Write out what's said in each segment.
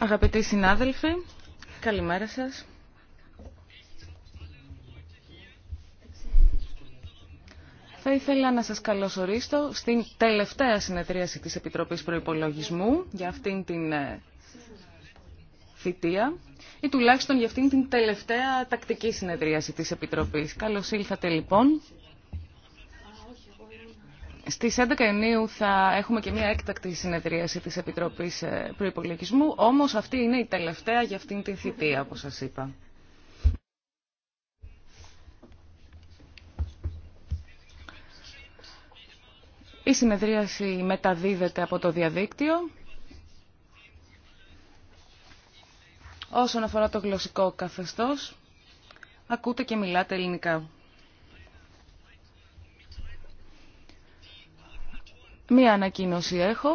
Αγαπητοί συνάδελφοι, καλημέρα σας. Θα ήθελα να σας καλωσορίσω στην τελευταία συνεδρίαση της Επιτροπής Προϋπολογισμού για αυτήν την ε, θητεία ή τουλάχιστον για αυτήν την τελευταία τακτική συνεδρίαση της Επιτροπής. Καλώς ήλθατε λοιπόν. Στι 11 Ιουνίου θα έχουμε και μια έκτακτη συνεδρίαση της Επιτροπής ε, προπολογισμού. όμως αυτή είναι η τελευταία για αυτήν την θητεία, όπως σας είπα. Η συνεδρίαση μεταδίδεται από το διαδίκτυο. Όσον αφορά το γλωσσικό καθεστώς, ακούτε και μιλάτε ελληνικά. Μία ανακοίνωση έχω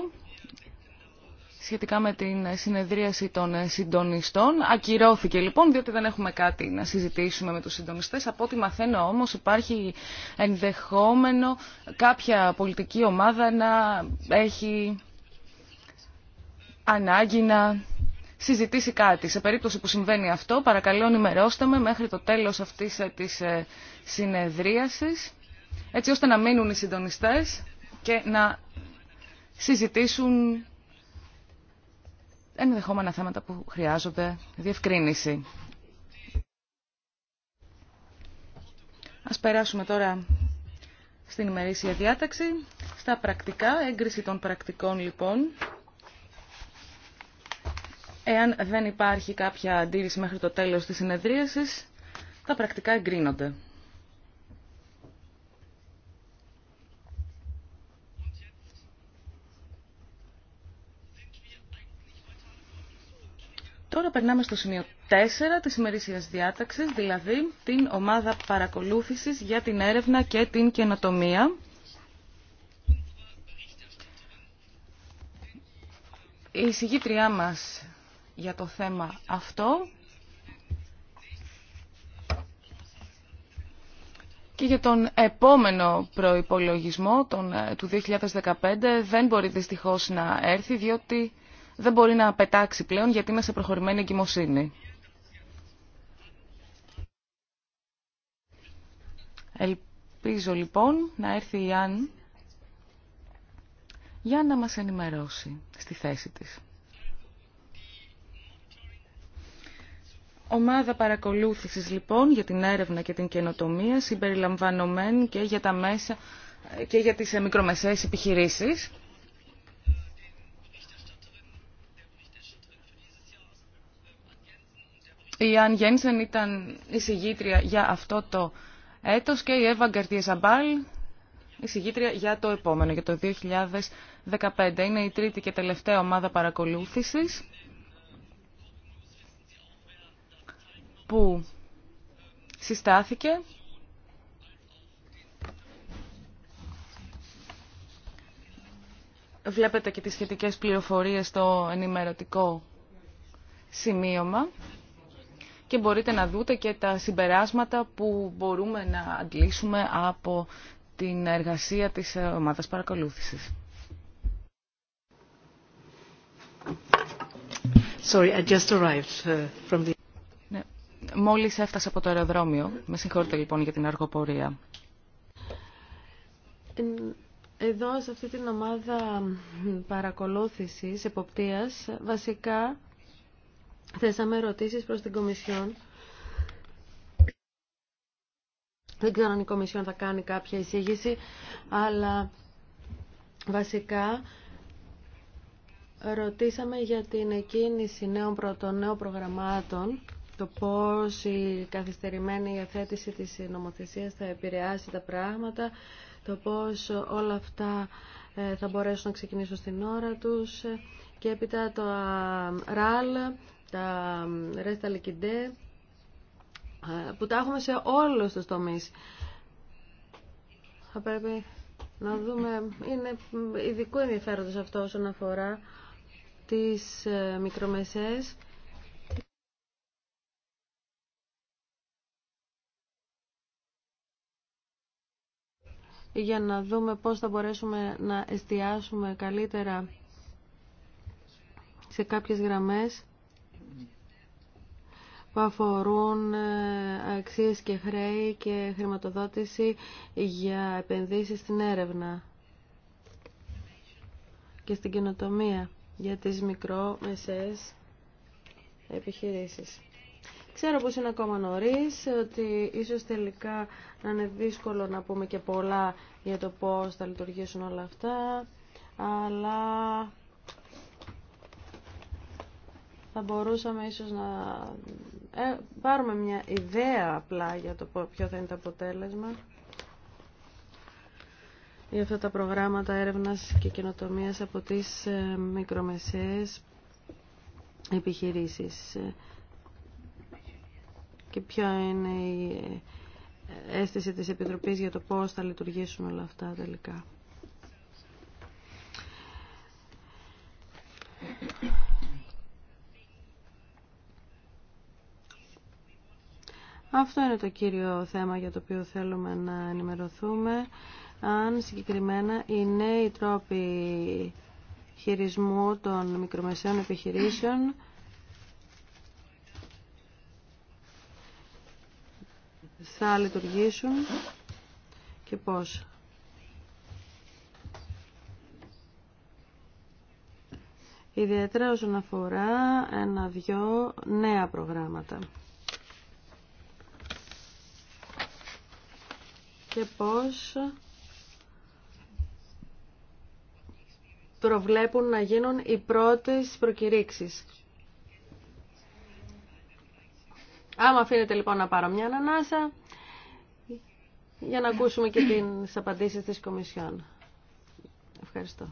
σχετικά με την συνεδρίαση των συντονιστών. Ακυρώθηκε λοιπόν, διότι δεν έχουμε κάτι να συζητήσουμε με τους συντονιστές. Από ό,τι μαθαίνω όμως υπάρχει ενδεχόμενο κάποια πολιτική ομάδα να έχει ανάγκη να συζητήσει κάτι. Σε περίπτωση που συμβαίνει αυτό, παρακαλώ ενημερώστε με μέχρι το τέλος αυτής της συνεδρίασης, έτσι ώστε να μείνουν οι συντονιστές και να συζητήσουν ενδεχόμενα θέματα που χρειάζονται διευκρίνηση. Ας περάσουμε τώρα στην ημερήσια διάταξη, στα πρακτικά, έγκριση των πρακτικών λοιπόν. Εάν δεν υπάρχει κάποια αντίρρηση μέχρι το τέλος της συνεδρίασης, τα πρακτικά εγκρίνονται. Τώρα περνάμε στο σημείο 4 της ημερήσιας διάταξης, δηλαδή την ομάδα παρακολούθησης για την έρευνα και την καινοτομία. Η συγγήτριά μας για το θέμα αυτό Και για τον επόμενο προϋπολογισμό τον, ε, του 2015 δεν μπορεί δυστυχώς να έρθει διότι δεν μπορεί να πετάξει πλέον γιατί είμαστε σε προχωρημένη εγκυμοσύνη. Ελπίζω λοιπόν να έρθει η Άν για να μας ενημερώσει στη θέση της. Ομάδα παρακολούθησης λοιπόν για την έρευνα και την καινοτομία συμπεριλαμβανομένη και για τα μέσα και για τις μικρομεσαίες επιχειρήσεις. Η Αν Γένσεν ήταν εισηγήτρια για αυτό το έτος και η Εύα Γκαρτία Ζαμπάλ εισηγήτρια για το επόμενο, για το 2015. Είναι η τρίτη και τελευταία ομάδα παρακολούθησης που συστάθηκε Βλέπετε και τις σχετικές πληροφορίες στο ενημερωτικό σημείωμα και μπορείτε να δούτε και τα συμπεράσματα που μπορούμε να αντλήσουμε από την εργασία της ομάδας παρακολούθησης. Sorry, I just arrived uh, from the... Ναι. Μόλις έφτασα από το αεροδρόμιο. Με συγχωρείτε λοιπόν για την αργοπορία. Εδώ σε αυτή την ομάδα παρακολούθησης, εποπτείας, βασικά θέσαμε ερωτήσεις προς την Κομισιόν. Δεν ξέρω αν η Κομισιόν θα κάνει κάποια εισήγηση, αλλά βασικά ρωτήσαμε για την εκκίνηση νέων πρωτονέων προγραμμάτων το πώς η καθυστερημένη υιοθέτηση της νομοθεσίας θα επηρεάσει τα πράγματα, το πώς όλα αυτά ε, θα μπορέσουν να ξεκινήσουν στην ώρα τους και έπειτα το ΡΑΛ τα ρέστα λικιντέ που τα έχουμε σε όλους τους τομείς. Θα πρέπει να δούμε, είναι ειδικού ενδιαφέροντος αυτό όσον αφορά τις ε, μικρομεσαίες. για να δούμε πώς θα μπορέσουμε να εστιάσουμε καλύτερα σε κάποιες γραμμές που αφορούν ε, αξίες και χρέη και χρηματοδότηση για επενδύσεις στην έρευνα και στην καινοτομία για τις μικρο επιχειρήσεις. Ξέρω πως είναι ακόμα νωρίς, ότι ίσως τελικά να είναι δύσκολο να πούμε και πολλά για το πώς θα λειτουργήσουν όλα αυτά, αλλά θα μπορούσαμε ίσως να ε, πάρουμε μια ιδέα απλά για το ποιο θα είναι το αποτέλεσμα για αυτά τα προγράμματα έρευνας και καινοτομίας από τις ε, μικρομεσαίες επιχειρήσεις ε, και ποια είναι η αίσθηση της Επιτροπής για το πώς θα λειτουργήσουν όλα αυτά τελικά. Αυτό είναι το κύριο θέμα για το οποίο θέλουμε να ενημερωθούμε. Αν συγκεκριμένα οι νέοι τρόποι χειρισμού των μικρομεσαίων επιχειρήσεων θα λειτουργήσουν και πώς. Ιδιαίτερα όσον αφορά ένα-δυο νέα προγράμματα. και πώς προβλέπουν να γίνουν οι πρώτες προκηρύξεις. Άμα αφήνετε λοιπόν να πάρω μια ανανάσα για να ακούσουμε και τις απαντήσεις της Κομισιόν. Ευχαριστώ.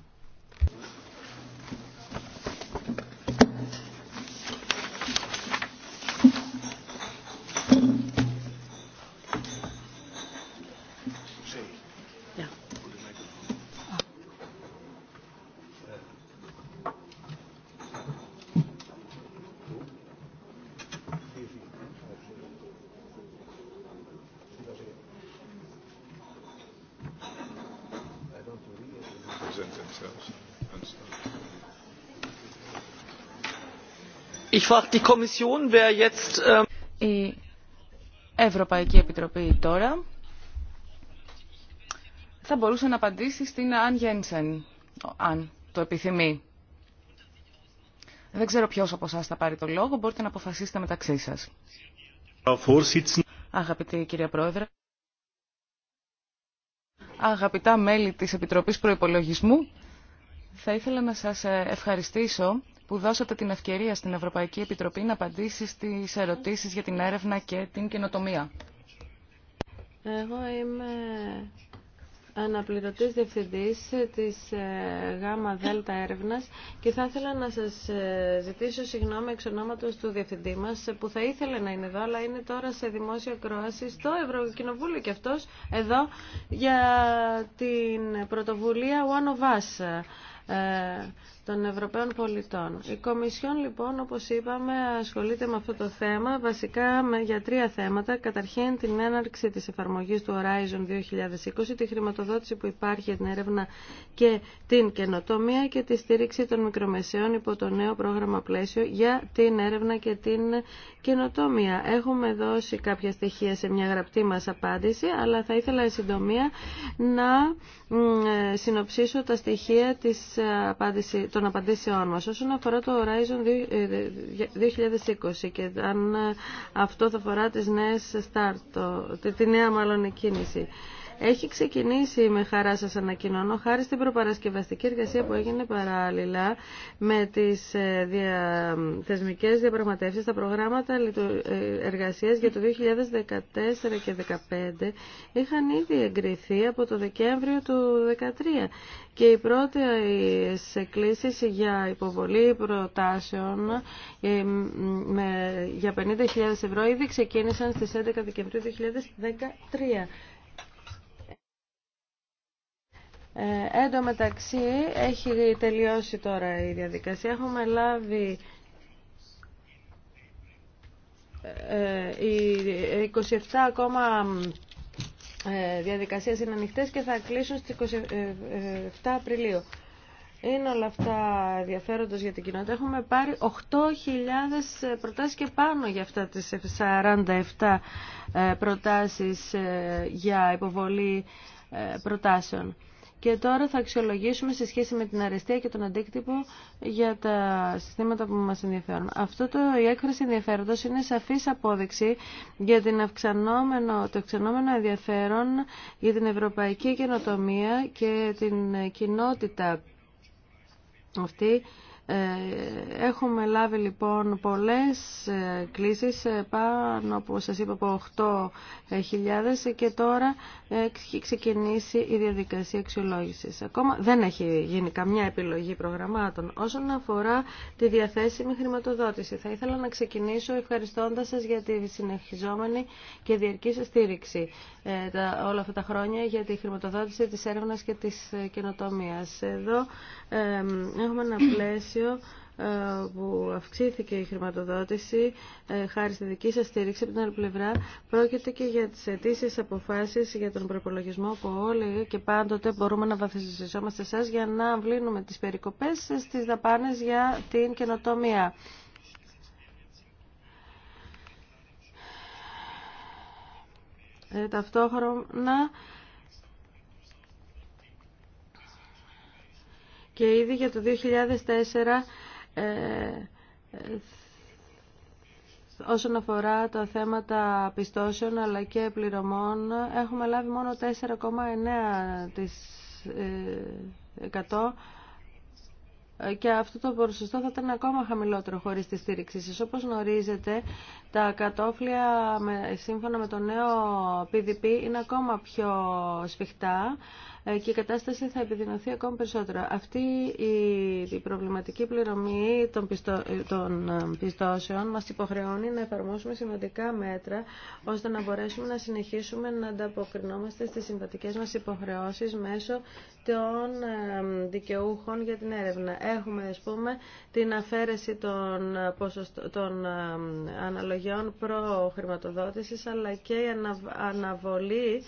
Ähm, Η Ευρωπαϊκή Επιτροπή τώρα θα μπορούσε να απαντήσει στην Αν Γένσεν, αν το επιθυμεί. Δεν ξέρω ποιος από εσάς θα πάρει το λόγο, μπορείτε να αποφασίσετε μεταξύ σας. Αγαπητή κυρία Πρόεδρε, αγαπητά μέλη της Επιτροπής Προϋπολογισμού, θα ήθελα να σας ευχαριστήσω που δώσατε την ευκαιρία στην Ευρωπαϊκή Επιτροπή να απαντήσει στις ερωτήσεις για την έρευνα και την καινοτομία. Εγώ είμαι αναπληρωτής διευθυντής της ε, ΓΑΜΑ ΔΕΛΤΑ έρευνας και θα ήθελα να σας ε, ζητήσω συγγνώμη εξ ονόματος του διευθυντή μας ε, που θα ήθελε να είναι εδώ αλλά είναι τώρα σε δημόσια κρόαση στο Ευρωκοινοβούλιο και αυτός εδώ για την πρωτοβουλία One of Us ε, των Ευρωπαίων πολιτών. Η Κομισιόν λοιπόν όπως είπαμε ασχολείται με αυτό το θέμα βασικά για τρία θέματα. Καταρχήν την έναρξη της εφαρμογής του Horizon 2020, τη χρηματοδότηση που υπάρχει για την έρευνα και την καινοτομία και τη στήριξη των μικρομεσαίων υπό το νέο πρόγραμμα πλαίσιο για την έρευνα και την καινοτομία. Έχουμε δώσει κάποια στοιχεία σε μια γραπτή μας απάντηση αλλά θα ήθελα συντομία να ε, συνοψίσω τα στοιχεία της απάντηση, των απαντήσεών μας. Όσον αφορά το Horizon 2020 ε, και αν αυτό θα αφορά τις νέες start, τη νέα μάλλον κίνηση έχει ξεκινήσει με χαρά σα ανακοινώνω χάρη στην προπαρασκευαστική εργασία που έγινε παράλληλα με τις ε, δια... θεσμικές διαπραγματεύσεις τα προγράμματα ε, εργασία για το 2014 και 2015 είχαν ήδη εγκριθεί από το Δεκέμβριο του 2013 και οι πρώτε εκκλήσει για υποβολή προτάσεων ε, για 50.000 ευρώ ήδη ξεκίνησαν στι 11 Δεκεμβρίου 2013. Ε, εν τω μεταξύ έχει τελειώσει τώρα η διαδικασία. Έχουμε λάβει ε, 27 ε, ακόμα ε, διαδικασίες είναι ανοιχτές και θα κλείσουν στις 27 Απριλίου. Είναι όλα αυτά ενδιαφέροντα για την κοινότητα. Έχουμε πάρει 8.000 προτάσεις και πάνω για αυτά τις 47 ε, προτάσεις ε, για υποβολή προτάσεων. Και τώρα θα αξιολογήσουμε σε σχέση με την αριστεία και τον αντίκτυπο για τα συστήματα που μας ενδιαφέρουν. Αυτό το, η έκφραση ενδιαφέροντος είναι σαφής απόδειξη για την αυξανόμενο, το αυξανόμενο ενδιαφέρον για την ευρωπαϊκή καινοτομία και την κοινότητα αυτή ε, έχουμε λάβει λοιπόν πολλές ε, κλήσεις ε, πάνω από σας είπα από 8.000 και τώρα έχει ξεκινήσει η διαδικασία αξιολόγησης. Ακόμα δεν έχει γίνει καμιά επιλογή προγραμμάτων. Όσον αφορά τη διαθέσιμη χρηματοδότηση θα ήθελα να ξεκινήσω ευχαριστώντας σας για τη συνεχιζόμενη και διαρκή σας στήριξη τα, όλα αυτά τα χρόνια για τη χρηματοδότηση της έρευνας και της καινοτομίας. Εδώ έχουμε ένα πλαίσιο ε, που αυξήθηκε η χρηματοδότηση ε, χάρη στη δική σας στήριξη από την άλλη πλευρά πρόκειται και για τις αιτήσει αποφάσεις για τον προπολογισμό που όλοι και πάντοτε μπορούμε να βαθιζόμαστε σας για να βλύνουμε τις περικοπές στις δαπάνες για την καινοτομία. Ε, ταυτόχρονα και ήδη για το 2004 ε, ε, όσον αφορά τα θέματα πιστώσεων αλλά και πληρωμών έχουμε λάβει μόνο 4,9% ε, και αυτό το ποσοστό θα ήταν ακόμα χαμηλότερο χωρίς τη στήριξή σας. Όπως γνωρίζετε, τα κατόφλια σύμφωνα με το νέο PDP είναι ακόμα πιο σφιχτά ε, και η κατάσταση θα επιδεινωθεί ακόμη περισσότερο. Αυτή η προβληματική πληρωμή των, ε, ε, πιστώσεων μας υποχρεώνει να εφαρμόσουμε σημαντικά μέτρα ώστε να μπορέσουμε να συνεχίσουμε να ανταποκρινόμαστε στις συμβατικές μας υποχρεώσεις μέσω των δικαιούχων για την έρευνα. Έχουμε, ας πούμε, την αφαίρεση των, των αναλογιών προχρηματοδότησης αλλά και η αναβολή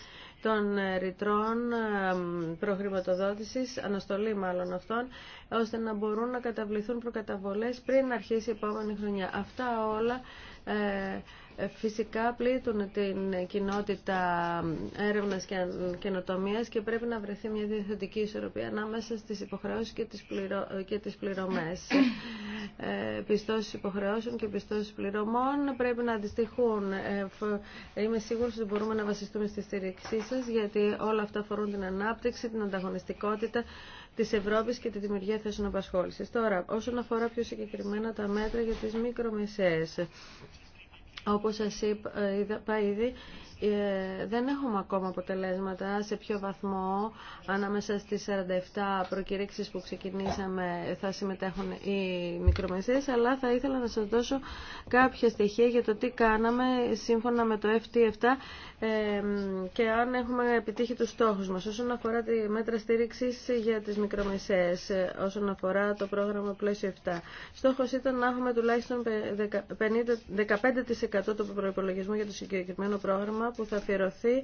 των ε, ρητρών ε, προχρηματοδότησης, αναστολή μάλλον αυτών, ώστε να μπορούν να καταβληθούν προκαταβολές πριν αρχίσει η επόμενη χρονιά. Αυτά όλα ε, ε, φυσικά πλήττουν την κοινότητα έρευνας και καινοτομίας και πρέπει να βρεθεί μια διαθετική ισορροπία ανάμεσα στις υποχρεώσεις και τις, πληρω... και πληρωμές. Ε, πιστώσεις υποχρεώσεων και πιστώσεις πληρωμών πρέπει να αντιστοιχούν. Ε, είμαι σίγουρη ότι μπορούμε να βασιστούμε στη στήριξή σας γιατί όλα αυτά αφορούν την ανάπτυξη, την ανταγωνιστικότητα τη Ευρώπη και τη δημιουργία θέσεων απασχόληση. Τώρα, όσον αφορά πιο συγκεκριμένα τα μέτρα για τι μικρομεσαίε. Όπως σας είπα ήδη, ε, δεν έχουμε ακόμα αποτελέσματα σε ποιο βαθμό ανάμεσα στις 47 προκηρύξεις που ξεκινήσαμε θα συμμετέχουν οι μικρομεσαίες αλλά θα ήθελα να σας δώσω κάποια στοιχεία για το τι κάναμε σύμφωνα με το FT7 ε, και αν έχουμε επιτύχει τους στόχους μας όσον αφορά τη μέτρα στήριξης για τις μικρομεσαίες όσον αφορά το πρόγραμμα πλαίσιο 7. Στόχος ήταν να έχουμε τουλάχιστον 15% του προπολογισμού για το συγκεκριμένο πρόγραμμα που θα αφιερωθεί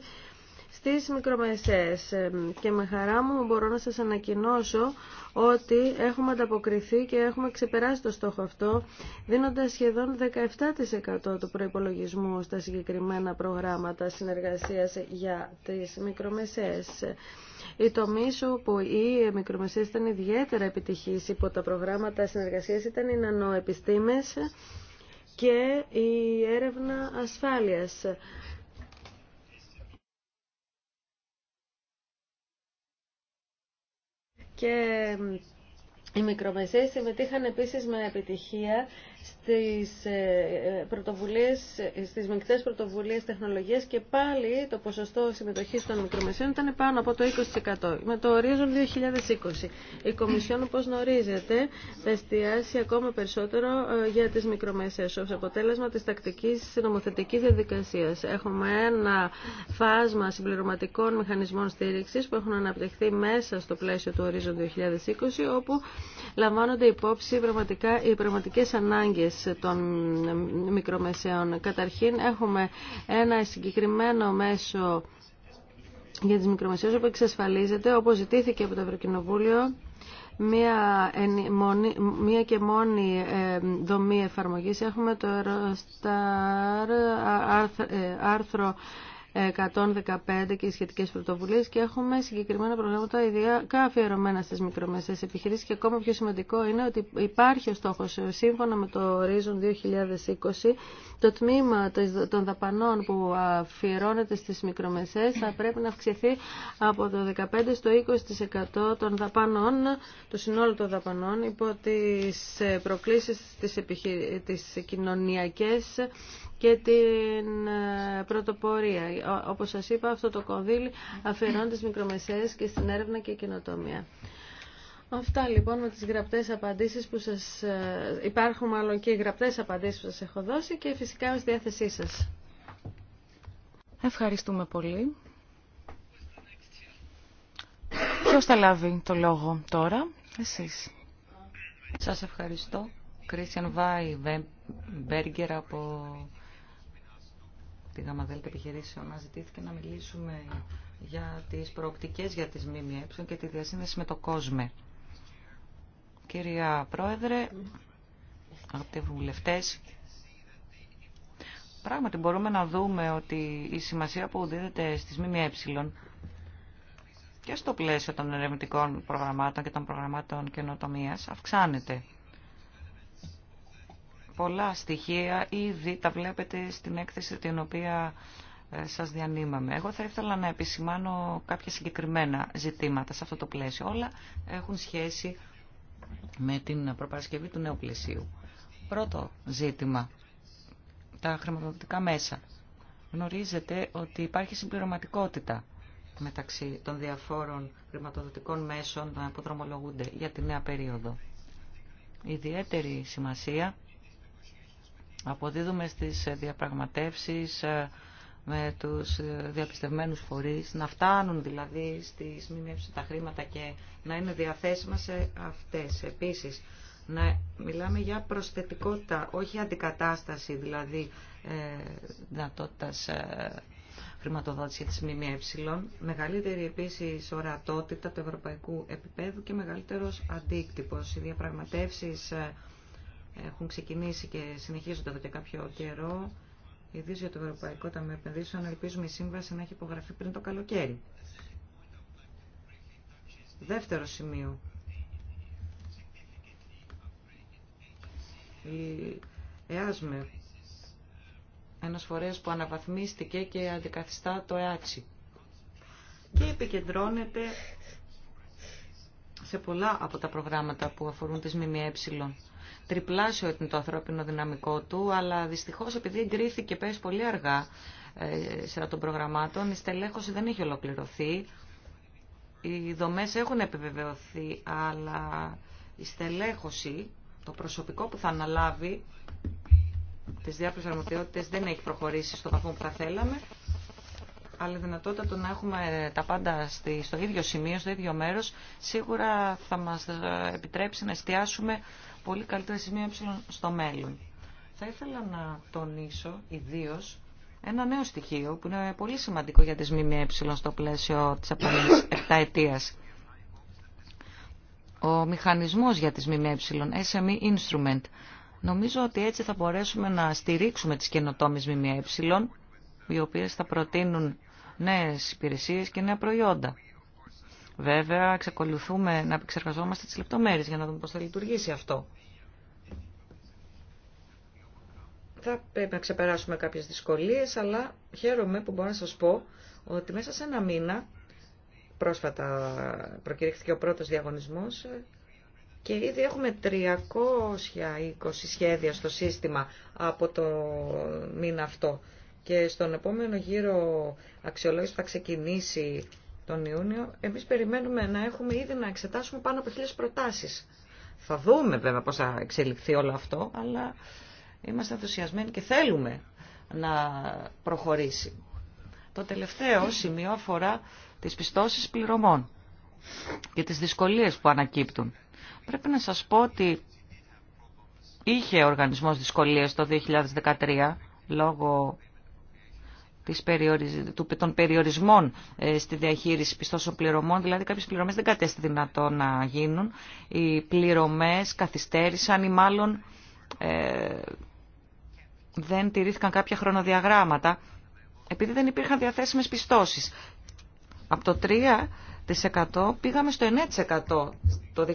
στις μικρομεσαίες ε, και με χαρά μου μπορώ να σας ανακοινώσω ότι έχουμε ανταποκριθεί και έχουμε ξεπεράσει το στόχο αυτό δίνοντας σχεδόν 17% του προϋπολογισμού στα συγκεκριμένα προγράμματα συνεργασίας για τις μικρομεσαίες. τομή σου που οι μικρομεσαίες ήταν ιδιαίτερα επιτυχής, υπό τα προγράμματα συνεργασίας ήταν οι νανοεπιστήμες και η έρευνα ασφάλειας. και οι μικρομεσαίες συμμετείχαν επίσης με επιτυχία στις ε, πρωτοβουλίες, στις μεικτές πρωτοβουλίες τεχνολογίας και πάλι το ποσοστό συμμετοχής των μικρομεσαίων ήταν πάνω από το 20%. Με το Horizon 2020 η Κομισιόν, όπως γνωρίζετε, θα εστιάσει ακόμα περισσότερο ε, για τις μικρομεσαίες ως αποτέλεσμα της τακτικής νομοθετικής διαδικασίας. Έχουμε ένα φάσμα συμπληρωματικών μηχανισμών στήριξης που έχουν αναπτυχθεί μέσα στο πλαίσιο του Horizon 2020 όπου λαμβάνονται υπόψη πραγματικά οι πραγματικές ανάγκες ανάγκες των μικρομεσαίων. Καταρχήν έχουμε ένα συγκεκριμένο μέσο για τις μικρομεσαίες που εξασφαλίζεται, όπως ζητήθηκε από το Ευρωκοινοβούλιο, μία, μία και μόνη ε, δομή εφαρμογής. Έχουμε το Eurostar άρθρο ε, 115 και οι σχετικές πρωτοβουλίες και έχουμε συγκεκριμένα προγράμματα ιδιαίτερα αφιερωμένα στις μικρομεσαίες επιχειρήσεις και ακόμα πιο σημαντικό είναι ότι υπάρχει ο στόχος σύμφωνα με το Horizon 2020 το τμήμα των δαπανών που αφιερώνεται στις μικρομεσαίες θα πρέπει να αυξηθεί από το 15% στο 20% των δαπανών, του συνόλου των δαπανών υπό τις ε, προκλήσεις της επιχει και την ε, πρωτοπορία. Όπως σας είπα, αυτό το κονδύλι αφαιρώνει τις μικρομεσαίες και στην έρευνα και κοινοτομία. Αυτά λοιπόν με τις γραπτές απαντήσεις που σας... Ε, υπάρχουν μάλλον και οι γραπτές απαντήσεις που σας έχω δώσει και φυσικά ως διάθεσή σας. Ευχαριστούμε πολύ. Ποιος θα λάβει το λόγο τώρα, εσείς. Σας ευχαριστώ. Κρίσιαν Βάι Μπέργκερ από τη ΓΑΜΑΔΕΛΤΑ επιχειρήσεων να ζητήθηκε να μιλήσουμε για τις προοπτικές για τις ΜΜΕ και τη διασύνδεση με το κόσμο. Κυρία Πρόεδρε, αγαπητοί βουλευτές, πράγματι μπορούμε να δούμε ότι η σημασία που δίδεται στις ΜΜΕ και στο πλαίσιο των ερευνητικών προγραμμάτων και των προγραμμάτων καινοτομία αυξάνεται πολλά στοιχεία ήδη τα βλέπετε στην έκθεση την οποία ε, σας διανύμαμε. Εγώ θα ήθελα να επισημάνω κάποια συγκεκριμένα ζητήματα σε αυτό το πλαίσιο. Όλα έχουν σχέση με την προπαρασκευή του νέου πλαισίου. Πρώτο ζήτημα, τα χρηματοδοτικά μέσα. Γνωρίζετε ότι υπάρχει συμπληρωματικότητα μεταξύ των διαφόρων χρηματοδοτικών μέσων που δρομολογούνται για τη νέα περίοδο. ιδιαίτερη σημασία αποδίδουμε στις διαπραγματεύσεις ε, με τους ε, διαπιστευμένους φορείς, να φτάνουν δηλαδή στις μηνύψεις τα χρήματα και να είναι διαθέσιμα σε αυτές. Επίσης, να μιλάμε για προσθετικότητα, όχι αντικατάσταση δηλαδή ε, δυνατότητα ε, χρηματοδότηση της ΜΜΕ, μεγαλύτερη επίσης ορατότητα του ευρωπαϊκού επίπεδου και μεγαλύτερος αντίκτυπος. Οι διαπραγματεύσεις ε, έχουν ξεκινήσει και συνεχίζονται εδώ και κάποιο καιρό, ιδίω για το Ευρωπαϊκό Ταμείο Επενδύσεων, ελπίζουμε η σύμβαση να έχει υπογραφεί πριν το καλοκαίρι. Δεύτερο σημείο. Η ΕΑΣΜΕ, ένας φορέας που αναβαθμίστηκε και αντικαθιστά το ΕΑΤΣΙ και επικεντρώνεται σε πολλά από τα προγράμματα που αφορούν τις ΜΜΕ τριπλάσιο ήταν το ανθρώπινο δυναμικό του, αλλά δυστυχώς επειδή εγκρίθηκε πέρυσι πολύ αργά ε, σειρά των προγραμμάτων, η στελέχωση δεν έχει ολοκληρωθεί. Οι δομές έχουν επιβεβαιωθεί, αλλά η στελέχωση, το προσωπικό που θα αναλάβει τις διάφορες αρμοδιότητες δεν έχει προχωρήσει στον βαθμό που θα θέλαμε αλλά η δυνατότητα του να έχουμε τα πάντα στο ίδιο σημείο, στο ίδιο μέρος, σίγουρα θα μας ε, επιτρέψει να εστιάσουμε πολύ καλύτερα σημεία ε στο μέλλον. Θα ήθελα να τονίσω ιδίω ένα νέο στοιχείο που είναι πολύ σημαντικό για τις ΜΜΕ στο πλαίσιο της επόμενης επταετίας. Ο μηχανισμός για τις ΜΜΕ, SME Instrument. Νομίζω ότι έτσι θα μπορέσουμε να στηρίξουμε τις καινοτόμες ΜΜΕ, οι οποίες θα προτείνουν νέες υπηρεσίες και νέα προϊόντα. Βέβαια, εξακολουθούμε να επεξεργαζόμαστε τις λεπτομέρειες για να δούμε πώς θα λειτουργήσει αυτό. Θα πρέπει να ξεπεράσουμε κάποιες δυσκολίες, αλλά χαίρομαι που μπορώ να σας πω ότι μέσα σε ένα μήνα, πρόσφατα προκηρύχθηκε ο πρώτος διαγωνισμός, και ήδη έχουμε 320 σχέδια στο σύστημα από το μήνα αυτό. Και στον επόμενο γύρο αξιολόγηση θα ξεκινήσει τον Ιούνιο, εμείς περιμένουμε να έχουμε ήδη να εξετάσουμε πάνω από χίλιες προτάσεις. Θα δούμε βέβαια πώς θα εξελιχθεί όλο αυτό, αλλά είμαστε ενθουσιασμένοι και θέλουμε να προχωρήσει. Το τελευταίο σημείο αφορά τις πιστώσεις πληρωμών και τις δυσκολίες που ανακύπτουν. Πρέπει να σας πω ότι είχε ο οργανισμός δυσκολίες το 2013 λόγω των περιορισμών ε, στη διαχείριση πιστώσεων πληρωμών, δηλαδή κάποιες πληρωμές δεν κατέστη δυνατό να γίνουν. Οι πληρωμές καθυστέρησαν ή μάλλον ε, δεν τηρήθηκαν κάποια χρονοδιαγράμματα επειδή δεν υπήρχαν διαθέσιμες πιστώσεις. Από το 3% πήγαμε στο 9% το 2013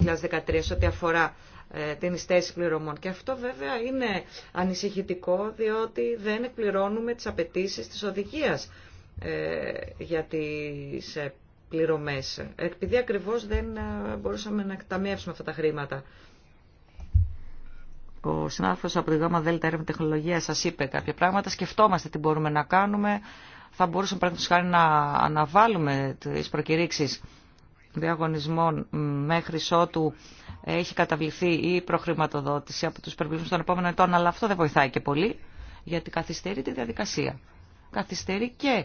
σε ό,τι αφορά ε, την ειστέση πληρωμών. Και αυτό βέβαια είναι ανησυχητικό διότι δεν εκπληρώνουμε τις απαιτήσει της οδηγίας ε, για τις ε, πληρωμές. Επειδή ακριβώς δεν μπορούσαμε να εκταμιεύσουμε αυτά τα χρήματα. Ο συνάδελφος από τη ΓΑΜΑ ΔΕΛΤΑ Έρευνα Τεχνολογία σας είπε κάποια πράγματα. Σκεφτόμαστε τι μπορούμε να κάνουμε. Θα μπορούσαμε παραδείγματος χάρη να αναβάλουμε τις προκηρύξεις διαγωνισμών μέχρι ότου έχει καταβληθεί η προχρηματοδότηση από τους υπερβλημούς των επόμενων ετών, αλλά αυτό δεν βοηθάει και πολύ, γιατί καθυστερεί τη διαδικασία. Καθυστερεί και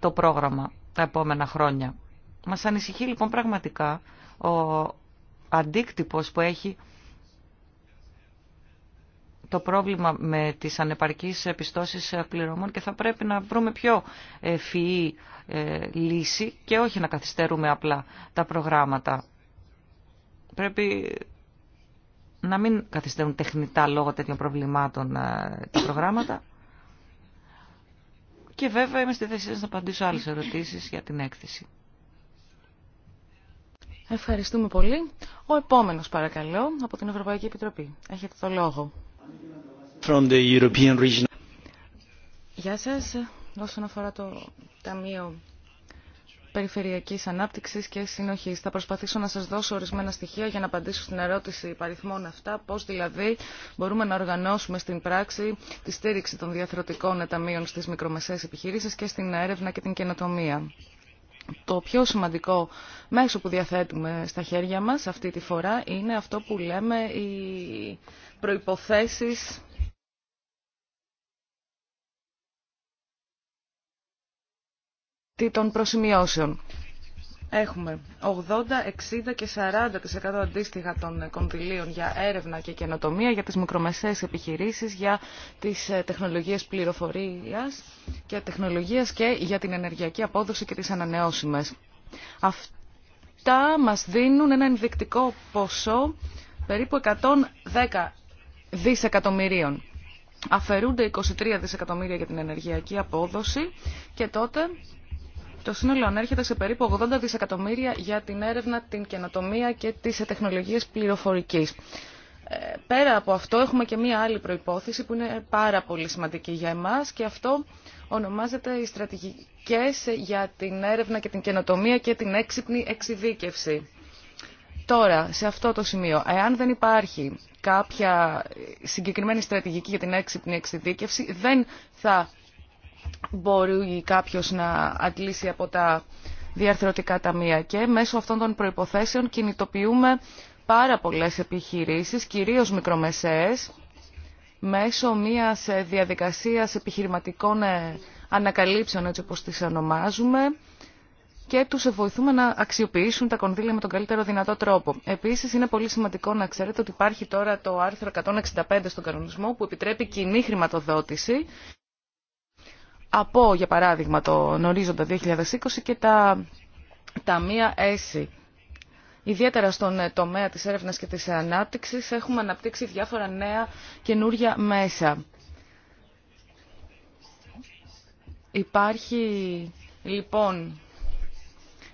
το πρόγραμμα τα επόμενα χρόνια. Μας ανησυχεί λοιπόν πραγματικά ο αντίκτυπος που έχει το πρόβλημα με τις ανεπαρκείς επιστώσεις πληρωμών και θα πρέπει να βρούμε πιο ευφυή ε, λύση και όχι να καθυστερούμε απλά τα προγράμματα. Πρέπει να μην καθυστερούν τεχνητά λόγω τέτοιων προβλημάτων ε, τα προγράμματα. Και βέβαια είμαι στη θέση να απαντήσω άλλες ερωτήσεις για την έκθεση. Ευχαριστούμε πολύ. Ο επόμενος παρακαλώ από την Ευρωπαϊκή Επιτροπή. Έχετε το λόγο. From the Γεια σας. Όσον αφορά το Ταμείο περιφερειακής ανάπτυξης και συνοχής. Θα προσπαθήσω να σας δώσω ορισμένα στοιχεία για να απαντήσω στην ερώτηση παριθμών αυτά, πώς δηλαδή μπορούμε να οργανώσουμε στην πράξη τη στήριξη των διαθροτικών ταμείων στις μικρομεσαίες επιχειρήσεις και στην έρευνα και την καινοτομία. Το πιο σημαντικό μέσο που διαθέτουμε στα χέρια μας αυτή τη φορά είναι αυτό που λέμε οι προϋποθέσεις των προσημειώσεων. Έχουμε 80, 60 και 40% αντίστοιχα των κονδυλίων για έρευνα και καινοτομία, για τις μικρομεσαίες επιχειρήσεις, για τις ε, τεχνολογίες πληροφορίας και τεχνολογίας και για την ενεργειακή απόδοση και τις ανανεώσιμες. Αυτά μας δίνουν ένα ενδεικτικό ποσό περίπου 110 δισεκατομμυρίων. Αφαιρούνται 23 δισεκατομμύρια για την ενεργειακή απόδοση και τότε το σύνολο ανέρχεται σε περίπου 80 δισεκατομμύρια για την έρευνα, την καινοτομία και τις τεχνολογίες πληροφορικής. Ε, πέρα από αυτό έχουμε και μία άλλη προϋπόθεση που είναι πάρα πολύ σημαντική για εμάς και αυτό ονομάζεται οι στρατηγικές για την έρευνα και την καινοτομία και την έξυπνη εξειδίκευση. Τώρα, σε αυτό το σημείο, εάν δεν υπάρχει κάποια συγκεκριμένη στρατηγική για την έξυπνη εξειδίκευση, δεν θα μπορεί κάποιος να αντλήσει από τα διαρθρωτικά ταμεία και μέσω αυτών των προϋποθέσεων κινητοποιούμε πάρα πολλές επιχειρήσεις, κυρίως μικρομεσαίες, μέσω μιας ε, διαδικασίας επιχειρηματικών ε, ανακαλύψεων, έτσι όπως τις ονομάζουμε, και τους βοηθούμε να αξιοποιήσουν τα κονδύλια με τον καλύτερο δυνατό τρόπο. Επίσης, είναι πολύ σημαντικό να ξέρετε ότι υπάρχει τώρα το άρθρο 165 στον κανονισμό που επιτρέπει κοινή χρηματοδότηση από, για παράδειγμα, το ορίζοντα 2020 και τα μία ΕΣΥ. Ιδιαίτερα στον ε, τομέα της έρευνας και της ανάπτυξης έχουμε αναπτύξει διάφορα νέα καινούρια μέσα. Υπάρχει λοιπόν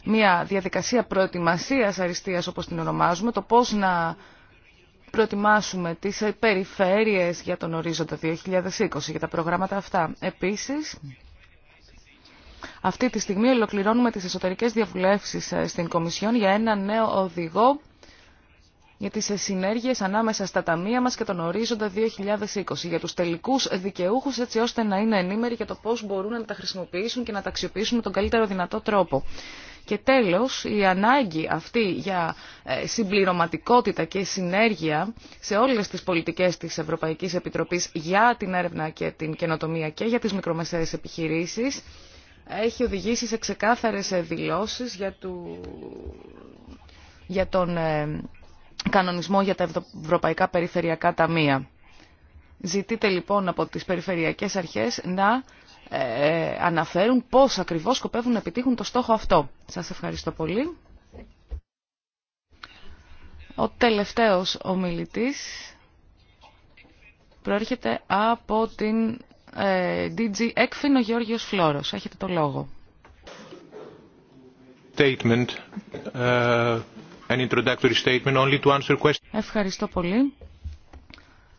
μια διαδικασία προετοιμασίας αριστείας όπως την ονομάζουμε, το πώς να προετοιμάσουμε τις περιφέρειες για τον ορίζοντα 2020, για τα προγράμματα αυτά. Επίσης, αυτή τη στιγμή ολοκληρώνουμε τις εσωτερικές διαβουλεύσεις ε, στην Κομισιόν για ένα νέο οδηγό για τις συνέργειε ανάμεσα στα ταμεία μας και τον ορίζοντα 2020, για τους τελικούς δικαιούχους έτσι ώστε να είναι ενήμεροι για το πώς μπορούν να τα χρησιμοποιήσουν και να τα αξιοποιήσουν με τον καλύτερο δυνατό τρόπο. Και τέλος, η ανάγκη αυτή για ε, συμπληρωματικότητα και συνέργεια σε όλες τις πολιτικές της Ευρωπαϊκής Επιτροπής για την έρευνα και την καινοτομία και για τις μικρομεσαίες επιχειρήσεις έχει οδηγήσει σε ξεκάθαρες δηλώσεις για, του... για τον ε, κανονισμό για τα ευρωπαϊκά περιφερειακά ταμεία. Ζητείτε λοιπόν από τις περιφερειακές αρχές να ε, ε, αναφέρουν πώς ακριβώς σκοπεύουν να επιτύχουν το στόχο αυτό. Σας ευχαριστώ πολύ. Ο τελευταίος ομιλητής προέρχεται από την ε, DG Έκφιν, Γεώργιος Φλόρος. Έχετε το λόγο. Statement, uh, an introductory statement only to answer Ευχαριστώ πολύ.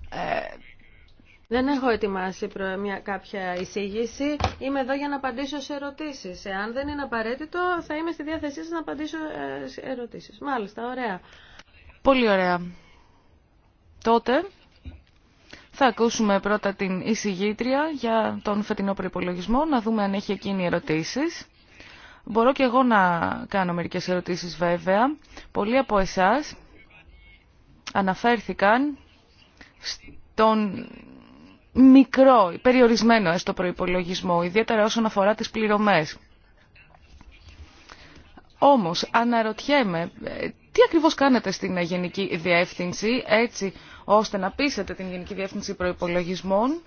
Ε, δεν έχω ετοιμάσει μια, κάποια εισήγηση. Είμαι εδώ για να απαντήσω σε ερωτήσεις. Εάν δεν είναι απαραίτητο, θα είμαι στη διάθεσή σα να απαντήσω ε, σε ερωτήσεις. Μάλιστα, ωραία. Πολύ ωραία. Τότε θα ακούσουμε πρώτα την εισηγήτρια για τον φετινό προπολογισμό, να δούμε αν έχει εκείνη ερωτήσει. Μπορώ και εγώ να κάνω μερικέ ερωτήσεις βέβαια. Πολλοί από εσάς αναφέρθηκαν στον μικρό, περιορισμένο στο προϋπολογισμό, ιδιαίτερα όσον αφορά τις πληρωμές. Όμως, αναρωτιέμαι, ε, τι ακριβώς κάνετε στην Γενική Διεύθυνση, έτσι ώστε να πείσετε την Γενική Διεύθυνση Προϋπολογισμών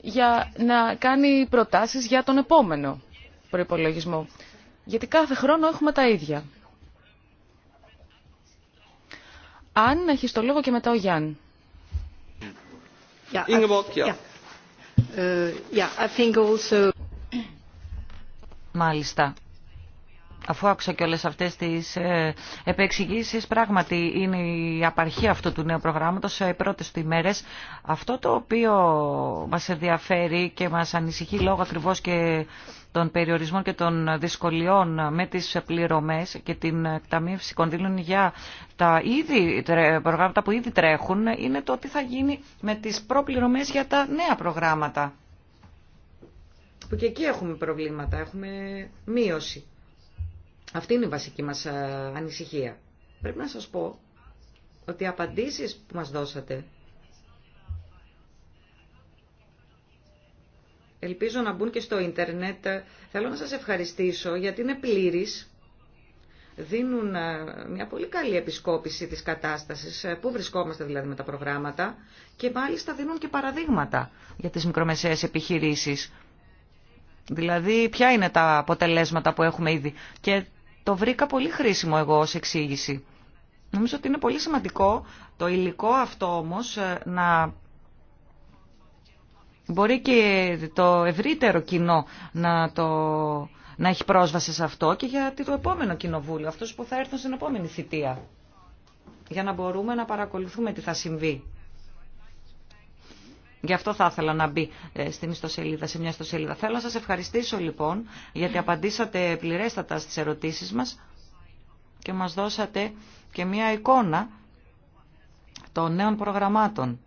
για να κάνει προτάσεις για τον επόμενο προϋπολογισμό. Γιατί κάθε χρόνο έχουμε τα ίδια. Αν έχει το λόγο και μετά ο Γιάννη. Ingeborg, uh, yeah. I think also... Μάλιστα. Αφού άκουσα και όλες αυτές τις ε, επεξηγήσεις, πράγματι είναι η απαρχή αυτού του νέου προγράμματος σε πρώτες του ημέρες. Αυτό το οποίο μας ενδιαφέρει και μας ανησυχεί λόγω ακριβώς και των περιορισμών και των δυσκολιών με τις πληρωμές και την ταμείευση κονδύλων για τα ήδη, προγράμματα που ήδη τρέχουν είναι το τι θα γίνει με τις προπληρωμές για τα νέα προγράμματα. Που και εκεί έχουμε προβλήματα, έχουμε μείωση. Αυτή είναι η βασική μας ε, ανησυχία. Πρέπει να σας πω ότι οι απαντήσεις που μας δώσατε ελπίζω να μπουν και στο ίντερνετ. Θέλω να σας ευχαριστήσω γιατί είναι πλήρης. Δίνουν ε, μια πολύ καλή επισκόπηση της κατάστασης, ε, πού βρισκόμαστε δηλαδή με τα προγράμματα και μάλιστα δίνουν και παραδείγματα για τις μικρομεσαίες επιχειρήσεις. Δηλαδή ποια είναι τα αποτελέσματα που έχουμε ήδη. Και το βρήκα πολύ χρήσιμο εγώ ως εξήγηση. Νομίζω ότι είναι πολύ σημαντικό το υλικό αυτό όμως ε, να Μπορεί και το ευρύτερο κοινό να, το, να έχει πρόσβαση σε αυτό και για το επόμενο κοινοβούλιο, αυτός που θα έρθουν στην επόμενη θητεία, για να μπορούμε να παρακολουθούμε τι θα συμβεί. Γι' αυτό θα ήθελα να μπει ε, στην ιστοσελίδα, σε μια ιστοσελίδα. Θέλω να σας ευχαριστήσω λοιπόν, γιατί απαντήσατε πληρέστατα στις ερωτήσεις μας και μας δώσατε και μια εικόνα των νέων προγραμμάτων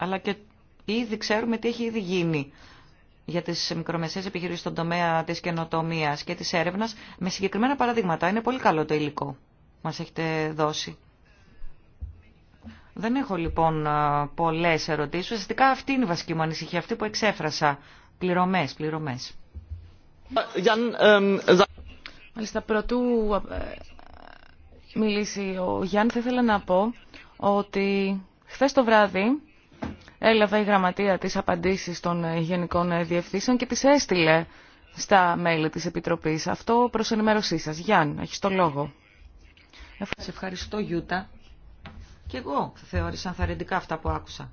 αλλά και ήδη ξέρουμε τι έχει ήδη γίνει για τις μικρομεσαίες επιχειρήσεις στον τομέα της καινοτομία και της έρευνας με συγκεκριμένα παραδείγματα. Είναι πολύ καλό το υλικό που μας έχετε δώσει. Δεν έχω λοιπόν πολλές ερωτήσεις. Ουσιαστικά αυτή είναι η βασική μου ανησυχία, αυτή που εξέφρασα. Πληρωμές, πληρωμές. Μάλιστα, πρωτού ε, μιλήσει ο Γιάννη, θα ήθελα να πω ότι χθες το βράδυ έλαβε η γραμματεία τις απαντήσεις των γενικών διευθύνσεων και τις έστειλε στα μέλη της Επιτροπής. Αυτό προς ενημέρωσή σας. Γιάννη, έχεις το λόγο. Σε ευχαριστώ Γιούτα. Και εγώ θεώρησα ανθαρρυντικά αυτά που άκουσα.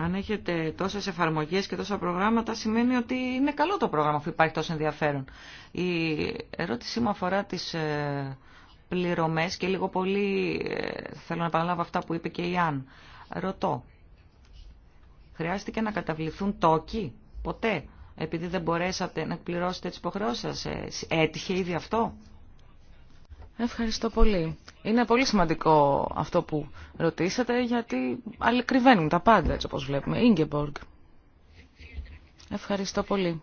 Αν έχετε τόσες εφαρμογές και τόσα προγράμματα, σημαίνει ότι είναι καλό το πρόγραμμα που υπάρχει τόσο ενδιαφέρον. Η ερώτησή μου αφορά τις ε, πληρωμές και λίγο πολύ ε, θέλω να επαναλάβω αυτά που είπε και η Άν. Ρωτώ, χρειάστηκε να καταβληθούν τόκοι ποτέ επειδή δεν μπορέσατε να πληρώσετε τις υποχρεώσεις σας. Ε, έτυχε ήδη αυτό. Ευχαριστώ πολύ. Είναι πολύ σημαντικό αυτό που ρωτήσατε γιατί αλληκριβαίνουν τα πάντα έτσι όπως βλέπουμε. Ingeborg. Ευχαριστώ πολύ.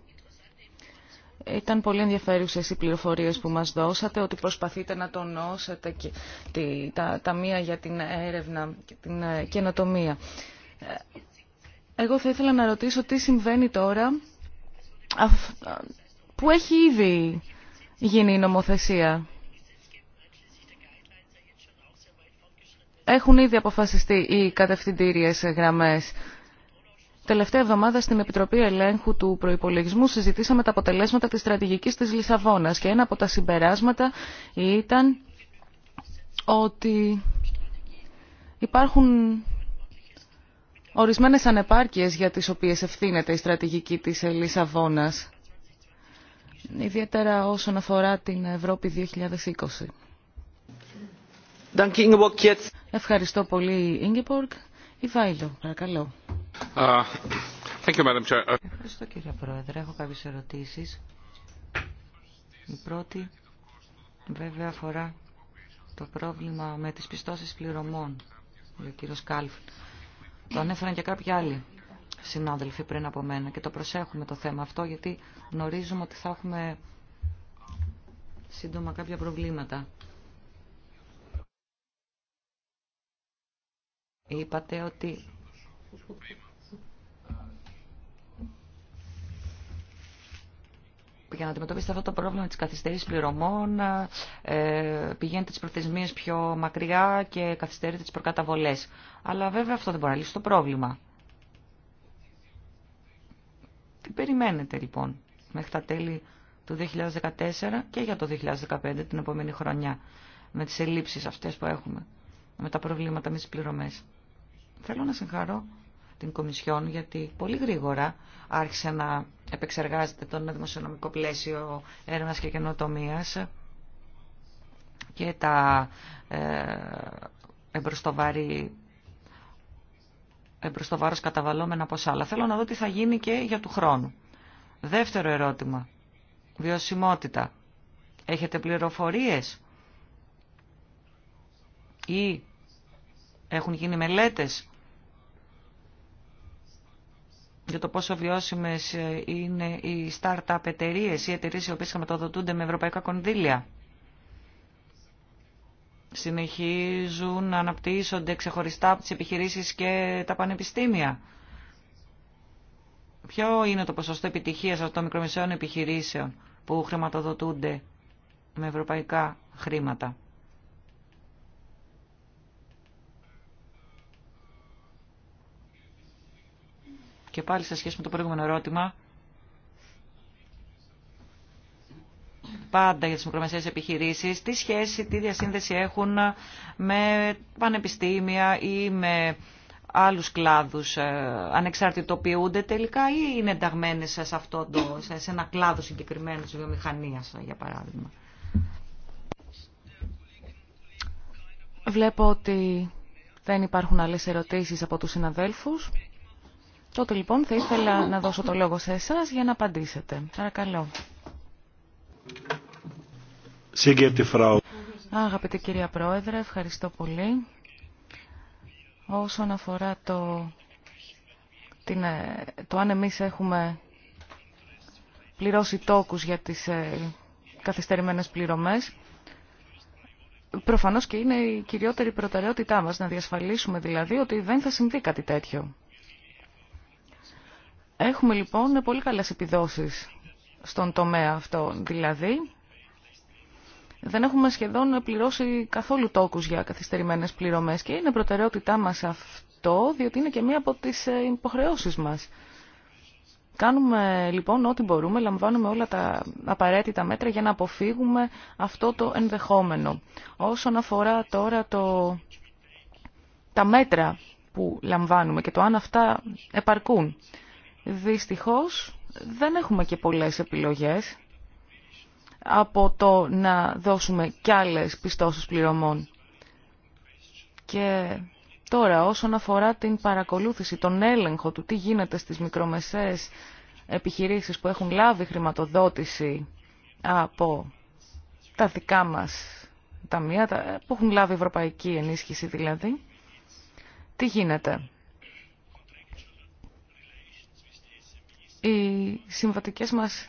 Ήταν πολύ ενδιαφέρουσες οι πληροφορίες που μας δώσατε, ότι προσπαθείτε να τονώσετε και τα μία για την έρευνα και την ε, καινοτομία. Ε, εγώ θα ήθελα να ρωτήσω τι συμβαίνει τώρα που έχει ήδη γίνει η νομοθεσία. Έχουν ήδη αποφασιστεί οι κατευθυντήριες γραμμές. Τελευταία εβδομάδα στην Επιτροπή Ελέγχου του Προϋπολογισμού συζητήσαμε τα αποτελέσματα της στρατηγικής της Λισαβόνας και ένα από τα συμπεράσματα ήταν ότι υπάρχουν ορισμένες ανεπάρκειες για τις οποίες ευθύνεται η στρατηγική της Λισαβόνας, ιδιαίτερα όσον αφορά την Ευρώπη 2020. Ευχαριστώ πολύ, Ingeborg. Η παρακαλώ. Uh, uh, Ευχαριστώ κύριε Πρόεδρε. Έχω κάποιες ερωτήσεις. Η πρώτη βέβαια αφορά το πρόβλημα με τις πιστώσεις πληρωμών, ο κύριος Το ανέφεραν και κάποιοι άλλοι συνάδελφοι πριν από μένα και το προσέχουμε το θέμα αυτό γιατί γνωρίζουμε ότι θα έχουμε σύντομα κάποια προβλήματα. Είπατε ότι για να αντιμετωπίσετε αυτό το πρόβλημα της καθυστερήσης πληρωμών, ε, πηγαίνετε τις προθεσμίες πιο μακριά και καθυστερείτε τις προκαταβολές. Αλλά βέβαια αυτό δεν μπορεί να λύσει το πρόβλημα. Τι περιμένετε λοιπόν μέχρι τα τέλη του 2014 και για το 2015 την επόμενη χρονιά με τις ελλείψεις αυτές που έχουμε, με τα προβλήματα με τις πληρωμές. Θέλω να συγχαρώ την Κομισιόν γιατί πολύ γρήγορα άρχισε να επεξεργάζεται τον δημοσιονομικό πλαίσιο έρευνας και καινοτομίας και τα ε, εμπροστοβαρή εμπροστοβάρος καταβαλλόμενα από Αλλά θέλω να δω τι θα γίνει και για του χρόνου. Δεύτερο ερώτημα. Βιωσιμότητα. Έχετε πληροφορίες ή έχουν γίνει μελέτες για το πόσο βιώσιμε ε, είναι οι startup εταιρείε η εταιρείε οι οποίε χρηματοδοτούνται με ευρωπαϊκά κονδύλια. Συνεχίζουν να αναπτύσσονται ξεχωριστά από τι επιχειρήσεις και τα πανεπιστήμια. Ποιο είναι το ποσοστό επιτυχίας αυτών των μικρομεσαίων επιχειρήσεων που χρηματοδοτούνται με ευρωπαϊκά χρήματα. Και πάλι σε σχέση με το προηγούμενο ερώτημα, πάντα για τις μικρομεσαίες επιχειρήσεις, τι σχέση, τι διασύνδεση έχουν με πανεπιστήμια ή με άλλους κλάδους, ε, ανεξαρτητοποιούνται τελικά ή είναι ενταγμένες σε, αυτό σε ένα κλάδο συγκεκριμένο της βιομηχανίας, για παράδειγμα. Βλέπω ότι δεν υπάρχουν άλλες ερωτήσεις από τους συναδέλφους. Τότε λοιπόν θα ήθελα να δώσω το λόγο σε εσάς για να απαντήσετε. Παρακαλώ. Αγαπητή κυρία Πρόεδρε, ευχαριστώ πολύ. Όσον αφορά το, ε, το αν εμείς έχουμε πληρώσει τόκους για τις ε, καθυστερημένες πληρωμές, προφανώς και είναι η κυριότερη προτεραιότητά μας, να διασφαλίσουμε δηλαδή ότι δεν θα συμβεί κάτι τέτοιο. Έχουμε λοιπόν πολύ καλές επιδόσεις στον τομέα αυτό. Δηλαδή, δεν έχουμε σχεδόν πληρώσει καθόλου τόκους για καθυστερημένες πληρωμές και είναι προτεραιότητά μας αυτό, διότι είναι και μία από τις ε, υποχρεώσεις μας. Κάνουμε λοιπόν ό,τι μπορούμε, λαμβάνουμε όλα τα απαραίτητα μέτρα για να αποφύγουμε αυτό το ενδεχόμενο. Όσον αφορά τώρα το... τα μέτρα που λαμβάνουμε και το αν αυτά επαρκούν. Δυστυχώς δεν έχουμε και πολλές επιλογές από το να δώσουμε κι άλλες πιστώσεις πληρωμών. Και τώρα όσον αφορά την παρακολούθηση, τον έλεγχο του τι γίνεται στις μικρομεσαίες επιχειρήσεις που έχουν λάβει χρηματοδότηση από τα δικά μας ταμεία, που έχουν λάβει ευρωπαϊκή ενίσχυση δηλαδή, τι γίνεται. Οι συμβατικές μας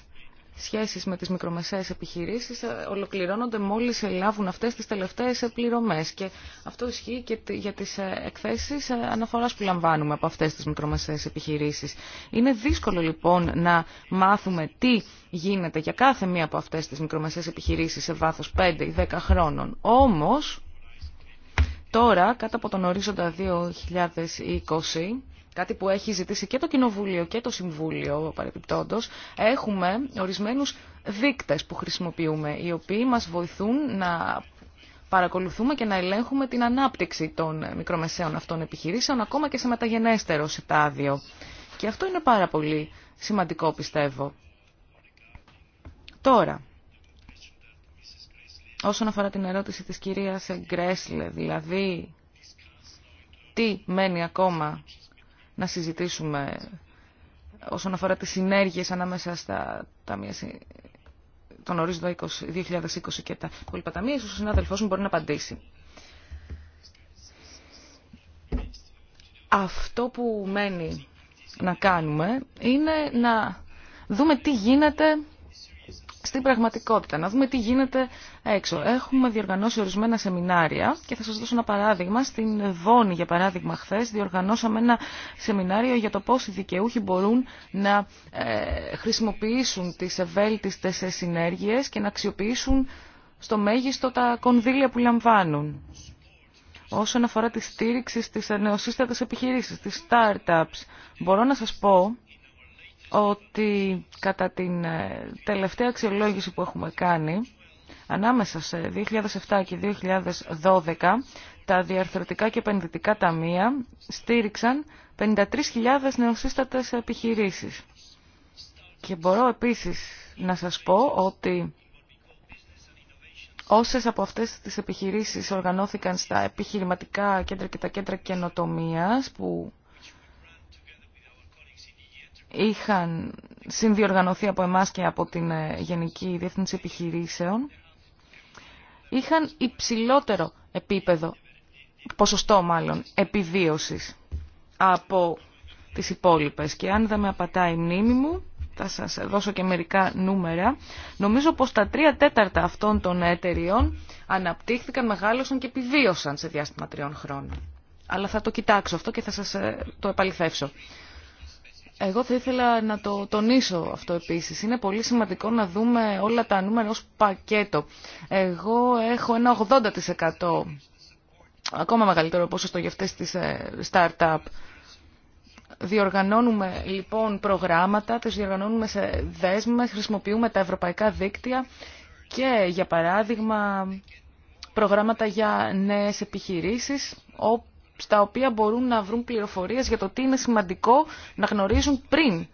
σχέσεις με τις μικρομεσαίες επιχειρήσεις ε, ολοκληρώνονται μόλις λάβουν αυτές τις τελευταίες πληρωμές και αυτό ισχύει και για τις ε, εκθέσεις ε, αναφοράς που λαμβάνουμε από αυτές τις μικρομεσαίες επιχειρήσεις. Είναι δύσκολο λοιπόν να μάθουμε τι γίνεται για κάθε μία από αυτές τις μικρομεσαίες επιχειρήσεις σε βάθος 5 ή 10 χρόνων. Όμως, τώρα, κάτω από τον ορίζοντα 2020, κάτι που έχει ζητήσει και το Κοινοβούλιο και το Συμβούλιο παρεπιπτόντος, έχουμε ορισμένους δείκτες που χρησιμοποιούμε, οι οποίοι μας βοηθούν να παρακολουθούμε και να ελέγχουμε την ανάπτυξη των μικρομεσαίων αυτών επιχειρήσεων, ακόμα και σε μεταγενέστερο στάδιο. Και αυτό είναι πάρα πολύ σημαντικό, πιστεύω. Τώρα, όσον αφορά την ερώτηση της κυρίας Γκρέσλε, δηλαδή τι μένει ακόμα να συζητήσουμε όσον αφορά τις συνέργειες ανάμεσα στα ταμεία τον ορίζοντα 2020 και τα υπόλοιπα ταμεία, ο συνάδελφός μου μπορεί να απαντήσει. Αυτό που μένει να κάνουμε είναι να δούμε τι γίνεται στην πραγματικότητα, να δούμε τι γίνεται έξω. Έχουμε διοργανώσει ορισμένα σεμινάρια και θα σας δώσω ένα παράδειγμα. Στην Βόνη, για παράδειγμα, χθε διοργανώσαμε ένα σεμινάριο για το πώς οι δικαιούχοι μπορούν να ε, χρησιμοποιήσουν τις ευέλτιστες συνέργειες και να αξιοποιήσουν στο μέγιστο τα κονδύλια που λαμβάνουν. Όσον αφορά τη στήριξη στις νεοσύστατες επιχειρήσεις, τις startups, μπορώ να σας πω ότι κατά την ε, τελευταία αξιολόγηση που έχουμε κάνει, ανάμεσα σε 2007 και 2012, τα διαρθρωτικά και επενδυτικά ταμεία στήριξαν 53.000 νεοσύστατες επιχειρήσεις. Και μπορώ επίσης να σας πω ότι όσες από αυτές τις επιχειρήσεις οργανώθηκαν στα επιχειρηματικά κέντρα και τα κέντρα καινοτομίας που είχαν συνδιοργανωθεί από εμάς και από την ε, Γενική Διεύθυνση Επιχειρήσεων, είχαν υψηλότερο επίπεδο, ποσοστό μάλλον, επιβίωσης από τις υπόλοιπες. Και αν δεν με απατάει η μνήμη μου, θα σας δώσω και μερικά νούμερα, νομίζω πως τα τρία τέταρτα αυτών των εταιριών αναπτύχθηκαν, μεγάλωσαν και επιβίωσαν σε διάστημα τριών χρόνων. Αλλά θα το κοιτάξω αυτό και θα σας ε, το επαληθεύσω. Εγώ θα ήθελα να το τονίσω αυτό επίσης. Είναι πολύ σημαντικό να δούμε όλα τα νούμερα ως πακέτο. Εγώ έχω ένα 80% ακόμα μεγαλύτερο ποσοστό για αυτές τις ε, start-up. Διοργανώνουμε λοιπόν προγράμματα, τις διοργανώνουμε σε δέσμε, χρησιμοποιούμε τα ευρωπαϊκά δίκτυα και για παράδειγμα προγράμματα για νέες επιχειρήσεις, όπου στα οποία μπορούν να βρουν πληροφορίες για το τι είναι σημαντικό να γνωρίζουν πριν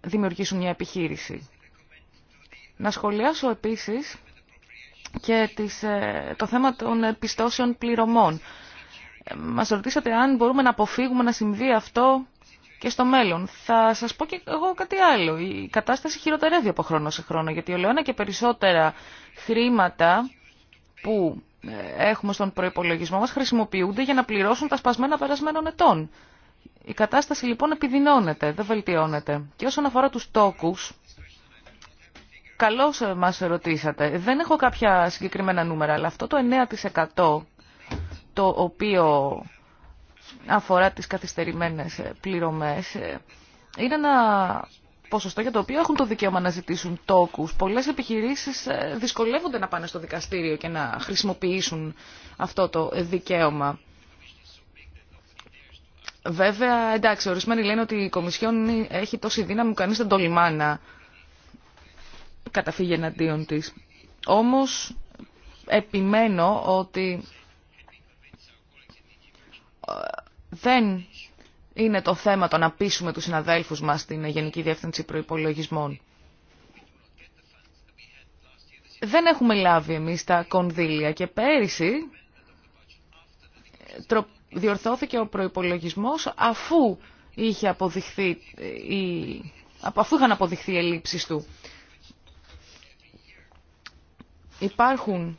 δημιουργήσουν μια επιχείρηση. Να σχολιάσω επίσης και ε, το θέμα των πιστώσεων πληρωμών. Ε, μας ρωτήσατε αν μπορούμε να αποφύγουμε να συμβεί αυτό και στο μέλλον. Θα σας πω και εγώ κάτι άλλο. Η κατάσταση χειροτερεύει από χρόνο σε χρόνο, γιατί ολοένα και περισσότερα χρήματα που ε, έχουμε στον προϋπολογισμό μας χρησιμοποιούνται για να πληρώσουν τα σπασμένα περασμένων ετών. Η κατάσταση λοιπόν επιδεινώνεται, δεν βελτιώνεται. Και όσον αφορά τους τόκους, καλώς ε, μας ρωτήσατε. Δεν έχω κάποια συγκεκριμένα νούμερα, αλλά αυτό το 9% το οποίο αφορά τις καθυστερημένες ε, πληρωμές, είναι ένα ποσοστό για το οποίο έχουν το δικαίωμα να ζητήσουν τόκους. Πολλές επιχειρήσεις ε, δυσκολεύονται να πάνε στο δικαστήριο και να χρησιμοποιήσουν αυτό το δικαίωμα. Βέβαια, εντάξει, ορισμένοι λένε ότι η Κομισιόν έχει τόση δύναμη που κανείς δεν τολμά να καταφύγει εναντίον της. Όμως, επιμένω ότι ε, δεν είναι το θέμα το να πείσουμε τους συναδέλφους μας στην Γενική Διεύθυνση Προϋπολογισμών. Δεν έχουμε λάβει εμείς τα κονδύλια και πέρυσι διορθώθηκε ο προϋπολογισμός αφού, είχε αποδειχθεί, ε, αφού είχαν αποδειχθεί οι ελλείψεις του. Υπάρχουν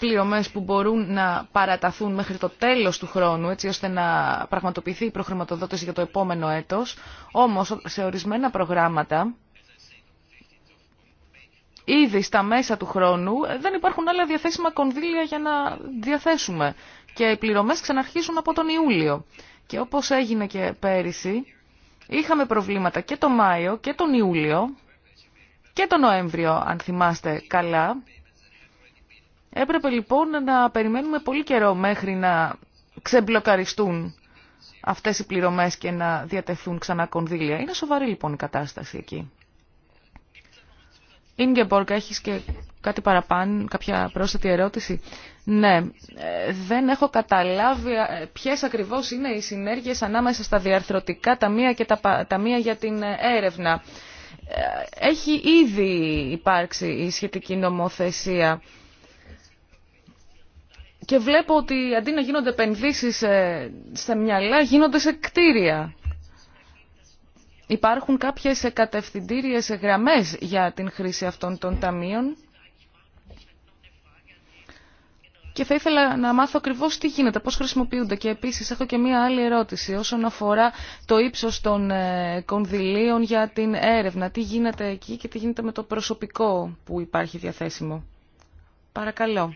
πληρωμές που μπορούν να παραταθούν μέχρι το τέλος του χρόνου, έτσι ώστε να πραγματοποιηθεί η προχρηματοδότηση για το επόμενο έτος. Όμως, σε ορισμένα προγράμματα, ήδη στα μέσα του χρόνου ε, δεν υπάρχουν άλλα διαθέσιμα κονδύλια για να διαθέσουμε. Και οι πληρωμές ξαναρχίσουν από τον Ιούλιο. Και όπως έγινε και πέρυσι, είχαμε προβλήματα και τον Μάιο και τον Ιούλιο και τον Νοέμβριο, αν θυμάστε καλά, Έπρεπε λοιπόν να περιμένουμε πολύ καιρό μέχρι να ξεμπλοκαριστούν αυτές οι πληρωμές και να διατεθούν ξανά κονδύλια. Είναι σοβαρή λοιπόν η κατάσταση εκεί. Ινγκεμπόρκα, έχεις και κάτι παραπάνω, κάποια πρόσθετη ερώτηση. Ναι, ε, δεν έχω καταλάβει ε, ποιες ακριβώς είναι οι συνέργειες ανάμεσα στα διαρθρωτικά ταμεία και τα ταμεία για την ε, έρευνα. Έχει ήδη υπάρξει η σχετική νομοθεσία και βλέπω ότι αντί να γίνονται επενδύσει ε, σε, μυαλά, γίνονται σε κτίρια. Υπάρχουν κάποιες κατευθυντήριες γραμμές για την χρήση αυτών των ταμείων. Και θα ήθελα να μάθω ακριβώ τι γίνεται, πώ χρησιμοποιούνται. Και επίση έχω και μία άλλη ερώτηση όσον αφορά το ύψο των ε, κονδυλίων για την έρευνα. Τι γίνεται εκεί και τι γίνεται με το προσωπικό που υπάρχει διαθέσιμο. Παρακαλώ.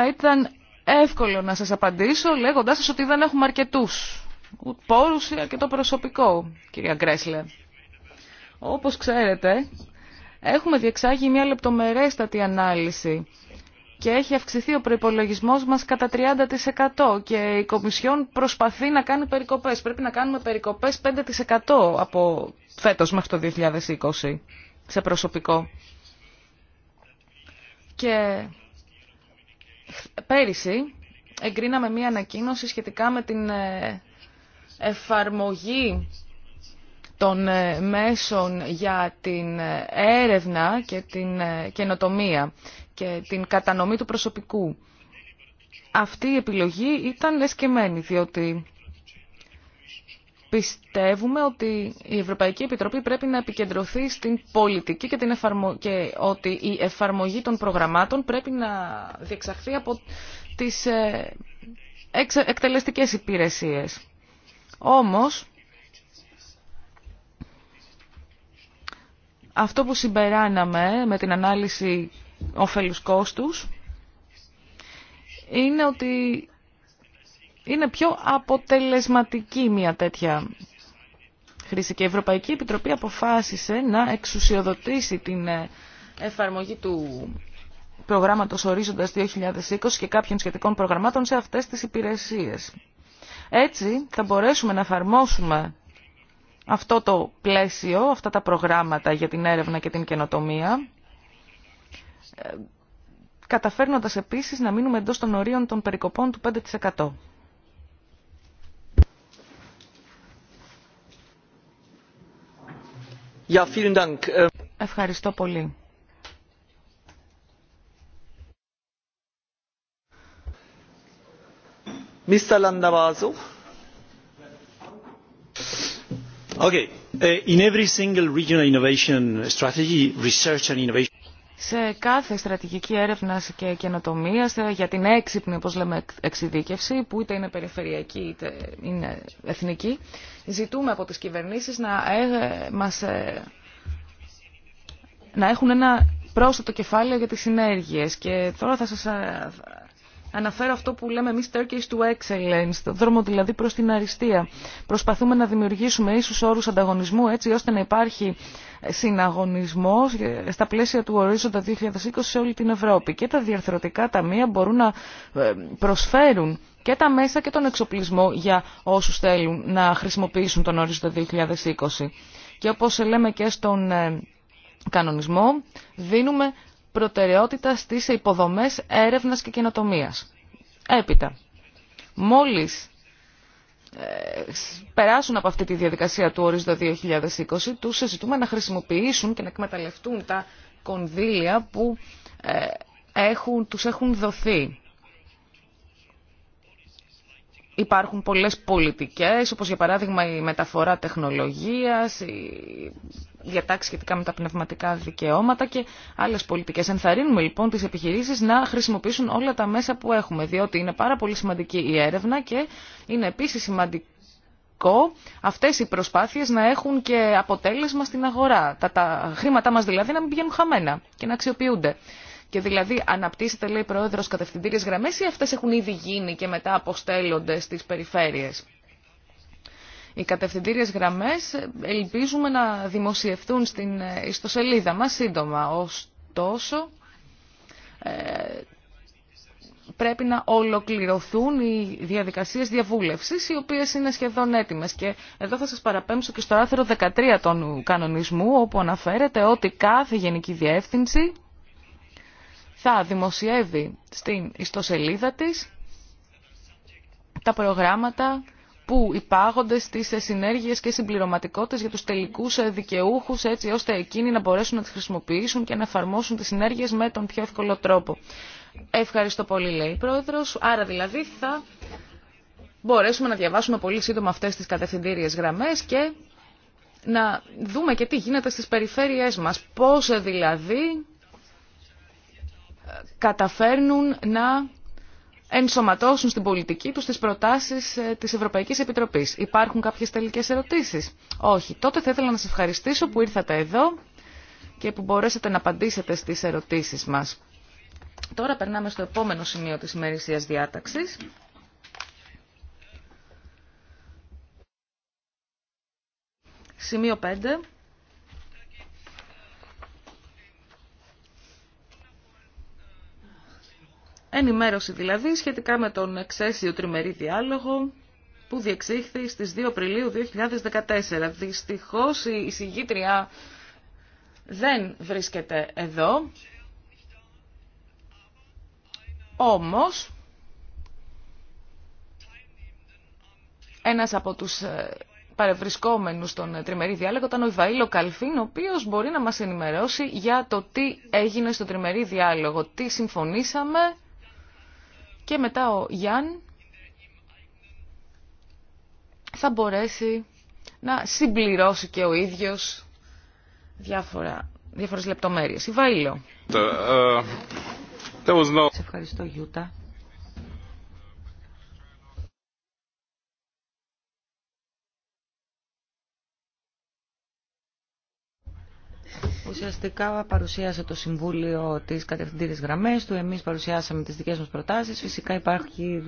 Θα ήταν εύκολο να σας απαντήσω λέγοντάς σας ότι δεν έχουμε αρκετούς πόρους ή αρκετό προσωπικό, κυρία Γκρέσλε. Όπως ξέρετε, έχουμε διεξάγει μια λεπτομερέστατη ανάλυση και έχει αυξηθεί ο προπολογισμό μας κατά 30% και η Κομισιόν προσπαθεί να κάνει περικοπές. Πρέπει να κάνουμε περικοπές 5% από φέτος μέχρι το 2020 σε προσωπικό. Και Πέρυσι εγκρίναμε μία ανακοίνωση σχετικά με την ε, εφαρμογή των ε, μέσων για την ε, έρευνα και την καινοτομία και την κατανομή του προσωπικού. Αυτή η επιλογή ήταν εσκεμμένη, διότι πιστεύουμε ότι η Ευρωπαϊκή Επιτροπή πρέπει να επικεντρωθεί στην πολιτική και, την και ότι η εφαρμογή των προγραμμάτων πρέπει να διεξαχθεί από τις ε, εκτελεστικές υπηρεσίες. Όμως, αυτό που συμπεράναμε με την ανάλυση όφελους κόστους είναι ότι είναι πιο αποτελεσματική μια τέτοια χρήση. Και η Ευρωπαϊκή Επιτροπή αποφάσισε να εξουσιοδοτήσει την ε, εφαρμογή του προγράμματος Ορίζοντας 2020 και κάποιων σχετικών προγραμμάτων σε αυτές τις υπηρεσίες. Έτσι θα μπορέσουμε να εφαρμόσουμε αυτό το πλαίσιο, αυτά τα προγράμματα για την έρευνα και την καινοτομία, ε, καταφέρνοντας επίσης να μείνουμε εντός των ορίων των περικοπών του 5%. Ja, vielen Dank. Ευχαριστώ πολύ. Mr. Landavaso. Okay. In every single regional innovation strategy, research and innovation σε κάθε στρατηγική έρευνα και καινοτομία ε, για την έξυπνη, όπως λέμε, εξειδίκευση, που είτε είναι περιφερειακή είτε είναι εθνική, ζητούμε από τις κυβερνήσεις να, ε, μας, ε, να έχουν ένα πρόσθετο κεφάλαιο για τις συνέργειες. Και τώρα θα σας αναφέρω αυτό που λέμε εμείς Turkish to Excellence, το δρόμο δηλαδή προς την αριστεία. Προσπαθούμε να δημιουργήσουμε ίσους όρους ανταγωνισμού έτσι ώστε να υπάρχει συναγωνισμό στα πλαίσια του ορίζοντα 2020 σε όλη την Ευρώπη. Και τα διαρθρωτικά ταμεία μπορούν να ε, προσφέρουν και τα μέσα και τον εξοπλισμό για όσου θέλουν να χρησιμοποιήσουν τον ορίζοντα 2020. Και όπως λέμε και στον ε, κανονισμό, δίνουμε προτεραιότητα στις υποδομές έρευνας και κοινοτομίας. Έπειτα, μόλις ε, περάσουν από αυτή τη διαδικασία του ορίζοντα 2020, τους συζητούμε να χρησιμοποιήσουν και να εκμεταλλευτούν τα κονδύλια που ε, έχουν, τους έχουν δοθεί. Υπάρχουν πολλές πολιτικές, όπως για παράδειγμα η μεταφορά τεχνολογίας, η διατάξη σχετικά με τα πνευματικά δικαιώματα και άλλες πολιτικές. Ενθαρρύνουμε λοιπόν τις επιχειρήσεις να χρησιμοποιήσουν όλα τα μέσα που έχουμε, διότι είναι πάρα πολύ σημαντική η έρευνα και είναι επίσης σημαντικό αυτές οι προσπάθειες να έχουν και αποτέλεσμα στην αγορά. Τα, τα χρήματά μας δηλαδή να μην πηγαίνουν χαμένα και να αξιοποιούνται. Και δηλαδή αναπτύσσεται, λέει πρόεδρο, κατευθυντήριε γραμμέ ή αυτέ έχουν ήδη γίνει και μετά αποστέλλονται στι περιφέρειε. Οι κατευθυντήριε γραμμέ ελπίζουμε να δημοσιευτούν στην ε, ιστοσελίδα μα σύντομα. Ωστόσο, ε, πρέπει να ολοκληρωθούν οι διαδικασίες διαβούλευσης, οι οποίες είναι σχεδόν έτοιμες. Και εδώ θα σας παραπέμψω και στο άρθρο 13 του κανονισμού, όπου αναφέρεται ότι κάθε γενική διεύθυνση θα δημοσιεύει στην ιστοσελίδα της τα προγράμματα που υπάγονται στις συνέργειες και συμπληρωματικότητες για τους τελικούς δικαιούχους έτσι ώστε εκείνοι να μπορέσουν να τις χρησιμοποιήσουν και να εφαρμόσουν τις συνέργειες με τον πιο εύκολο τρόπο. Ευχαριστώ πολύ λέει η Πρόεδρος. Άρα δηλαδή θα μπορέσουμε να διαβάσουμε πολύ σύντομα αυτές τις κατευθυντήριες γραμμές και να δούμε και τι γίνεται στις περιφέρειές μας. Πώς δηλαδή καταφέρνουν να ενσωματώσουν στην πολιτική τους τις προτάσεις ε, της Ευρωπαϊκής Επιτροπής. Υπάρχουν κάποιες τελικές ερωτήσεις. Όχι. Τότε θα ήθελα να σας ευχαριστήσω που ήρθατε εδώ και που μπορέσατε να απαντήσετε στις ερωτήσεις μας. Τώρα περνάμε στο επόμενο σημείο της ημερησίας διάταξης. Σημείο 5. Ενημέρωση δηλαδή σχετικά με τον εξαίσιο τριμερή διάλογο που διεξήχθη στις 2 Απριλίου 2014. Δυστυχώς η συγγήτρια δεν βρίσκεται εδώ. Όμως, ένας από τους ε, παρευρισκόμενους στον ε, τριμερή διάλογο ήταν ο Ιβαήλο Καλφίν, ο οποίος μπορεί να μας ενημερώσει για το τι έγινε στο τριμερή διάλογο, τι συμφωνήσαμε και μετά ο Γιάν θα μπορέσει να συμπληρώσει και ο ίδιος διάφορα, διάφορες λεπτομέρειες. Η ε, ε, Σε ευχαριστώ Γιούτα. Ουσιαστικά παρουσίασε το Συμβούλιο τις κατευθυντήριε γραμμές του, εμείς παρουσιάσαμε τις δικές μας προτάσεις. Φυσικά υπάρχει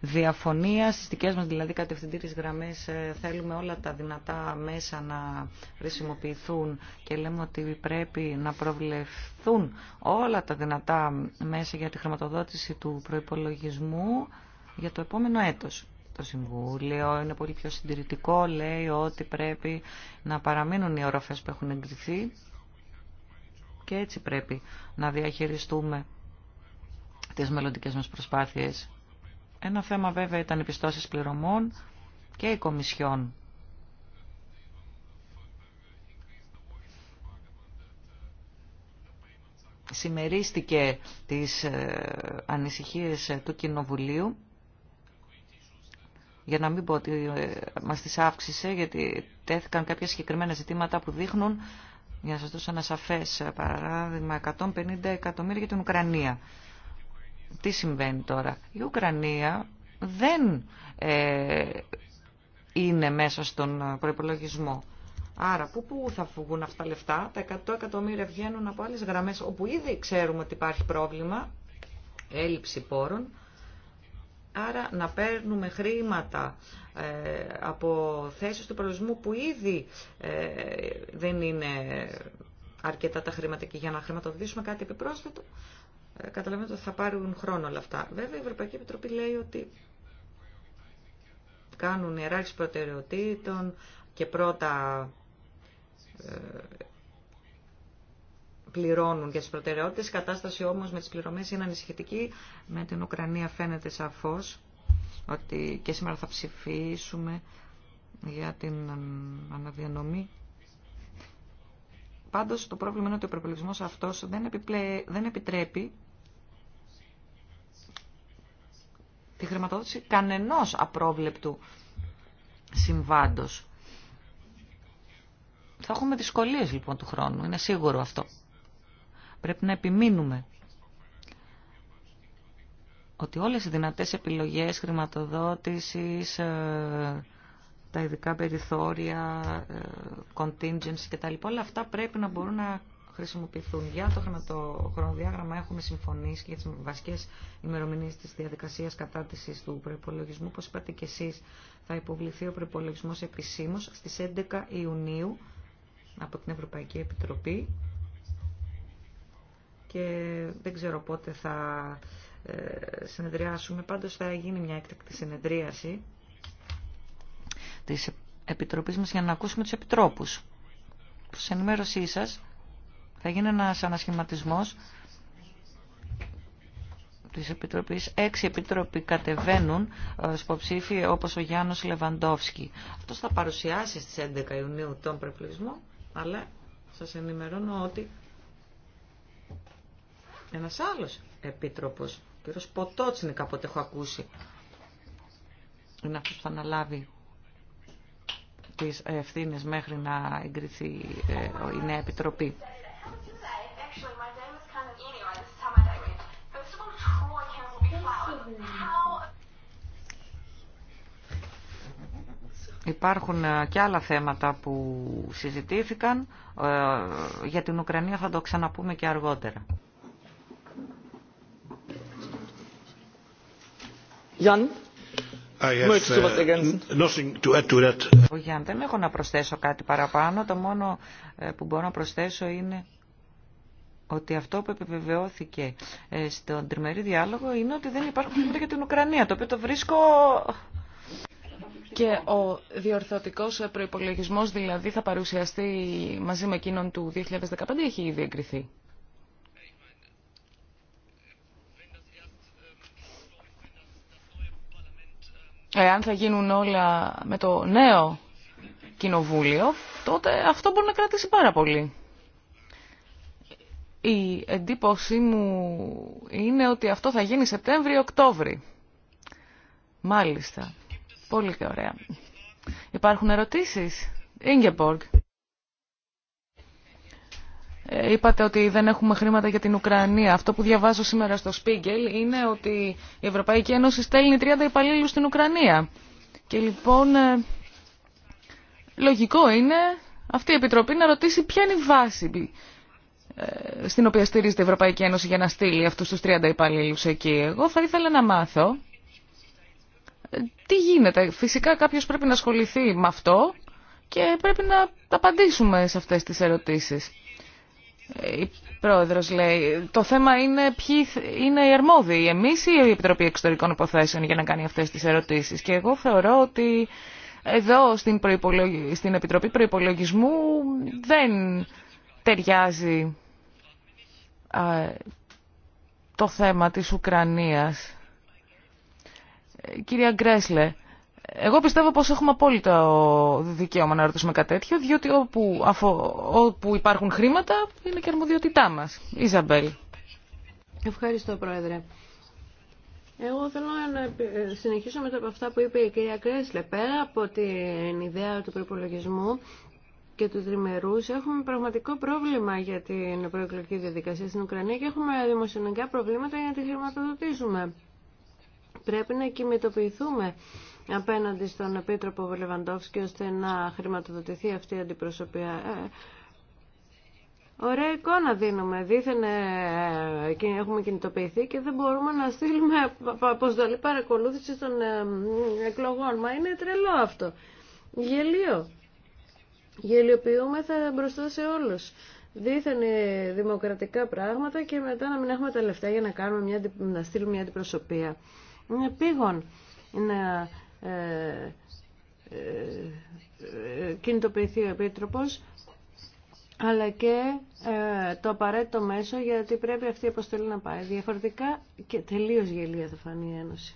διαφωνία. Στις δικές μας δηλαδή κατευθυντήριες γραμμές ε, θέλουμε όλα τα δυνατά μέσα να χρησιμοποιηθούν και λέμε ότι πρέπει να προβλεφθούν όλα τα δυνατά μέσα για τη χρηματοδότηση του προϋπολογισμού για το επόμενο έτος. Το Συμβούλιο είναι πολύ πιο συντηρητικό, λέει ότι πρέπει να παραμείνουν οι οροφές που έχουν εγκριθεί και έτσι πρέπει να διαχειριστούμε τις μελλοντικέ μας προσπάθειες. Ένα θέμα βέβαια ήταν οι πιστώσεις πληρωμών και οι κομισιόν. Σημερίστηκε τις ε, ανησυχίες ε, του Κοινοβουλίου για να μην πω ότι ε, μας τις αύξησε, γιατί τέθηκαν κάποια συγκεκριμένα ζητήματα που δείχνουν για να σας δώσω ένα σαφές παράδειγμα, 150 εκατομμύρια για την Ουκρανία. Τι συμβαίνει τώρα. Η Ουκρανία δεν ε, είναι μέσα στον προϋπολογισμό. Άρα, πού, πού θα φουγούν αυτά τα λεφτά, τα 100 εκατομμύρια βγαίνουν από άλλες γραμμές, όπου ήδη ξέρουμε ότι υπάρχει πρόβλημα, έλλειψη πόρων, Άρα να παίρνουμε χρήματα ε, από θέσεις του προορισμού που ήδη ε, δεν είναι αρκετά τα χρήματα και για να χρηματοδοτήσουμε κάτι επιπρόσθετο, ε, καταλαβαίνετε ότι θα πάρουν χρόνο όλα αυτά. Βέβαια η Ευρωπαϊκή Επιτροπή λέει ότι κάνουν ιεράρχηση προτεραιοτήτων και πρώτα πληρώνουν για τι προτεραιότητε. Η κατάσταση όμως με τις πληρωμές είναι ανησυχητική. Με την Ουκρανία φαίνεται σαφώς ότι και σήμερα θα ψηφίσουμε για την αναδιανομή. Πάντως το πρόβλημα είναι ότι ο προπολογισμός αυτός δεν, επιπλέ, δεν επιτρέπει τη χρηματοδότηση κανενός απρόβλεπτου συμβάντος. Θα έχουμε δυσκολίες λοιπόν του χρόνου, είναι σίγουρο αυτό. Πρέπει να επιμείνουμε ότι όλες οι δυνατές επιλογές χρηματοδότησης, ε, τα ειδικά περιθώρια, ε, contingency κτλ. Όλα αυτά πρέπει να μπορούν να χρησιμοποιηθούν. Για το, χρονοδιάγραμμα έχουμε συμφωνήσει για τις βασικές ημερομηνίες της διαδικασίας κατάτησης του προϋπολογισμού Όπως είπατε και εσείς, θα υποβληθεί ο προπολογισμό επισήμως στις 11 Ιουνίου από την Ευρωπαϊκή Επιτροπή και δεν ξέρω πότε θα ε, συνεδριάσουμε. Πάντως θα γίνει μια έκτακτη συνεδρίαση της Επιτροπής μας για να ακούσουμε τους Επιτρόπους. Σε ενημέρωσή σας θα γίνει ένας ανασχηματισμός της Επιτροπής. Έξι Επιτροποί κατεβαίνουν ε, ως υποψήφοι όπως ο Γιάννος Λεβαντόφσκι. Αυτός θα παρουσιάσει στις 11 Ιουνίου τον προεκλογισμό... αλλά σας ενημερώνω ότι ένας άλλος επίτροπος, ο κύριος Ποτότσινη κάποτε έχω ακούσει, είναι αυτός που θα αναλάβει τις ευθύνε μέχρι να εγκριθεί ε, η νέα επιτροπή. Υπάρχουν ε, και άλλα θέματα που συζητήθηκαν. Ε, για την Ουκρανία θα το ξαναπούμε και αργότερα. Ah, äh, Γιάν, δεν έχω να προσθέσω κάτι παραπάνω. Το μόνο ε, που μπορώ να προσθέσω είναι ότι αυτό που επιβεβαιώθηκε ε, στον τριμερή διάλογο είναι ότι δεν υπάρχουν χρήματα για την Ουκρανία, το οποίο το βρίσκω... Και ο διορθωτικός προϋπολογισμός δηλαδή θα παρουσιαστεί μαζί με εκείνον του 2015 έχει ήδη εγκριθεί. εάν θα γίνουν όλα με το νέο κοινοβούλιο, τότε αυτό μπορεί να κρατήσει πάρα πολύ. Η εντύπωσή μου είναι ότι αυτό θα γινει σεπτεμβρη Σεπτέμβρη-Οκτώβρη. Μάλιστα. Πολύ και ωραία. Υπάρχουν ερωτήσεις. Ingeborg. Ε, είπατε ότι δεν έχουμε χρήματα για την Ουκρανία. Αυτό που διαβάζω σήμερα στο Σπίγκελ είναι ότι η Ευρωπαϊκή Ένωση στέλνει 30 υπαλλήλους στην Ουκρανία. Και λοιπόν, ε, λογικό είναι αυτή η Επιτροπή να ρωτήσει ποια είναι η βάση ε, στην οποία στηρίζεται η Ευρωπαϊκή Ένωση για να στείλει αυτούς τους 30 υπαλλήλους εκεί. Εγώ θα ήθελα να μάθω τι γίνεται. Φυσικά κάποιος πρέπει να ασχοληθεί με αυτό και πρέπει να απαντήσουμε σε αυτές τις ερωτήσεις. Ε, η πρόεδρος λέει, το θέμα είναι ποιοι είναι οι αρμόδιοι, εμείς ή η Επιτροπή Εξωτερικών Υποθέσεων για να κάνει αυτές τις ερωτήσεις. Και εγώ θεωρώ ότι εδώ στην, στην Επιτροπή Προϋπολογισμού δεν ταιριάζει το θέμα της Ουκρανίας. Ε, κυρία Γκρέσλε, εγώ πιστεύω πως έχουμε απόλυτα δικαίωμα να ρωτήσουμε κάτι τέτοιο, διότι όπου, αφο, υπάρχουν χρήματα είναι και αρμοδιότητά μας. Ιζαμπέλ. Ευχαριστώ, Πρόεδρε. Εγώ θέλω να συνεχίσω μετά από αυτά που είπε η κυρία Κρέσλε. Πέρα από την ιδέα του προπολογισμού και του τριμερού, έχουμε πραγματικό πρόβλημα για την προεκλογική διαδικασία στην Ουκρανία και έχουμε δημοσιονομικά προβλήματα για να τη χρηματοδοτήσουμε. Πρέπει να κοιμητοποιηθούμε απέναντι στον Επίτροπο Βολεβαντόφσκι ώστε να χρηματοδοτηθεί αυτή η αντιπροσωπεία. Ε, ωραία εικόνα δίνουμε. Δήθεν ε, έχουμε κινητοποιηθεί και δεν μπορούμε να στείλουμε αποστολή παρακολούθηση των ε, εκλογών. Μα είναι τρελό αυτό. Γελίο. Γελιοποιούμεθα μπροστά σε όλους. Δήθεν δημοκρατικά πράγματα και μετά να μην έχουμε τα λεφτά για να, κάνουμε μια, να στείλουμε μια αντιπροσωπεία. Είναι πήγον ε, ε, ε, κινητοποιηθεί ο Επίτροπος αλλά και το απαραίτητο μέσο γιατί πρέπει αυτή η αποστολή να πάει. Διαφορετικά και τελείως γελία θα φανεί η Ένωση.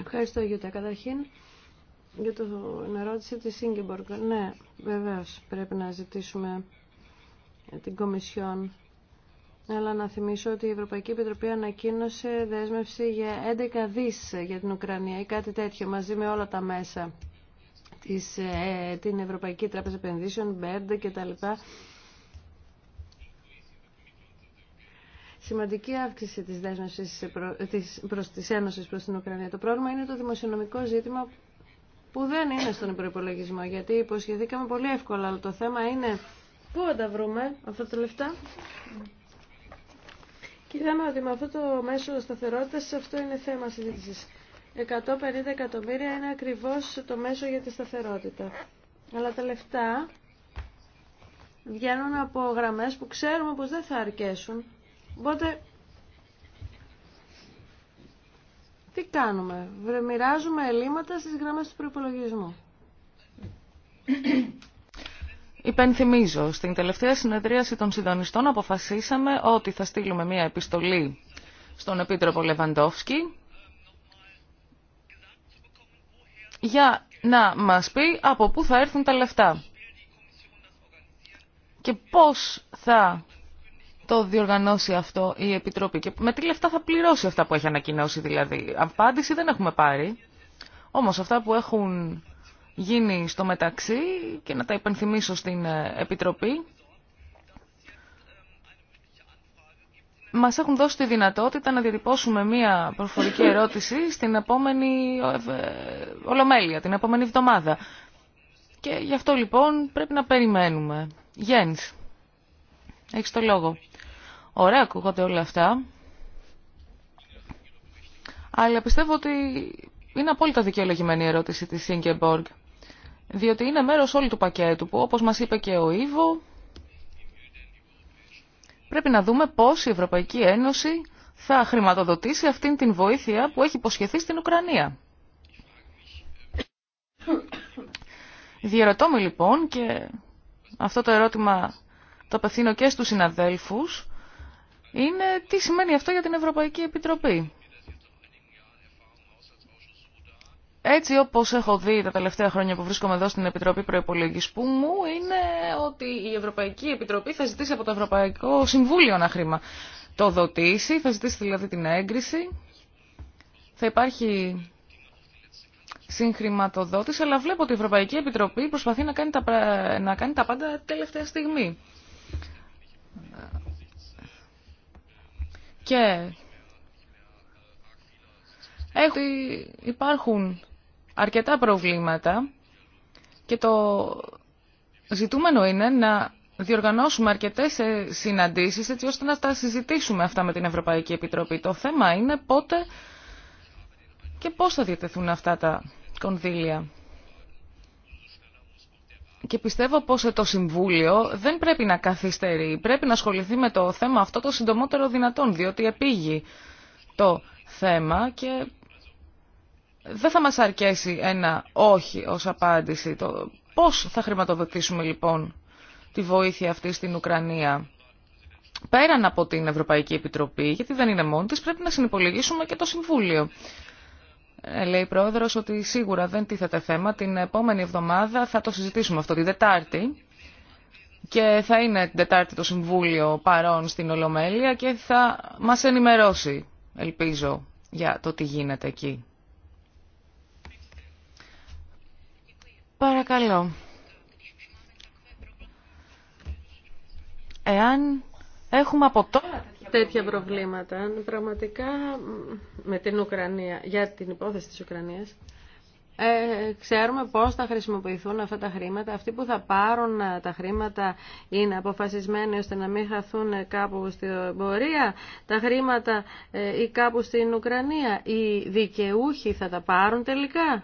Ευχαριστώ, Γιώτα. Καταρχήν, για την ερώτηση της Σίγκεμπορκ. Ναι, βεβαίως, πρέπει να ζητήσουμε την Κομισιόν. Αλλά να θυμίσω ότι η Ευρωπαϊκή Επιτροπή ανακοίνωσε δέσμευση για 11 δις για την Ουκρανία ή κάτι τέτοιο μαζί με όλα τα μέσα της, ε, την Ευρωπαϊκή Τράπεζα Επενδύσεων, BERD λοιπά. Σημαντική αύξηση της δέσμευσης προ, της, της Ένωσης προς την Ουκρανία. Το πρόβλημα είναι το δημοσιονομικό ζήτημα που δεν είναι στον υπολογισμό γιατί υποσχεθήκαμε πολύ εύκολα, αλλά το θέμα είναι Πού θα τα βρούμε αυτά τα λεφτά. Και είδαμε ότι με αυτό το μέσο σταθερότητα αυτό είναι θέμα συζήτηση. 150 εκατομμύρια είναι ακριβώς το μέσο για τη σταθερότητα. Αλλά τα λεφτά βγαίνουν από γραμμέ που ξέρουμε πως δεν θα αρκέσουν. Οπότε, τι κάνουμε. Μοιράζουμε ελλείμματα στις γραμμές του προπολογισμού. Υπενθυμίζω, στην τελευταία συνεδρίαση των συντονιστών αποφασίσαμε ότι θα στείλουμε μία επιστολή στον Επίτροπο Λεβαντόφσκι για να μας πει από πού θα έρθουν τα λεφτά και πώς θα το διοργανώσει αυτό η Επιτροπή και με τι λεφτά θα πληρώσει αυτά που έχει ανακοινώσει δηλαδή. Απάντηση δεν έχουμε πάρει, όμως αυτά που έχουν γίνει στο μεταξύ και να τα υπενθυμίσω στην ε, Επιτροπή. Μας έχουν δώσει τη δυνατότητα να διατυπώσουμε μία προφορική ερώτηση στην επόμενη ε, ε, Ολομέλεια, την επόμενη εβδομάδα. Και γι' αυτό λοιπόν πρέπει να περιμένουμε. Γέννης, έχεις το λόγο. Ωραία ακούγονται όλα αυτά. Αλλά πιστεύω ότι είναι απόλυτα δικαιολογημένη η ερώτηση της διότι είναι μέρος όλου του πακέτου που, όπως μας είπε και ο Ήβο, πρέπει να δούμε πώς η Ευρωπαϊκή Ένωση θα χρηματοδοτήσει αυτήν την βοήθεια που έχει υποσχεθεί στην Ουκρανία. Διερωτώ με λοιπόν και αυτό το ερώτημα το απευθύνω και στους συναδέλφους είναι τι σημαίνει αυτό για την Ευρωπαϊκή Επιτροπή. Έτσι όπως έχω δει τα τελευταία χρόνια που βρίσκομαι εδώ στην Επιτροπή Προϋπολογισμού μου είναι ότι η Ευρωπαϊκή Επιτροπή θα ζητήσει από το Ευρωπαϊκό Συμβούλιο ένα χρήμα το δοτήσει, θα ζητήσει δηλαδή την έγκριση, θα υπάρχει συγχρηματοδότηση, αλλά βλέπω ότι η Ευρωπαϊκή Επιτροπή προσπαθεί να κάνει τα, να κάνει τα πάντα τελευταία στιγμή. Και υπάρχουν αρκετά προβλήματα και το ζητούμενο είναι να διοργανώσουμε αρκετές ε, συναντήσεις έτσι ώστε να τα συζητήσουμε αυτά με την Ευρωπαϊκή Επιτροπή. Το θέμα είναι πότε και πώς θα διατεθούν αυτά τα κονδύλια. Και πιστεύω πως ε, το Συμβούλιο δεν πρέπει να καθυστερεί, πρέπει να ασχοληθεί με το θέμα αυτό το συντομότερο δυνατόν, διότι επήγει το θέμα και δεν θα μας αρκέσει ένα όχι ως απάντηση. Το πώς θα χρηματοδοτήσουμε λοιπόν τη βοήθεια αυτή στην Ουκρανία. Πέραν από την Ευρωπαϊκή Επιτροπή, γιατί δεν είναι μόνη της, πρέπει να συνυπολογίσουμε και το Συμβούλιο. Ε, λέει η Πρόεδρος ότι σίγουρα δεν τίθεται θέμα. Την επόμενη εβδομάδα θα το συζητήσουμε αυτό, την Δετάρτη. Και θα είναι την Δετάρτη το Συμβούλιο παρόν στην Ολομέλεια και θα μας ενημερώσει, ελπίζω, για το τι γίνεται εκεί. Παρακαλώ. Εάν έχουμε από τώρα τέτοια προβλήματα, πραγματικά με την Ουκρανία, για την υπόθεση της Ουκρανίας, ε, ξέρουμε πώς θα χρησιμοποιηθούν αυτά τα χρήματα. Αυτοί που θα πάρουν ε, τα χρήματα είναι αποφασισμένοι ώστε να μην χαθούν κάπου στην εμπορία τα χρήματα ε, ή κάπου στην Ουκρανία. Οι δικαιούχοι θα τα πάρουν τελικά.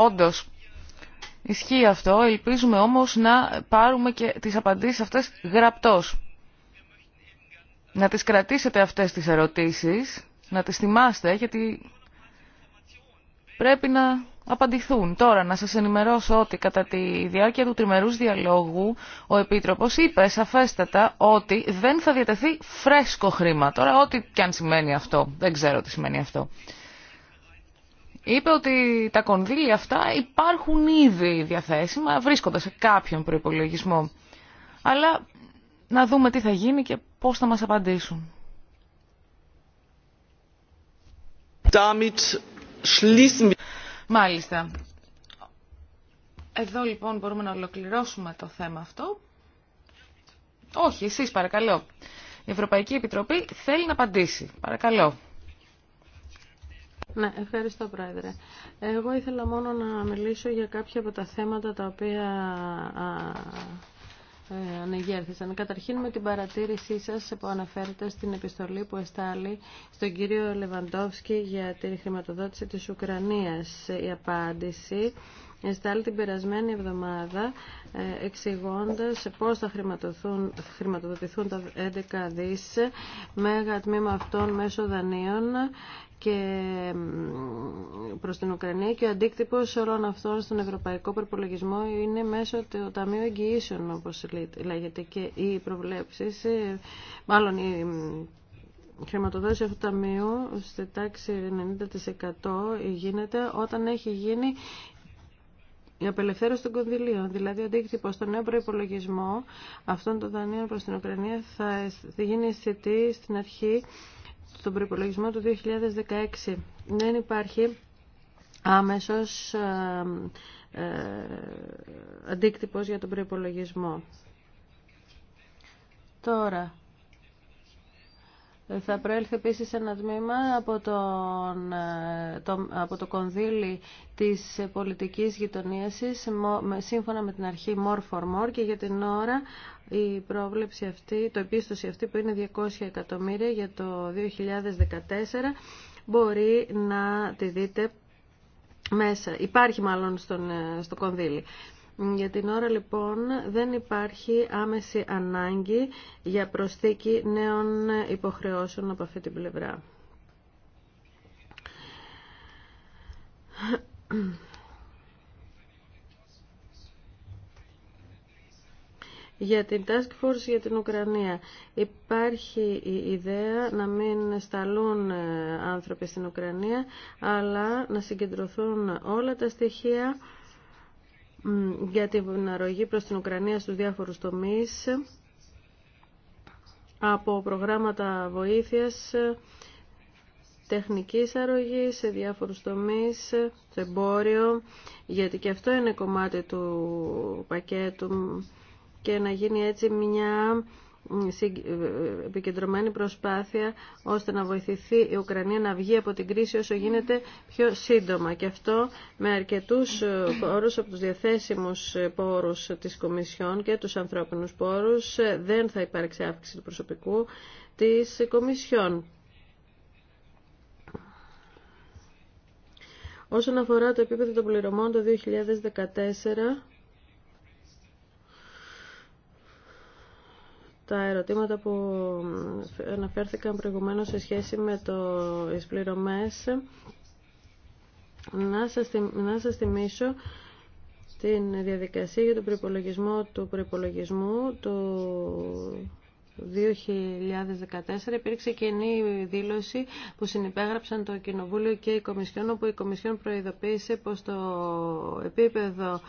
Όντως, ισχύει αυτό. Ελπίζουμε όμως να πάρουμε και τις απαντήσεις αυτές γραπτός. Να τις κρατήσετε αυτές τις ερωτήσεις, να τις θυμάστε, γιατί πρέπει να απαντηθούν. Τώρα, να σας ενημερώσω ότι κατά τη διάρκεια του τριμερούς διαλόγου ο Επίτροπος είπε σαφέστατα ότι δεν θα διατεθεί φρέσκο χρήμα. Τώρα, ό,τι και αν σημαίνει αυτό, δεν ξέρω τι σημαίνει αυτό είπε ότι τα κονδύλια αυτά υπάρχουν ήδη διαθέσιμα, βρίσκονται σε κάποιον προϋπολογισμό. Αλλά να δούμε τι θα γίνει και πώς θα μας απαντήσουν. Μάλιστα. Εδώ λοιπόν μπορούμε να ολοκληρώσουμε το θέμα αυτό. Όχι, εσείς παρακαλώ. Η Ευρωπαϊκή Επιτροπή θέλει να απαντήσει. Παρακαλώ. Ναι, ευχαριστώ Πρόεδρε. Εγώ ήθελα μόνο να μιλήσω για κάποια από τα θέματα τα οποία ε, ανεγέρθησαν. Καταρχήν με την παρατήρησή σας που αναφέρετε στην επιστολή που εστάλει στον κύριο Λεβαντόφσκι για τη χρηματοδότηση της Ουκρανίας. Η απάντηση εστάλει την περασμένη εβδομάδα ε, εξηγώντας πώς θα χρηματοδοτηθούν τα 11 δις μέγα τμήμα αυτών μέσω δανείων και προς την Ουκρανία και ο αντίκτυπο όλων αυτών στον ευρωπαϊκό προπολογισμό είναι μέσω του Ταμείου Εγγυήσεων όπω λέγεται και οι προβλέψεις ε, μάλλον η χρηματοδότηση αυτού του ταμείου στη τάξη 90% γίνεται όταν έχει γίνει η απελευθέρωση των κονδυλίων, δηλαδή ο αντίκτυπο στο νέο προπολογισμό αυτών των δανείων προ την Ουκρανία θα γίνει αισθητή στην αρχή στον προπολογισμό του 2016. Δεν υπάρχει άμεσος ε, για τον προϋπολογισμό. Τώρα, θα προέλθει επίσης ένα τμήμα από, τον, ε, το, από το κονδύλι της πολιτικής γειτονίασης σύμφωνα με την αρχή more for more και για την ώρα η πρόβλεψη αυτή, το επίστοση αυτή που είναι 200 εκατομμύρια για το 2014 μπορεί να τη δείτε μέσα. Υπάρχει μάλλον στον, ε, στο κονδύλι. Για την ώρα λοιπόν δεν υπάρχει άμεση ανάγκη για προσθήκη νέων υποχρεώσεων από αυτή την πλευρά. Για την Task Force για την Ουκρανία υπάρχει η ιδέα να μην σταλούν ε, άνθρωποι στην Ουκρανία αλλά να συγκεντρωθούν όλα τα στοιχεία για την αρρωγή προς την Ουκρανία στους διάφορους τομείς από προγράμματα βοήθειας τεχνικής αρρωγής σε διάφορους τομείς, το εμπόριο, γιατί και αυτό είναι κομμάτι του πακέτου και να γίνει έτσι μια ε, ε, επικεντρωμένη προσπάθεια ώστε να βοηθηθεί η Ουκρανία να βγει από την κρίση όσο γίνεται πιο σύντομα. Και αυτό με αρκετούς ε, πόρους από τους διαθέσιμους πόρους της Κομισιόν και τους ανθρώπινους πόρους δεν θα υπάρξει αύξηση του προσωπικού της Κομισιόν. Όσον αφορά το επίπεδο των πληρωμών το 2014, τα ερωτήματα που αναφέρθηκαν προηγουμένως σε σχέση με το εισπληρωμές. Να σας, να σας θυμίσω την διαδικασία για τον προϋπολογισμό του προπολογισμού το 2014 υπήρξε κοινή δήλωση που συνυπέγραψαν το Κοινοβούλιο και η Κομισιόν όπου η Κομισιόν προειδοποίησε πως το επίπεδο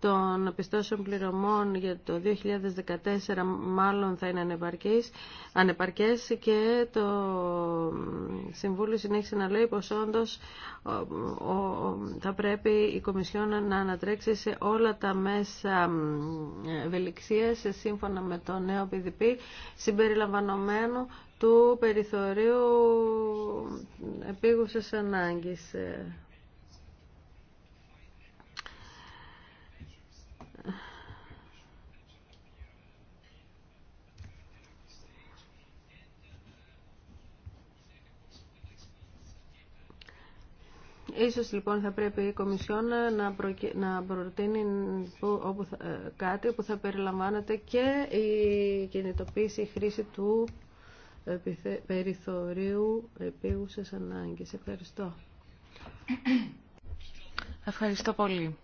των πιστώσεων πληρωμών για το 2014 μάλλον θα είναι ανεπαρκές, και το Συμβούλιο συνέχισε να λέει πως όντως θα πρέπει η Κομισιόν να ανατρέξει σε όλα τα μέσα ευελιξίας σύμφωνα με το νέο PDP συμπεριλαμβανομένου του περιθωρίου επίγουσες ανάγκης. Ίσως λοιπόν θα πρέπει η Κομισιόν να, να προτείνει όπου θα... Ε, κάτι που θα περιλαμβάνεται και η κινητοποίηση, η χρήση του επιθε... περιθωρίου επίγουσες ανάγκες. Ευχαριστώ. Ευχαριστώ πολύ.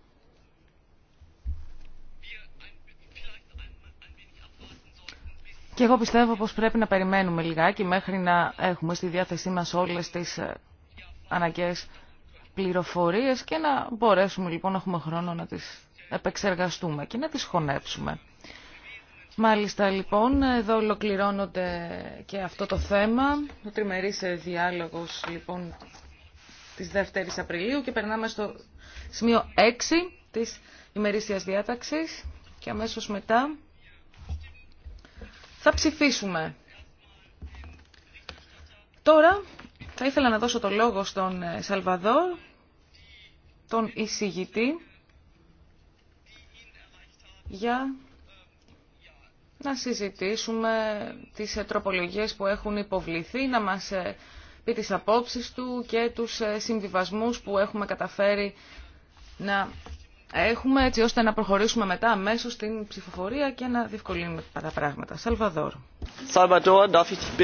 Και εγώ πιστεύω πως πρέπει να περιμένουμε λιγάκι μέχρι να έχουμε στη διάθεσή μας όλες τις ε, αναγκαίες πληροφορίες και να μπορέσουμε λοιπόν να έχουμε χρόνο να τις επεξεργαστούμε και να τις χωνέψουμε. Μάλιστα λοιπόν, εδώ ολοκληρώνονται και αυτό το θέμα. Ο τριμερής διάλογος λοιπόν της 2ης Απριλίου και περνάμε στο σημείο 6 της ημερήσιας διάταξης και αμέσως μετά θα ψηφίσουμε. Τώρα θα ήθελα να δώσω το λόγο στον ε, Σαλβαδόρ, τον εισηγητή, για να συζητήσουμε τις ε, τροπολογίες που έχουν υποβληθεί, να μας ε, πει τις απόψεις του και τους συμβιβασμούς που έχουμε καταφέρει να έχουμε έτσι ώστε να προχωρήσουμε μετά αμέσως στην ψηφοφορία και να διευκολύνουμε τα πράγματα. Σαλβαδόρ. Σαλβαδόρ, darf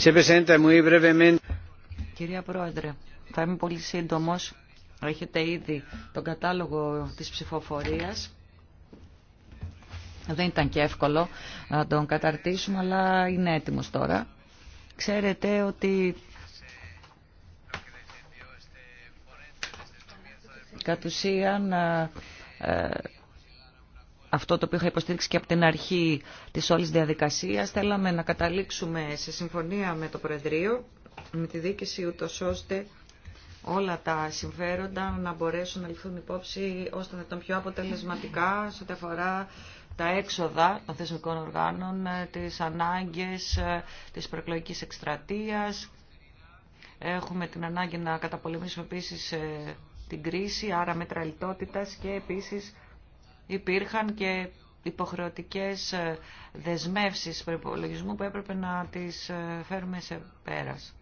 Κυρία Πρόεδρε, θα είμαι πολύ σύντομος. Έχετε ήδη τον κατάλογο της ψηφοφορίας. Δεν ήταν και εύκολο να τον καταρτήσουμε, αλλά είναι έτοιμος τώρα. Ξέρετε ότι κατ' ουσίαν ε, αυτό το οποίο είχα υποστήριξει και από την αρχή της όλης διαδικασίας. Θέλαμε να καταλήξουμε σε συμφωνία με το Προεδρείο, με τη δίκηση ούτω ώστε όλα τα συμφέροντα να μπορέσουν να ληφθούν υπόψη ώστε να ήταν πιο αποτελεσματικά σε ό,τι αφορά τα έξοδα των θεσμικών οργάνων, τις ανάγκες της προεκλογικής εκστρατείας. Έχουμε την ανάγκη να καταπολεμήσουμε επίσης ε, την κρίση, άρα μέτρα και επίσης υπήρχαν και υποχρεωτικές ε, δεσμεύσεις προπολογισμού που έπρεπε να τις ε, φέρουμε σε πέρας.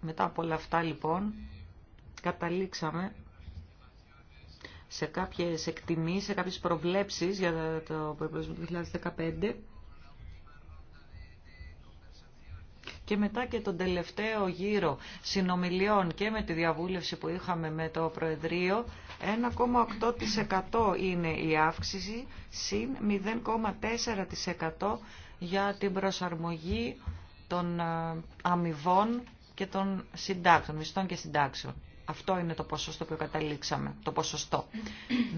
Μετά από όλα αυτά λοιπόν καταλήξαμε σε κάποιες εκτιμήσεις, σε κάποιες προβλέψεις για το προϋπολογισμό του 2015 και μετά και τον τελευταίο γύρο συνομιλιών και με τη διαβούλευση που είχαμε με το Προεδρείο 1,8% είναι η αύξηση συν 0,4% για την προσαρμογή των ε, αμοιβών και των συντάξεων, μισθών και συντάξεων. Αυτό είναι το ποσοστό που καταλήξαμε, το ποσοστό.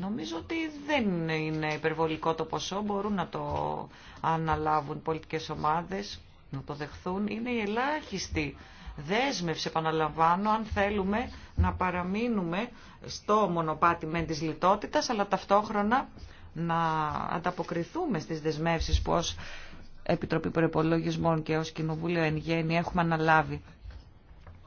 Νομίζω ότι δεν είναι υπερβολικό το ποσό, μπορούν να το αναλάβουν πολιτικές ομάδες να δεχθούν είναι η ελάχιστη δέσμευση, επαναλαμβάνω, αν θέλουμε να παραμείνουμε στο μονοπάτι μεν της λιτότητας, αλλά ταυτόχρονα να ανταποκριθούμε στις δεσμεύσεις που ως Επιτροπή Προπολογισμών και ως Κοινοβούλιο εν γέννη έχουμε αναλάβει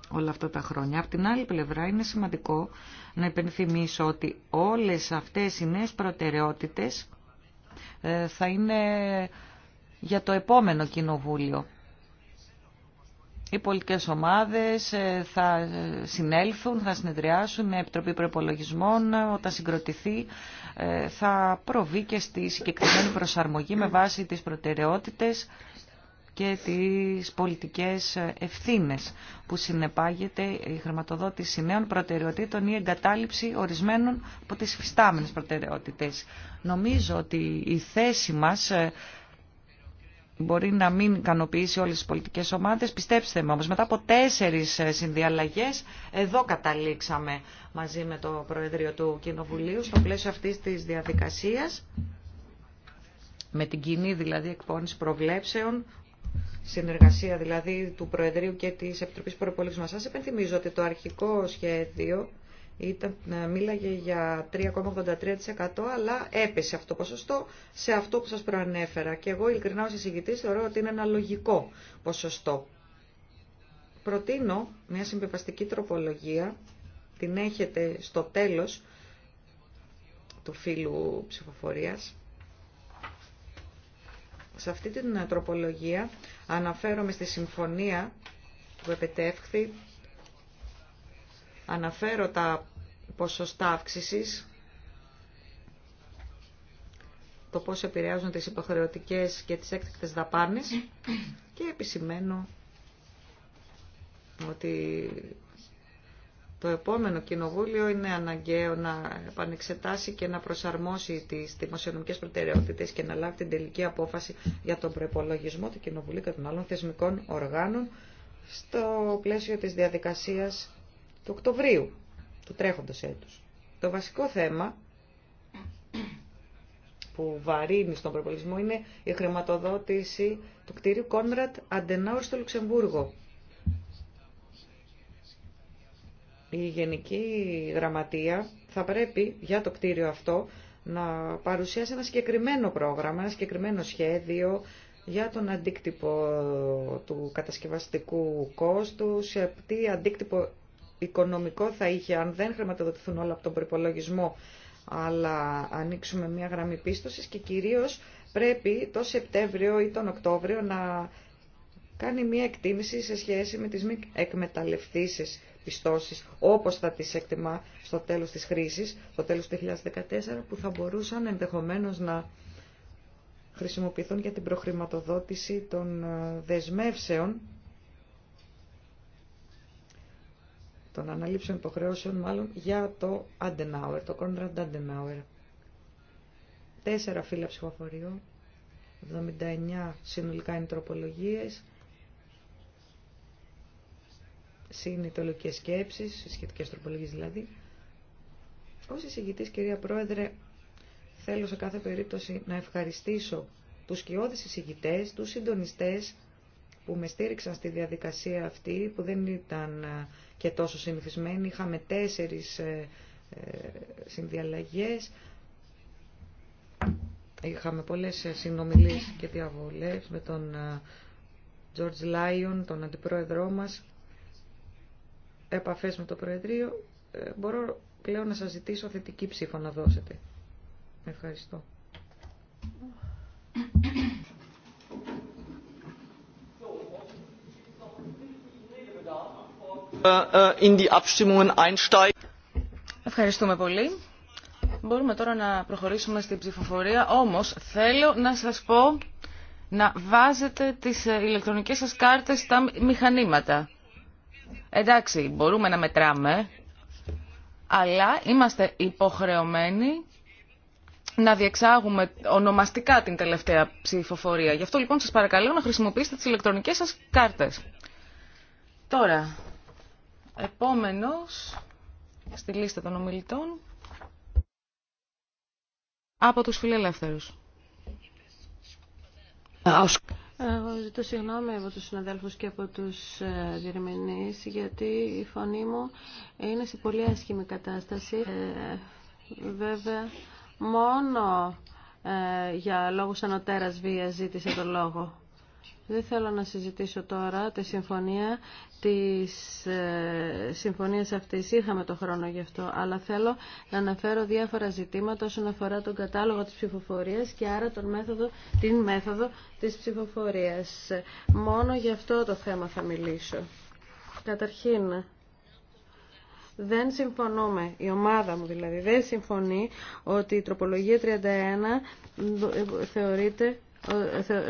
όλα αυτά τα χρόνια. Απ' την άλλη πλευρά είναι σημαντικό να υπενθυμίσω ότι όλες αυτές οι νέες προτεραιότητες ε, θα είναι για το επόμενο κοινοβούλιο. Οι πολιτικές ομάδες ε, θα συνέλθουν, θα συνεδριάσουν με Επιτροπή Προπολογισμών. Όταν συγκροτηθεί ε, θα προβεί και στη συγκεκριμένη προσαρμογή με βάση τις προτεραιότητες και τις πολιτικές ευθύνες που συνεπάγεται η χρηματοδότηση νέων προτεραιοτήτων ή εγκατάλειψη ορισμένων από τις φυστάμενες προτεραιότητες. Νομίζω ότι η θέση μας ε, μπορεί να μην ικανοποιήσει όλες τις πολιτικές ομάδες. Πιστέψτε με όμως, μετά από τέσσερις ε, συνδιαλλαγές, εδώ καταλήξαμε μαζί με το Προεδρείο του Κοινοβουλίου στο πλαίσιο αυτής της διαδικασίας, με την κοινή δηλαδή εκπόνηση προβλέψεων, συνεργασία δηλαδή του Προεδρείου και της Επιτροπής Προπολίτης μας. Σας επενθυμίζω ότι το αρχικό σχέδιο ήταν, ε, μίλαγε για 3,83% αλλά έπεσε αυτό το ποσοστό σε αυτό που σας προανέφερα. Και εγώ ειλικρινά ως εισηγητής θεωρώ ότι είναι ένα λογικό ποσοστό. Προτείνω μια συμπεβαστική τροπολογία, την έχετε στο τέλος του φίλου ψηφοφορίας. Σε αυτή την τροπολογία αναφέρομαι στη συμφωνία που επετεύχθη αναφέρω τα ποσοστά αύξησης, το πώς επηρεάζουν τις υποχρεωτικές και τις έκτακτες δαπάνες και επισημαίνω ότι το επόμενο κοινοβούλιο είναι αναγκαίο να επανεξετάσει και να προσαρμόσει τις δημοσιονομικές προτεραιότητες και να λάβει την τελική απόφαση για τον προπολογισμό του Κοινοβουλίου και των άλλων θεσμικών οργάνων στο πλαίσιο της διαδικασίας του Οκτωβρίου του τρέχοντος έτους. Το βασικό θέμα που βαρύνει στον προπολισμό είναι η χρηματοδότηση του κτίριου Κόνραντ Αντενάουρ στο Λουξεμβούργο. Η Γενική Γραμματεία θα πρέπει για το κτίριο αυτό να παρουσιάσει ένα συγκεκριμένο πρόγραμμα, ένα συγκεκριμένο σχέδιο για τον αντίκτυπο του κατασκευαστικού κόστου, σε τι αντίκτυπο οικονομικό θα είχε αν δεν χρηματοδοτηθούν όλα από τον προπολογισμό αλλά ανοίξουμε μια γραμμή πίστοσης και κυρίως πρέπει το Σεπτέμβριο ή τον Οκτώβριο να κάνει μια εκτίμηση σε σχέση με τις μη εκμεταλλευτήσεις πιστώσεις όπως θα τις εκτιμά στο τέλος της χρήσης, στο τέλος του 2014 που θα μπορούσαν ενδεχομένως να χρησιμοποιηθούν για την προχρηματοδότηση των ε, δεσμεύσεων των αναλήψεων υποχρεώσεων μάλλον για το Adenauer, το Conrad Adenauer. Τέσσερα φύλλα ψηφοφορίου, 79 συνολικά είναι τροπολογίες, συνειτολογικές σκέψεις, σχετικές τροπολογίες δηλαδή. Ως εισηγητής, κυρία Πρόεδρε, θέλω σε κάθε περίπτωση να ευχαριστήσω τους σκιώδεις εισηγητές, τους συντονιστές, που με στήριξαν στη διαδικασία αυτή που δεν ήταν ε, και τόσο συνηθισμένη. Είχαμε τέσσερις ε, ε, συνδιαλλαγές. Είχαμε πολλές συνομιλίες και διαβολές με τον George Lyon, τον αντιπρόεδρό μας, επαφές με το Προεδρείο. Μπορώ πλέον να σας ζητήσω θετική ψήφο να δώσετε. Ευχαριστώ. Äh, Ευχαριστούμε πολύ. Μπορούμε τώρα να προχωρήσουμε στην ψηφοφορία, όμως θέλω να σας πω να βάζετε τις ε, ηλεκτρονικές σας κάρτες στα μηχανήματα. Εντάξει, μπορούμε να μετράμε, αλλά είμαστε υποχρεωμένοι να διεξάγουμε ονομαστικά την τελευταία ψηφοφορία. Γι' αυτό λοιπόν σας παρακαλώ να χρησιμοποιήσετε τις ηλεκτρονικές σας κάρτες. Τώρα, Επόμενος στη λίστα των ομιλητών από τους φιλελεύθερους. Εγώ ζητώ συγγνώμη από τους συναδέλφους και από τους ε, διερμηνείς γιατί η φωνή μου είναι σε πολύ άσχημη κατάσταση. Ε, βέβαια, μόνο ε, για λόγους ανωτέρας βίας ζήτησε το λόγο. Δεν θέλω να συζητήσω τώρα τη συμφωνία της ε, συμφωνίας αυτής. Είχαμε το χρόνο γι' αυτό, αλλά θέλω να αναφέρω διάφορα ζητήματα όσον αφορά τον κατάλογο της ψηφοφορίας και άρα τον μέθοδο, την μέθοδο της ψηφοφορίας. Μόνο γι' αυτό το θέμα θα μιλήσω. Καταρχήν, δεν συμφωνούμε, η ομάδα μου δηλαδή, δεν συμφωνεί ότι η τροπολογία 31 ε, ε, θεωρείται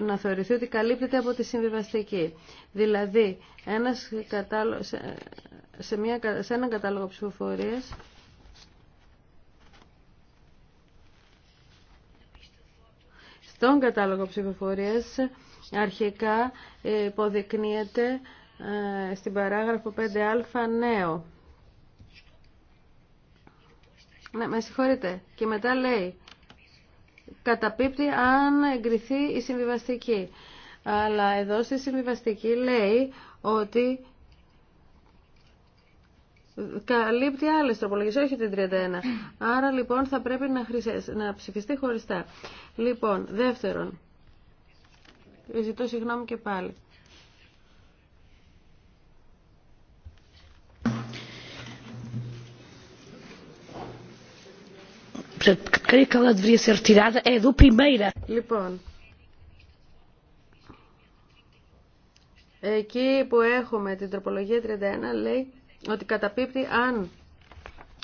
να θεωρηθεί ότι καλύπτεται από τη συμβιβαστική. Δηλαδή, ένας σε, μια, σε έναν κατάλογο ψηφοφορίες Στον κατάλογο ψηφοφορίες αρχικά ε, υποδεικνύεται ε, στην παράγραφο 5α νέο. Ναι, με συγχωρείτε. Και μετά λέει καταπίπτει αν εγκριθεί η συμβιβαστική. Αλλά εδώ στη συμβιβαστική λέει ότι καλύπτει άλλες τροπολογίες, όχι την 31. Άρα λοιπόν θα πρέπει να, να ψηφιστεί χωριστά. Λοιπόν, δεύτερον, ζητώ συγγνώμη και πάλι. Λοιπόν, εκεί που έχουμε την τροπολογία 31 λέει ότι καταπίπτει αν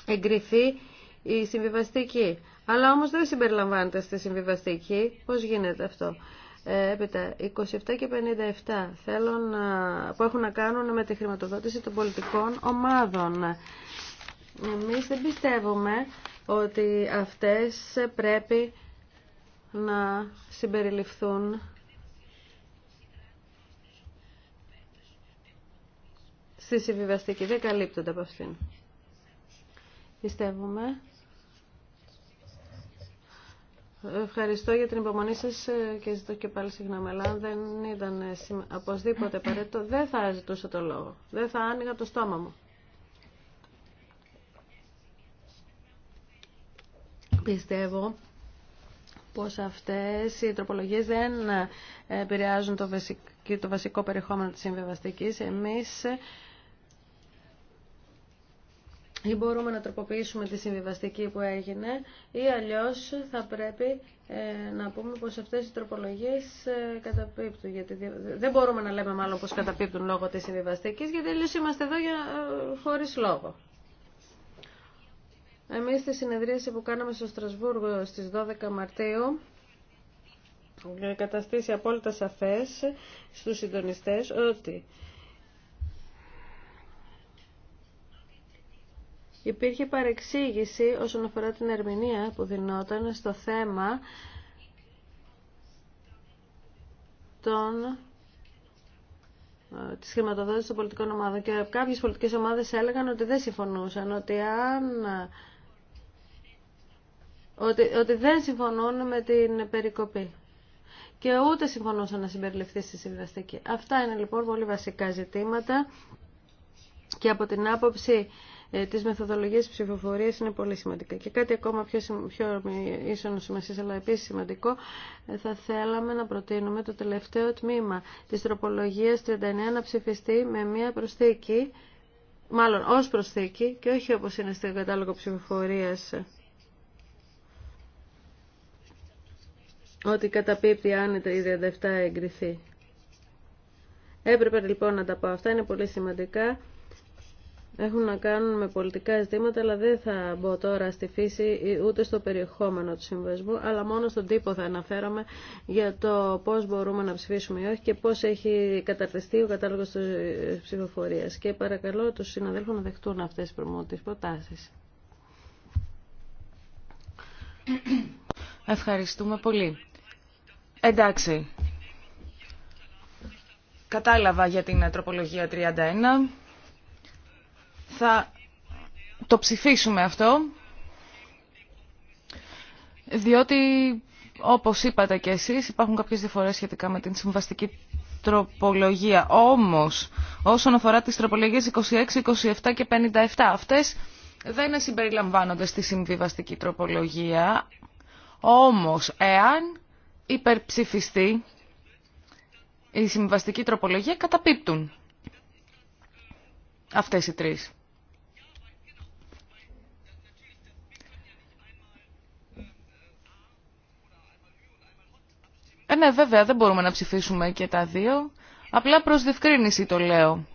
εγκριθεί η συμβιβαστική. Αλλά όμως δεν συμπεριλαμβάνεται στη συμβιβαστική. Πώς γίνεται αυτό. Ε, έπειτα, 27 και 57 θέλω που έχουν να κάνουν με τη χρηματοδότηση των πολιτικών ομάδων. Εμείς δεν πιστεύουμε ότι αυτές πρέπει να συμπεριληφθούν στη συμβιβαστική. Δεν καλύπτονται από αυτήν. Πιστεύουμε. Ευχαριστώ για την υπομονή σας και ζητώ και πάλι συγγνώμη, αλλά αν δεν ήταν οπωσδήποτε παρέτο. δεν θα ζητούσα το λόγο. Δεν θα άνοιγα το στόμα μου. Πιστεύω πως αυτές οι τροπολογίες δεν ε, επηρεάζουν το βασικό, το βασικό περιεχόμενο της συμβιβαστικής. Εμείς ε, ή μπορούμε να τροποποιήσουμε τη συμβιβαστική που έγινε ή αλλιώς θα πρέπει ε, να πούμε πως αυτές οι τροπολογίες καταπίπτουν. Γιατί δεν μπορούμε να λέμε μάλλον πως καταπίπτουν λόγω της συμβιβαστικής γιατί λοιπόν είμαστε εδώ για, χωρίς λόγο. Εμείς στη συνεδρίαση που κάναμε στο Στρασβούργο στις 12 Μαρτίου καταστήσει απόλυτα σαφές στους συντονιστές ότι υπήρχε παρεξήγηση όσον αφορά την ερμηνεία που δινόταν στο θέμα των ε, της χρηματοδότησης των πολιτικών ομάδων και κάποιες πολιτικές ομάδες έλεγαν ότι δεν συμφωνούσαν, ότι αν ότι, ότι δεν συμφωνούν με την περικοπή και ούτε συμφωνούσαν να συμπεριληφθεί στη συμβαστική. Αυτά είναι λοιπόν πολύ βασικά ζητήματα και από την άποψη ε, της μεθοδολογίας ψηφοφορίας είναι πολύ σημαντικά. Και κάτι ακόμα πιο, πιο ίσονο σημασία, αλλά επίσης σημαντικό, ε, θα θέλαμε να προτείνουμε το τελευταίο τμήμα της τροπολογίας 39 να ψηφιστεί με μια προσθήκη, μάλλον ως προσθήκη και όχι όπως είναι στο κατάλογο ψηφοφορίας ότι καταπίπτει αν η 37 εγκριθεί. Έπρεπε λοιπόν να τα πω. Αυτά είναι πολύ σημαντικά. Έχουν να κάνουν με πολιτικά ζητήματα, αλλά δεν θα μπω τώρα στη φύση ούτε στο περιεχόμενο του συμβασμού, αλλά μόνο στον τύπο θα αναφέρομαι για το πώς μπορούμε να ψηφίσουμε ή όχι και πώς έχει καταρτιστεί ο κατάλογος της ψηφοφορίας. Και παρακαλώ τους συναδέλφους να δεχτούν αυτές τις προτάσεις. Ευχαριστούμε πολύ. Εντάξει. Κατάλαβα για την τροπολογία 31. Θα το ψηφίσουμε αυτό, διότι όπως είπατε και εσείς υπάρχουν κάποιες διαφορές σχετικά με την συμβαστική τροπολογία. Όμως, όσον αφορά τις τροπολογίες 26, 27 και 57, αυτές δεν συμπεριλαμβάνονται στη συμβιβαστική τροπολογία. Όμως, εάν υπερψηφιστεί η συμβαστική τροπολογία καταπίπτουν αυτές οι τρεις. Ε, ναι, βέβαια, δεν μπορούμε να ψηφίσουμε και τα δύο. Απλά προς διευκρίνηση το λέω.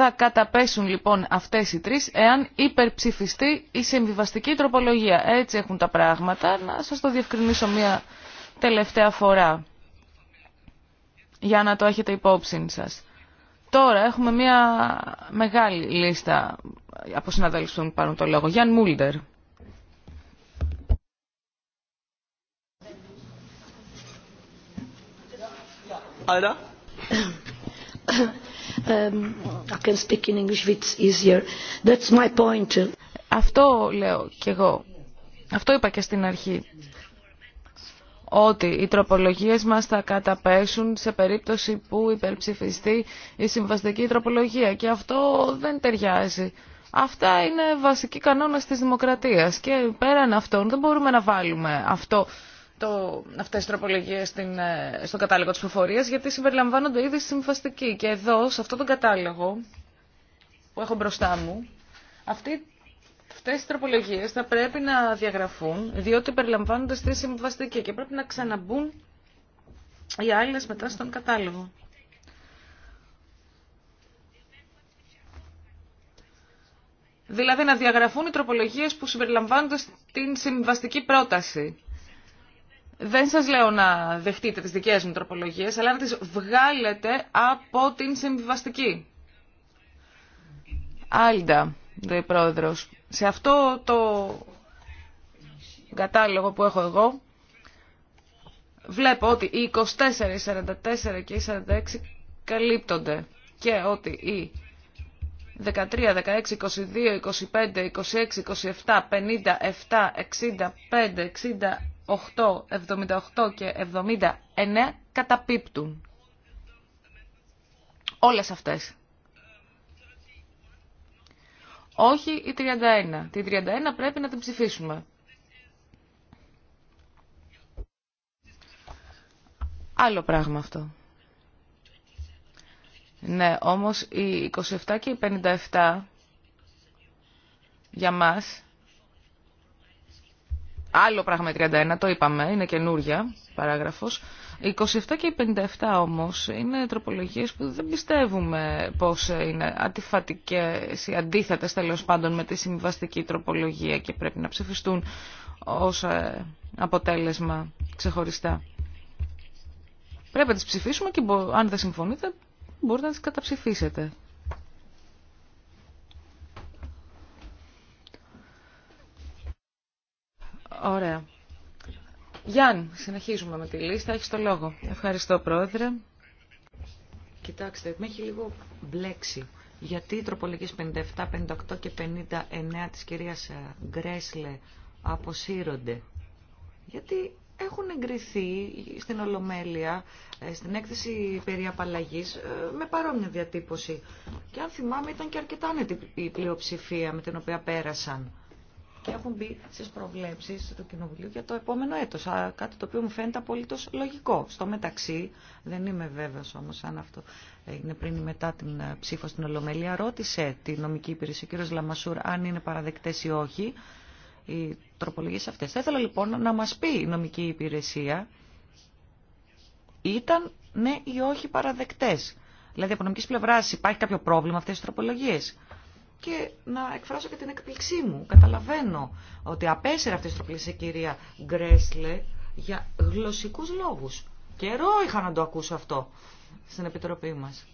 Θα καταπέσουν λοιπόν αυτές οι τρεις εάν υπερψηφιστεί η συμβιβαστική τροπολογία. Έτσι έχουν τα πράγματα. Να σας το διευκρινίσω μια τελευταία φορά για να το έχετε υπόψη σας. Τώρα έχουμε μια μεγάλη λίστα από συναδέλφους που πάρουν το λόγο. Γιάν Μούλτερ. Αυτό λέω κι εγώ. Αυτό είπα και στην αρχή. Ότι οι τροπολογίες μας θα καταπέσουν σε περίπτωση που υπερψηφιστεί η συμβαστική τροπολογία. Και αυτό δεν ταιριάζει. Αυτά είναι βασικοί κανόνες της δημοκρατίας. Και πέραν αυτών δεν μπορούμε να βάλουμε αυτό το, αυτές οι τροπολογίες στην, ε, στο κατάλογο της προφορίας γιατί συμπεριλαμβάνονται ήδη συμβαστικοί. Και εδώ, σε αυτό τον κατάλογο που έχω μπροστά μου, αυτή αυτές οι τροπολογίες θα πρέπει να διαγραφούν, διότι περιλαμβάνονται στη συμβαστική και πρέπει να ξαναμπούν οι άλλες μετά στον κατάλογο. Δηλαδή να διαγραφούν οι τροπολογίες που συμπεριλαμβάνονται στην συμβαστική πρόταση δεν σας λέω να δεχτείτε τις δικές μου τροπολογίες, αλλά να τις βγάλετε από την συμβιβαστική. Άλντα, δε πρόεδρος, σε αυτό το κατάλογο που έχω εγώ, βλέπω ότι οι 24, 44 και οι 46 καλύπτονται και ότι οι 13, 16, 22, 25, 26, 27, 57, 65, 8, 78 και 79 καταπίπτουν. Όλες αυτές. Όχι η 31. Την 31 πρέπει να την ψηφίσουμε. Άλλο πράγμα αυτό. Ναι, όμως η 27 και η 57 για μας Άλλο πράγμα 31, το είπαμε, είναι καινούρια παράγραφος. 27 και 57 όμως είναι τροπολογίες που δεν πιστεύουμε πως είναι αντιφατικέ ή αντίθετες τέλο πάντων με τη συμβαστική τροπολογία και πρέπει να ψηφιστούν ως ε, αποτέλεσμα ξεχωριστά. Πρέπει να τις ψηφίσουμε και αν δεν συμφωνείτε μπορείτε να τις καταψηφίσετε. Ωραία. Γιάννη, συνεχίζουμε με τη λίστα. Έχεις το λόγο. Ευχαριστώ, Πρόεδρε. Κοιτάξτε, με έχει λίγο μπλέξει. Γιατί οι τροπολογίες 57, 58 και 59 της κυρίας ε, Γκρέσλε αποσύρονται. Γιατί έχουν εγκριθεί στην Ολομέλεια, ε, στην έκθεση περί απαλλαγής, ε, με παρόμοια διατύπωση. Και αν θυμάμαι ήταν και αρκετά η πλειοψηφία με την οποία πέρασαν και έχουν μπει στι προβλέψεις του Κοινοβουλίου για το επόμενο έτος. Κάτι το οποίο μου φαίνεται απολύτω λογικό. Στο μεταξύ, δεν είμαι βέβαιο όμω αν αυτό είναι πριν ή μετά την ε, ψήφο στην Ολομέλεια, ρώτησε τη νομική υπηρεσία ο κ. Λαμασούρ αν είναι παραδεκτέ ή όχι οι τροπολογίε αυτέ. Θα ήθελα λοιπόν να μα πει η νομική υπηρεσία ήταν ναι ή όχι παραδεκτέ. Δηλαδή από νομική πλευρά υπάρχει κάποιο πρόβλημα αυτέ τι τροπολογίε και να εκφράσω και την εκπληξή μου. Καταλαβαίνω ότι απέσυρε αυτή η στροπλήση κυρία Γκρέσλε για γλωσσικούς λόγους. Καιρό είχα να το ακούσω αυτό στην Επιτροπή μας.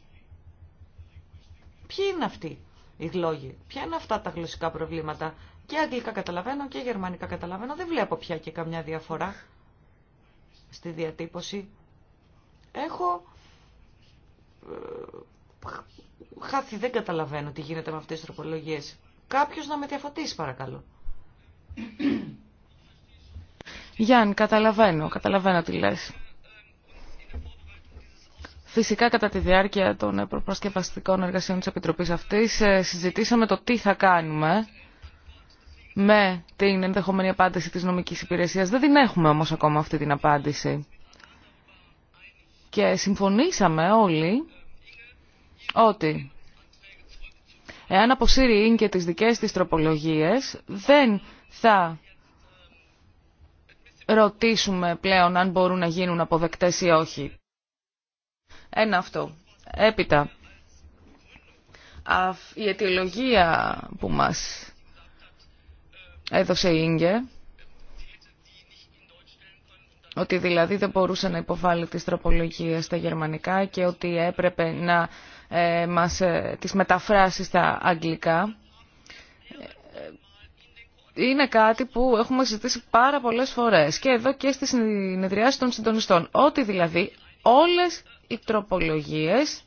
Ποιοι είναι αυτοί οι λόγοι, ποια είναι αυτά τα γλωσσικά προβλήματα. Και αγγλικά καταλαβαίνω και γερμανικά καταλαβαίνω, δεν βλέπω πια και καμιά διαφορά στη διατύπωση. Έχω ε, χάθη, δεν καταλαβαίνω τι γίνεται με αυτές τις τροπολογίες. Κάποιος να με διαφωτίσει παρακαλώ. Γιάννη, καταλαβαίνω, καταλαβαίνω τι λες. Φυσικά κατά τη διάρκεια των προσκευαστικών εργασιών της Επιτροπής αυτής ε, συζητήσαμε το τι θα κάνουμε με την ενδεχομένη απάντηση της νομικής υπηρεσίας. Δεν την έχουμε όμως ακόμα αυτή την απάντηση. Και συμφωνήσαμε όλοι ότι εάν αποσύρει η και τις δικές της τροπολογίες, δεν θα ρωτήσουμε πλέον αν μπορούν να γίνουν αποδεκτές ή όχι. Ένα αυτό. Έπειτα, η αιτιολογία που μας έδωσε η ότι δηλαδή δεν μπορούσε να υποβάλει τις τροπολογίες στα γερμανικά και ότι έπρεπε να ε, μας, ε, τις μεταφράσεις στα αγγλικά. Ε, είναι κάτι που έχουμε συζητήσει πάρα πολλές φορές και εδώ και στη συνεδριάση των συντονιστών. Ότι δηλαδή όλες οι τροπολογίες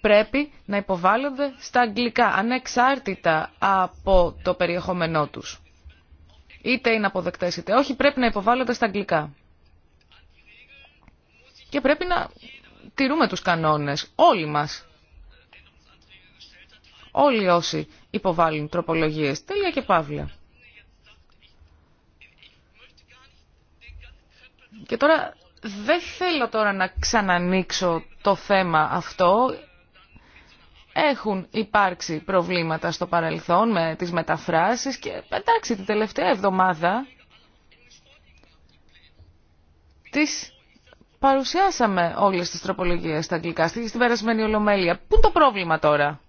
πρέπει να υποβάλλονται στα αγγλικά, ανεξάρτητα από το περιεχόμενό τους. Είτε είναι αποδεκτές είτε όχι, πρέπει να υποβάλλονται στα αγγλικά. Και πρέπει να τηρούμε τους κανόνες, όλοι μας. Όλοι όσοι υποβάλλουν τροπολογίες, τέλεια και παύλα. Και τώρα δεν θέλω τώρα να ξανανοίξω το θέμα αυτό. Έχουν υπάρξει προβλήματα στο παρελθόν με τις μεταφράσεις και εντάξει την τελευταία εβδομάδα τις Παρουσιάσαμε όλες τις τροπολογίες στα αγγλικά στην περασμένη ολομέλεια. Πού είναι το πρόβλημα τώρα?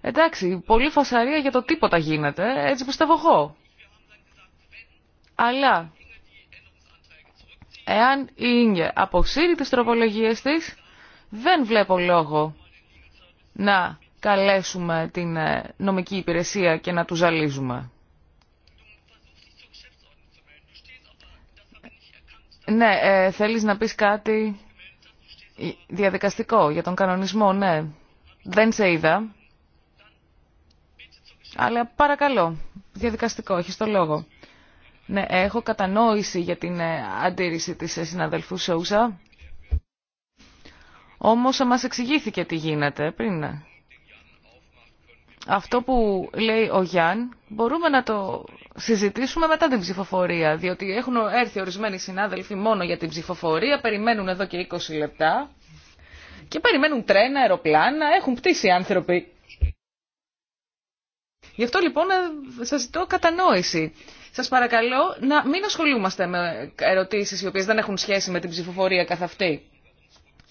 Εντάξει, πολλή φασαρία για το τίποτα γίνεται, έτσι πιστεύω εγώ. Αλλά, εάν η Ίνγε αποσύρει τις τροπολογίες της, δεν βλέπω λόγο να καλέσουμε την ε, νομική υπηρεσία και να του ζαλίζουμε. Ναι, ε, θέλεις να πεις κάτι διαδικαστικό για τον κανονισμό, ναι. Δεν σε είδα. Αλλά παρακαλώ, διαδικαστικό, έχεις το λόγο. Ναι, έχω κατανόηση για την ε, αντίρρηση της ε, συναδελφού Σόουσα. Όμως μας εξηγήθηκε τι γίνεται πριν αυτό που λέει ο Γιάν μπορούμε να το συζητήσουμε μετά την ψηφοφορία, διότι έχουν έρθει ορισμένοι συνάδελφοι μόνο για την ψηφοφορία, περιμένουν εδώ και 20 λεπτά και περιμένουν τρένα, αεροπλάνα, έχουν πτήσει άνθρωποι. Γι' αυτό λοιπόν ε, σας ζητώ κατανόηση. Σας παρακαλώ να μην ασχολούμαστε με ερωτήσεις οι οποίες δεν έχουν σχέση με την ψηφοφορία καθ' αυτή.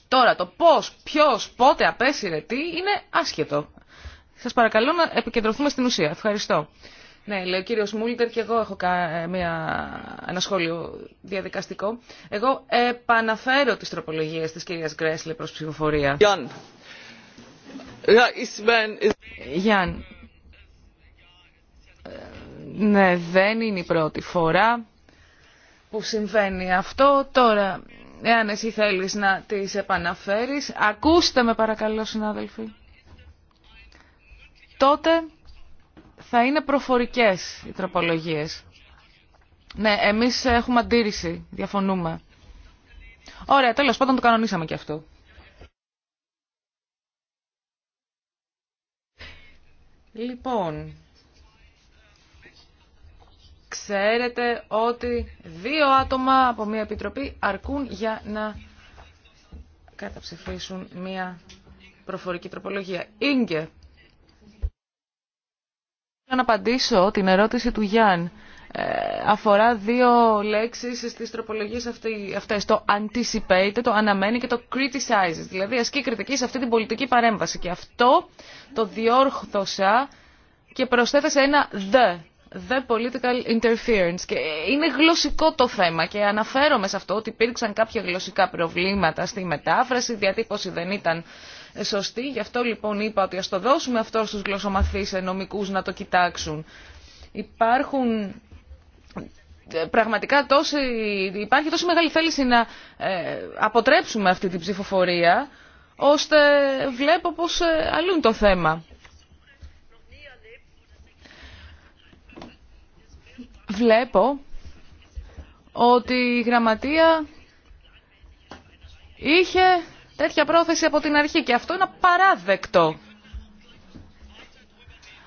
Τώρα το πώς, ποιος, πότε απέσυρε τι είναι άσχετο Σα παρακαλώ να επικεντρωθούμε στην ουσία. Ευχαριστώ. Ναι, λέει ο κύριο Μούλτερ και εγώ έχω μια, ε, ένα σχόλιο διαδικαστικό. Εγώ επαναφέρω τις τροπολογίες της κυρίας Γκρέσλε προς ψηφοφορία. Γιάν. Γιάν. Ε, ναι, δεν είναι η πρώτη φορά που συμβαίνει αυτό. Τώρα, εάν εσύ θέλεις να τις επαναφέρεις, ακούστε με παρακαλώ συνάδελφοι τότε θα είναι προφορικές οι τροπολογίες. Ναι, εμείς έχουμε αντίρρηση, διαφωνούμε. Ωραία, τέλος πάντων το κανονίσαμε και αυτό. Λοιπόν, ξέρετε ότι δύο άτομα από μια επιτροπή αρκούν για να καταψηφίσουν μια προφορική τροπολογία. Ίγκε, να απαντήσω την ερώτηση του Γιάνν. Ε, αφορά δύο λέξεις στις τροπολογίες αυτή, αυτές. Το anticipate, το αναμένει και το criticizes. Δηλαδή ασκεί κριτική σε αυτή την πολιτική παρέμβαση. Και αυτό το διόρθωσα και προσθέθεσα ένα the. The political interference. Και είναι γλωσσικό το θέμα και αναφέρομαι σε αυτό ότι υπήρξαν κάποια γλωσσικά προβλήματα στη μετάφραση, διατύπωση δεν ήταν σωστή. Γι' αυτό λοιπόν είπα ότι ας το δώσουμε αυτό στους γλωσσομαθείς νομικούς να το κοιτάξουν. Υπάρχουν ε, πραγματικά τόση, υπάρχει τόση μεγάλη θέληση να ε, αποτρέψουμε αυτή την ψηφοφορία, ώστε βλέπω πως ε, αλλούν το θέμα. Βλέπω ότι η γραμματεία είχε τέτοια πρόθεση από την αρχή και αυτό είναι παράδεκτο.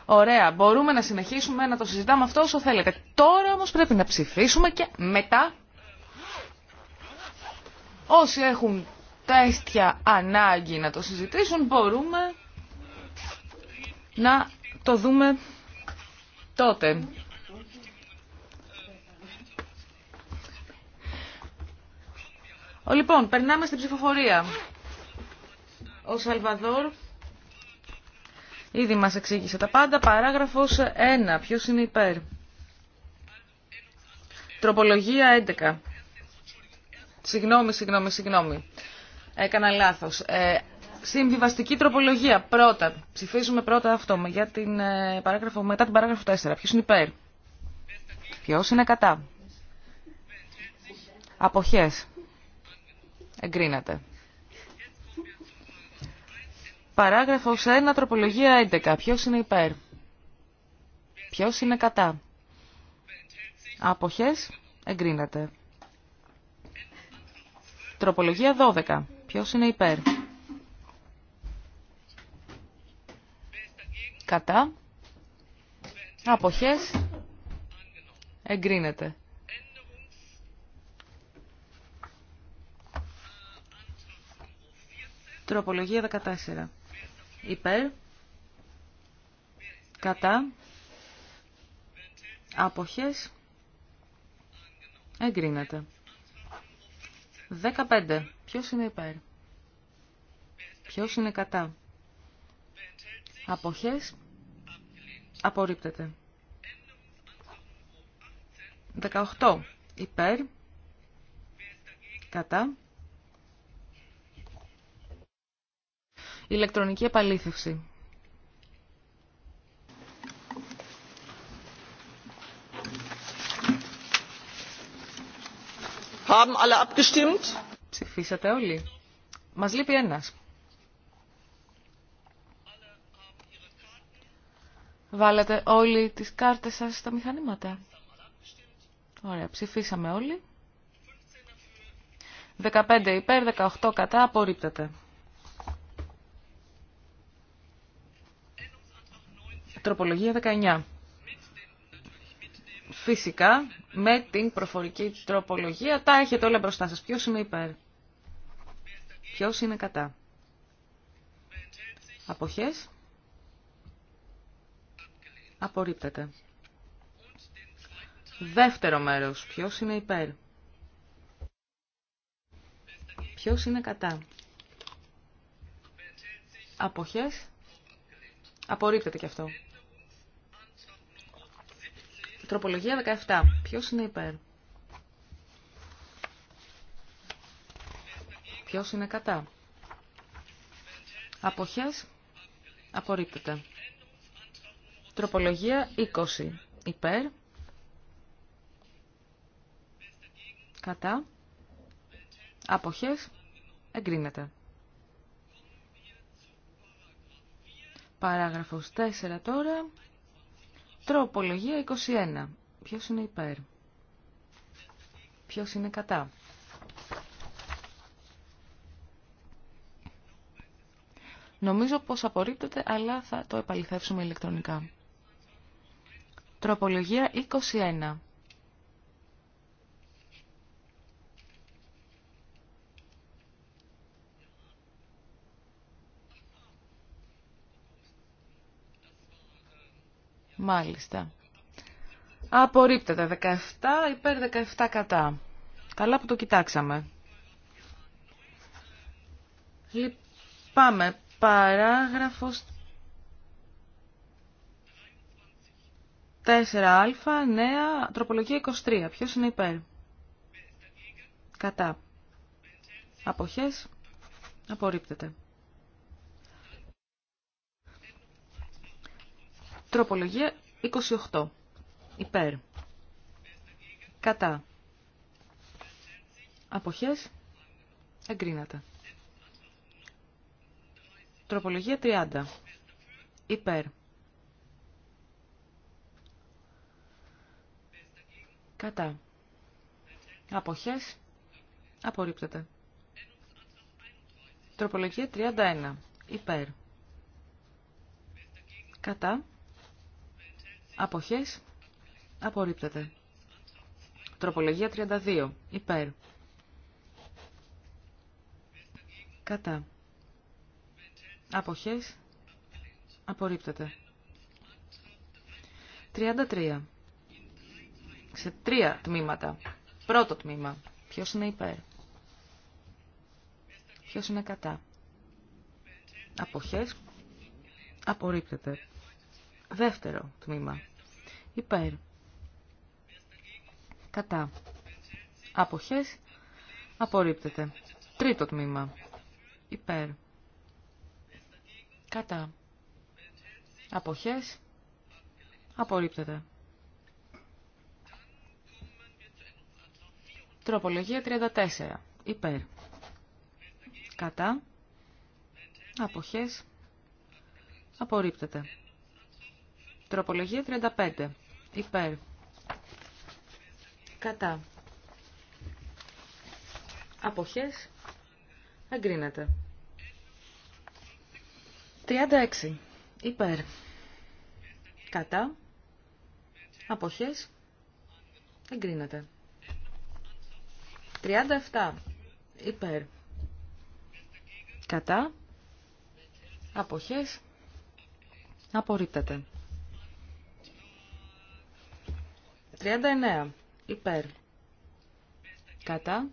Ωραία, μπορούμε να συνεχίσουμε να το συζητάμε αυτό όσο θέλετε. Τώρα όμως πρέπει να ψηφίσουμε και μετά όσοι έχουν τέτοια ανάγκη να το συζητήσουν μπορούμε να το δούμε τότε. Λοιπόν, περνάμε στην ψηφοφορία. Ο Σαλβαδόρ ήδη μας εξήγησε τα πάντα. Παράγραφος 1. Ποιος είναι υπέρ. Τροπολογία 11. Συγγνώμη, συγγνώμη, συγγνώμη. Έκανα λάθος. Ε, συμβιβαστική τροπολογία. Πρώτα. Ψηφίζουμε πρώτα αυτό για την, ε, παράγραφο, μετά την παράγραφο 4. Ποιος είναι υπέρ. Ποιος είναι κατά. Αποχές. Εγκρίνατε. Παράγραφος 1, τροπολογία 11. Ποιος είναι υπέρ. Ποιος είναι κατά. Αποχές εγκρίνεται. Τροπολογία 12. Ποιος είναι υπέρ. Κατά. Αποχές εγκρίνεται. Τροπολογία 14 υπέρ, κατά, άποχες, εγκρίνεται. 15. Ποιος είναι υπέρ, ποιος είναι κατά, άποχες, απορρίπτεται. 18. Υπέρ, κατά, ηλεκτρονική επαλήθευση. Ψηφίσατε όλοι. Μας λείπει ένας. Βάλατε όλοι τις κάρτες σας στα μηχανήματα. Ωραία, ψηφίσαμε όλοι. 15 υπέρ, 18 κατά, απορρίπτεται. τροπολογία 19. Φυσικά, με την προφορική τροπολογία, τα έχετε όλα μπροστά σας. Ποιος είναι υπέρ. Ποιος είναι κατά. Αποχές. Απορρίπτεται. Δεύτερο μέρος. Ποιος είναι υπέρ. Ποιος είναι κατά. Αποχές. Απορρίπτεται και αυτό. Τροπολογία 17. Ποιο είναι υπέρ. ποιο είναι κατά. Αποχέ. Απορρίπτεται. Τροπολογία 20. Υπέρ. Κατά. Αποχές. Εγκρίνεται. Παράγραφος 4 τώρα. Τροπολογία 21. Ποιος είναι υπέρ. Ποιος είναι κατά. Νομίζω πως απορρίπτεται, αλλά θα το επαληθεύσουμε ηλεκτρονικά. Τροπολογία 21. Μάλιστα. Απορρίπτεται. 17 υπέρ 17 κατά. Καλά που το κοιτάξαμε. Πάμε. Παράγραφος 4α, νέα, τροπολογία 23. Ποιος είναι υπέρ. Κατά. Αποχές. Απορρίπτεται. Τροπολογία 28. Υπέρ. Κατά. Αποχές. Εγκρίνατε. Τροπολογία 30. Υπέρ. Κατά. Αποχές. Απορρίπτεται. Τροπολογία 31. Υπέρ. Κατά. Αποχές. Απορρίπτεται. Τροπολογία 32. Υπέρ. Κατά. Αποχές. Απορρίπτεται. 33. Σε τρία τμήματα. Πρώτο τμήμα. Ποιος είναι υπέρ. Ποιος είναι κατά. Αποχές. Απορρίπτεται. Δεύτερο τμήμα. Υπέρ. Κατά. Αποχές. Απορρίπτεται. Τρίτο τμήμα. Υπέρ. Κατά. Αποχές. Απορρίπτεται. Τροπολογία 34. Υπέρ. Κατά. Αποχές. Απορρίπτεται. Τροπολογία 35. Υπέρ. Κατά. Αποχές. Εγκρίνεται. 36. Υπέρ. Κατά. Αποχές. Εγκρίνεται. 37. Υπέρ. Κατά. Αποχές. Απορρίπτεται. 39. Υπέρ. Κατά.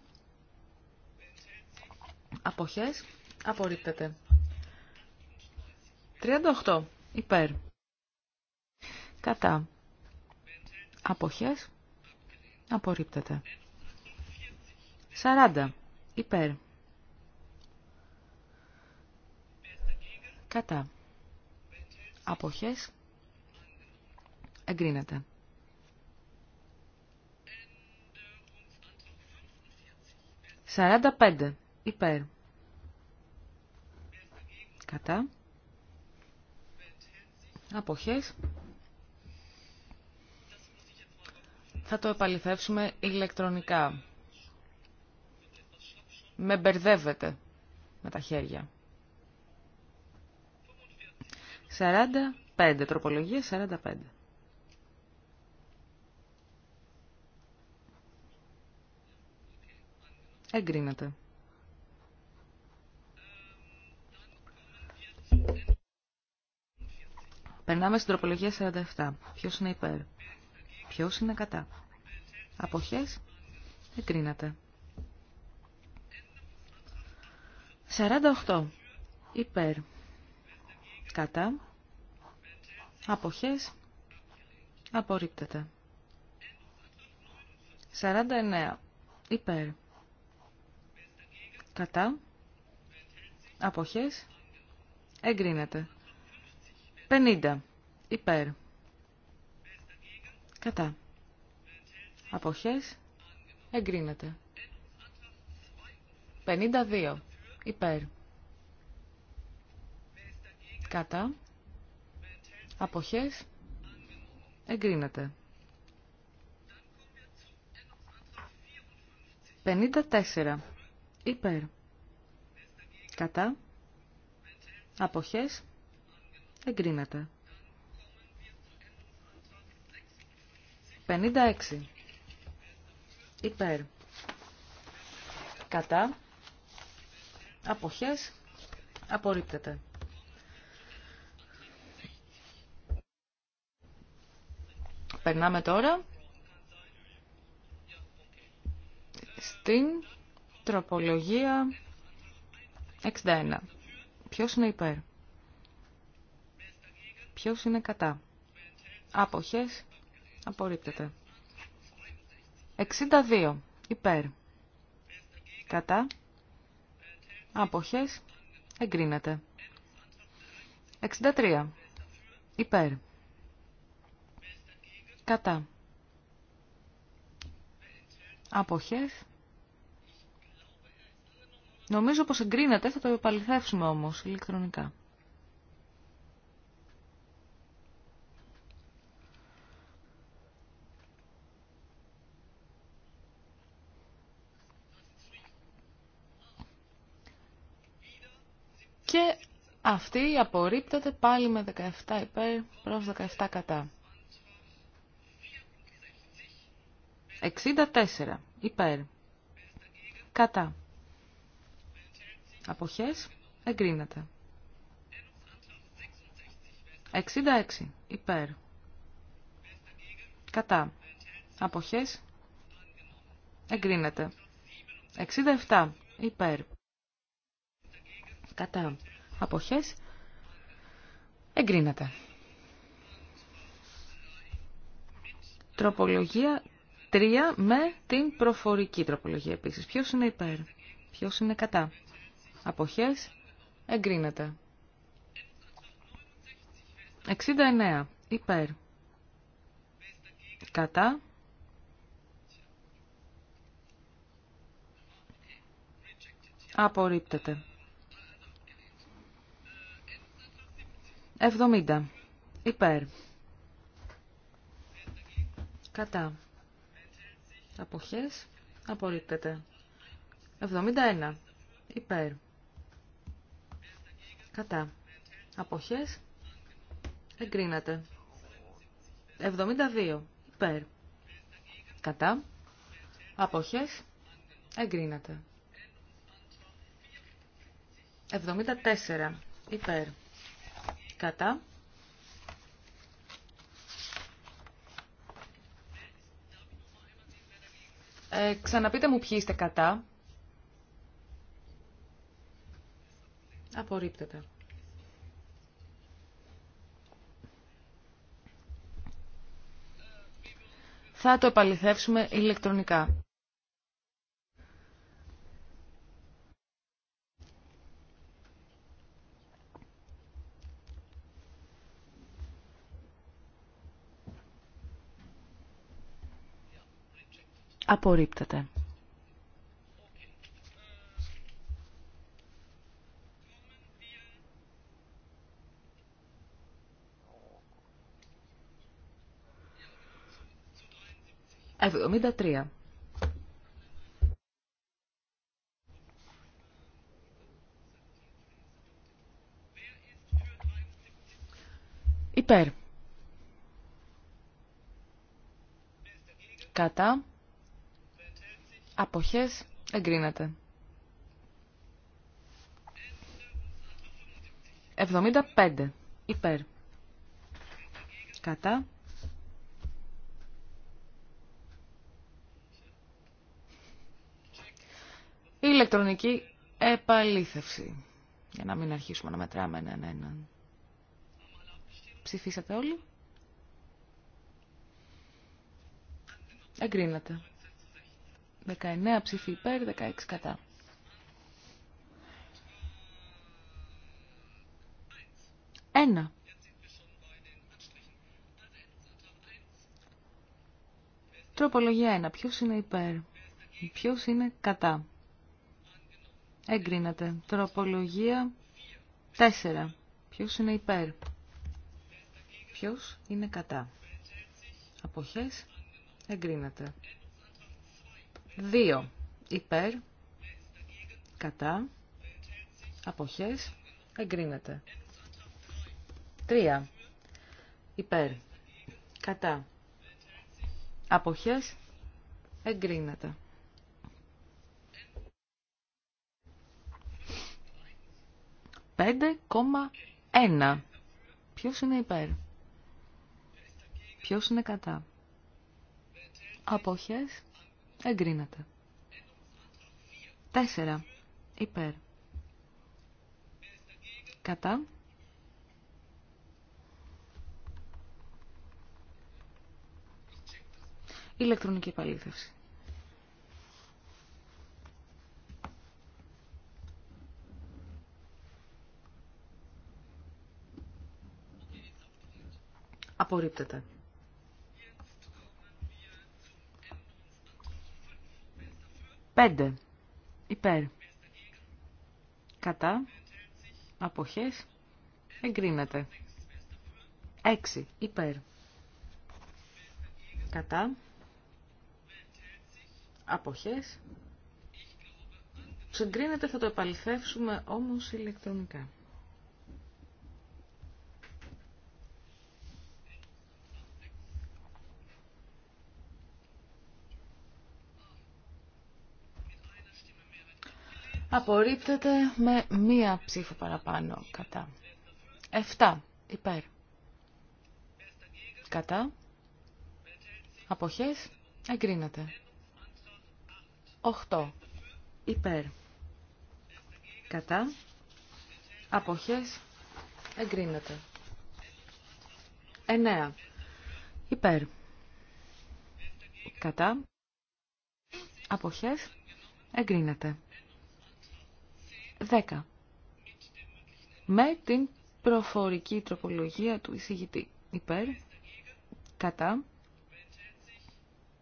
Αποχές. Απορρίπτεται. 38. Υπέρ. Κατά. Αποχές. Απορρίπτεται. 40. Υπέρ. Κατά. Αποχές. Εγκρίνεται. 45. Υπέρ. Κατά. Αποχές. Θα το επαληθεύσουμε ηλεκτρονικά. Με μπερδεύετε με τα χέρια. 45. Τροπολογία 45. Εγκρίνεται. Περνάμε στην τροπολογία 47. Ποιος είναι υπέρ. Ποιος είναι κατά. Αποχές. Εγκρίνεται. 48. Υπέρ. Κατά. Αποχές. Απορρίπτεται. 49. Υπέρ. Κατά. Αποχές. Εγκρίνεται. 50. Υπέρ. Κατά. Αποχές. Εγκρίνεται. 52. Υπέρ. Κατά. Αποχές. Εγκρίνεται. 54. Υπέρ. Κατά. Αποχές. Εγκρίνεται. 56. Υπέρ. Κατά. Αποχές. Απορρίπτεται. Περνάμε τώρα στην Τροπολογία 61. Ποιος είναι υπέρ. Ποιος είναι κατά. Άποχες. Απορρίπτεται. 62. Υπέρ. Κατά. Άποχες. Εγκρίνεται. 63. Υπέρ. Κατά. Άποχες. Νομίζω πως εγκρίνεται, θα το επαληθεύσουμε όμως ηλεκτρονικά. Και αυτή απορρίπτεται πάλι με 17 υπέρ προς 17 κατά. 64 υπέρ κατά. Αποχές. Εγκρίνεται. 66. Υπέρ. Κατά. Αποχές. Εγκρίνεται. 67. Υπέρ. Κατά. Αποχές. Εγκρίνεται. Τροπολογία 3 με την προφορική τροπολογία επίσης. Ποιος είναι υπέρ. Ποιος είναι κατά. Αποχές. Εγκρίνεται. 69. Υπέρ. Κατά. Απορρίπτεται. 70. Υπέρ. Κατά. Αποχές. Απορρίπτεται. 71. Υπέρ. Κατά. Αποχές. Εγκρίνατε. 72. Υπέρ. Κατά. Αποχές. Εγκρίνεται. 74. Υπέρ. Κατά. Ε, ξαναπείτε μου ποιοι είστε κατά. Απορρίπτεται. Θα το επαληθεύσουμε ηλεκτρονικά. Απορρίπτεται. 73. Υπέρ. Κατά. Αποχές εγκρίνεται. 75. Υπέρ. Κατά. ηλεκτρονική επαλήθευση. Για να μην αρχίσουμε να μετράμε έναν έναν. Ψηφίσατε όλοι. Εγκρίνατε. 19 ψηφί, υπέρ, 16 κατά. Ένα. Τροπολογία 1. Ποιος είναι υπέρ, ποιος είναι κατά. Εγκρίνεται. Τροπολογία 4. Ποιος είναι υπέρ. Ποιος είναι κατά. Αποχές. Εγκρίνατε. 2. Υπέρ. Κατά. Αποχές. Εγκρίνατε. 3. Υπέρ. Κατά. Αποχές. Εγκρίνεται. 5,1. Ποιος είναι υπέρ. Ποιος είναι κατά. Αποχές εγκρίνεται. 4. Υπέρ. Κατά. Ηλεκτρονική επαλήθευση. Απορρίπτεται. Πέντε. Υπέρ. Κατά. Αποχές. Εγκρίνεται. Έξι. Υπέρ. Κατά. Αποχές. Συγκρίνεται, θα το επαληθεύσουμε όμως ηλεκτρονικά. Απορρίπτεται με μία ψήφο παραπάνω κατά. 7. Υπέρ. Κατά. Αποχές. Εγκρίνεται. 8. Υπέρ. Κατά. Αποχές. Εγκρίνεται. 9. Υπέρ. Κατά. Αποχές. Εγκρίνεται. 10. Με την προφορική τροπολογία του εισηγητή. Υπέρ, κατά,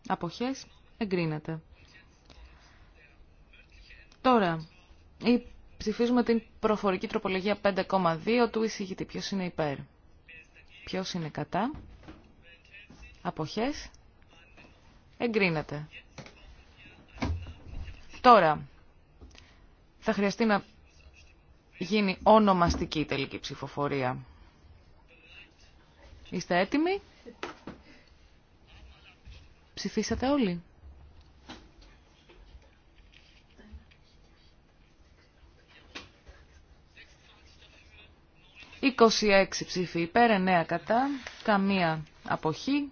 αποχές, εγκρίνεται. Τώρα, η, ψηφίζουμε την προφορική τροπολογία 5,2 του εισηγητή. Ποιος είναι υπέρ, ποιος είναι κατά, αποχές, εγκρίνεται. Τώρα, θα χρειαστεί να γίνει ονομαστική η τελική ψηφοφορία. Είστε έτοιμοι? Ψηφίσατε όλοι. «26 ψήφοι υπέρ, εννέα κατά, καμία αποχή».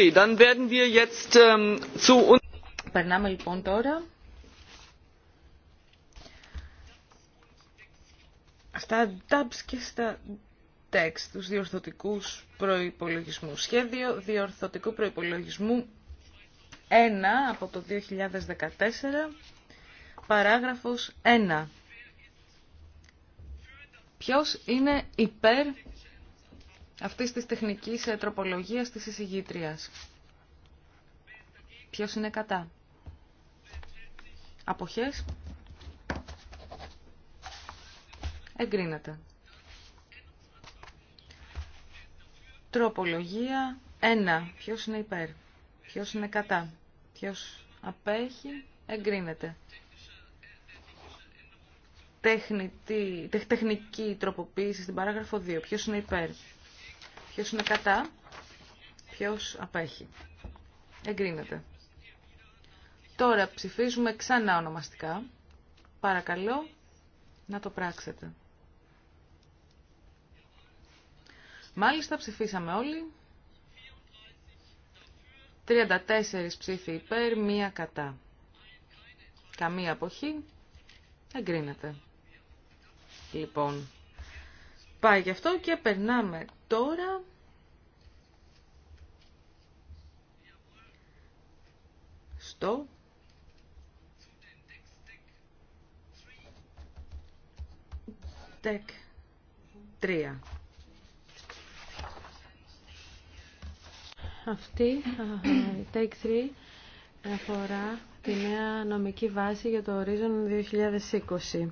Ähm, Περνάμε λοιπόν τώρα στα dubs και στα Text, τους διορθωτικούς προϋπολογισμούς. Σχέδιο διορθωτικού προϋπολογισμού 1 από το 2014, παράγραφος 1. Ποιος είναι υπέρ αυτή τη τεχνική ε, τροπολογία τη εισηγήτρια. Ποιο είναι κατά. Αποχές. Εγκρίνεται. Τροπολογία 1. Ποιο είναι υπέρ. Ποιο είναι κατά. Ποιο απέχει. Εγκρίνεται. Τεχνητή, τεχνική τροποποίηση στην παράγραφο 2. Ποιο είναι υπέρ. Ποιος είναι κατά. Ποιος απέχει. Εγκρίνεται. Τώρα ψηφίζουμε ξανά ονομαστικά. Παρακαλώ να το πράξετε. Μάλιστα ψηφίσαμε όλοι. 34 ψήφοι υπέρ, μία κατά. Καμία αποχή. Εγκρίνεται. Λοιπόν, πάει γι' αυτό και περνάμε Τώρα στο τεκ 3. Αυτή, take 3, αφορά τη νέα νομική βάση για το Horizon 2020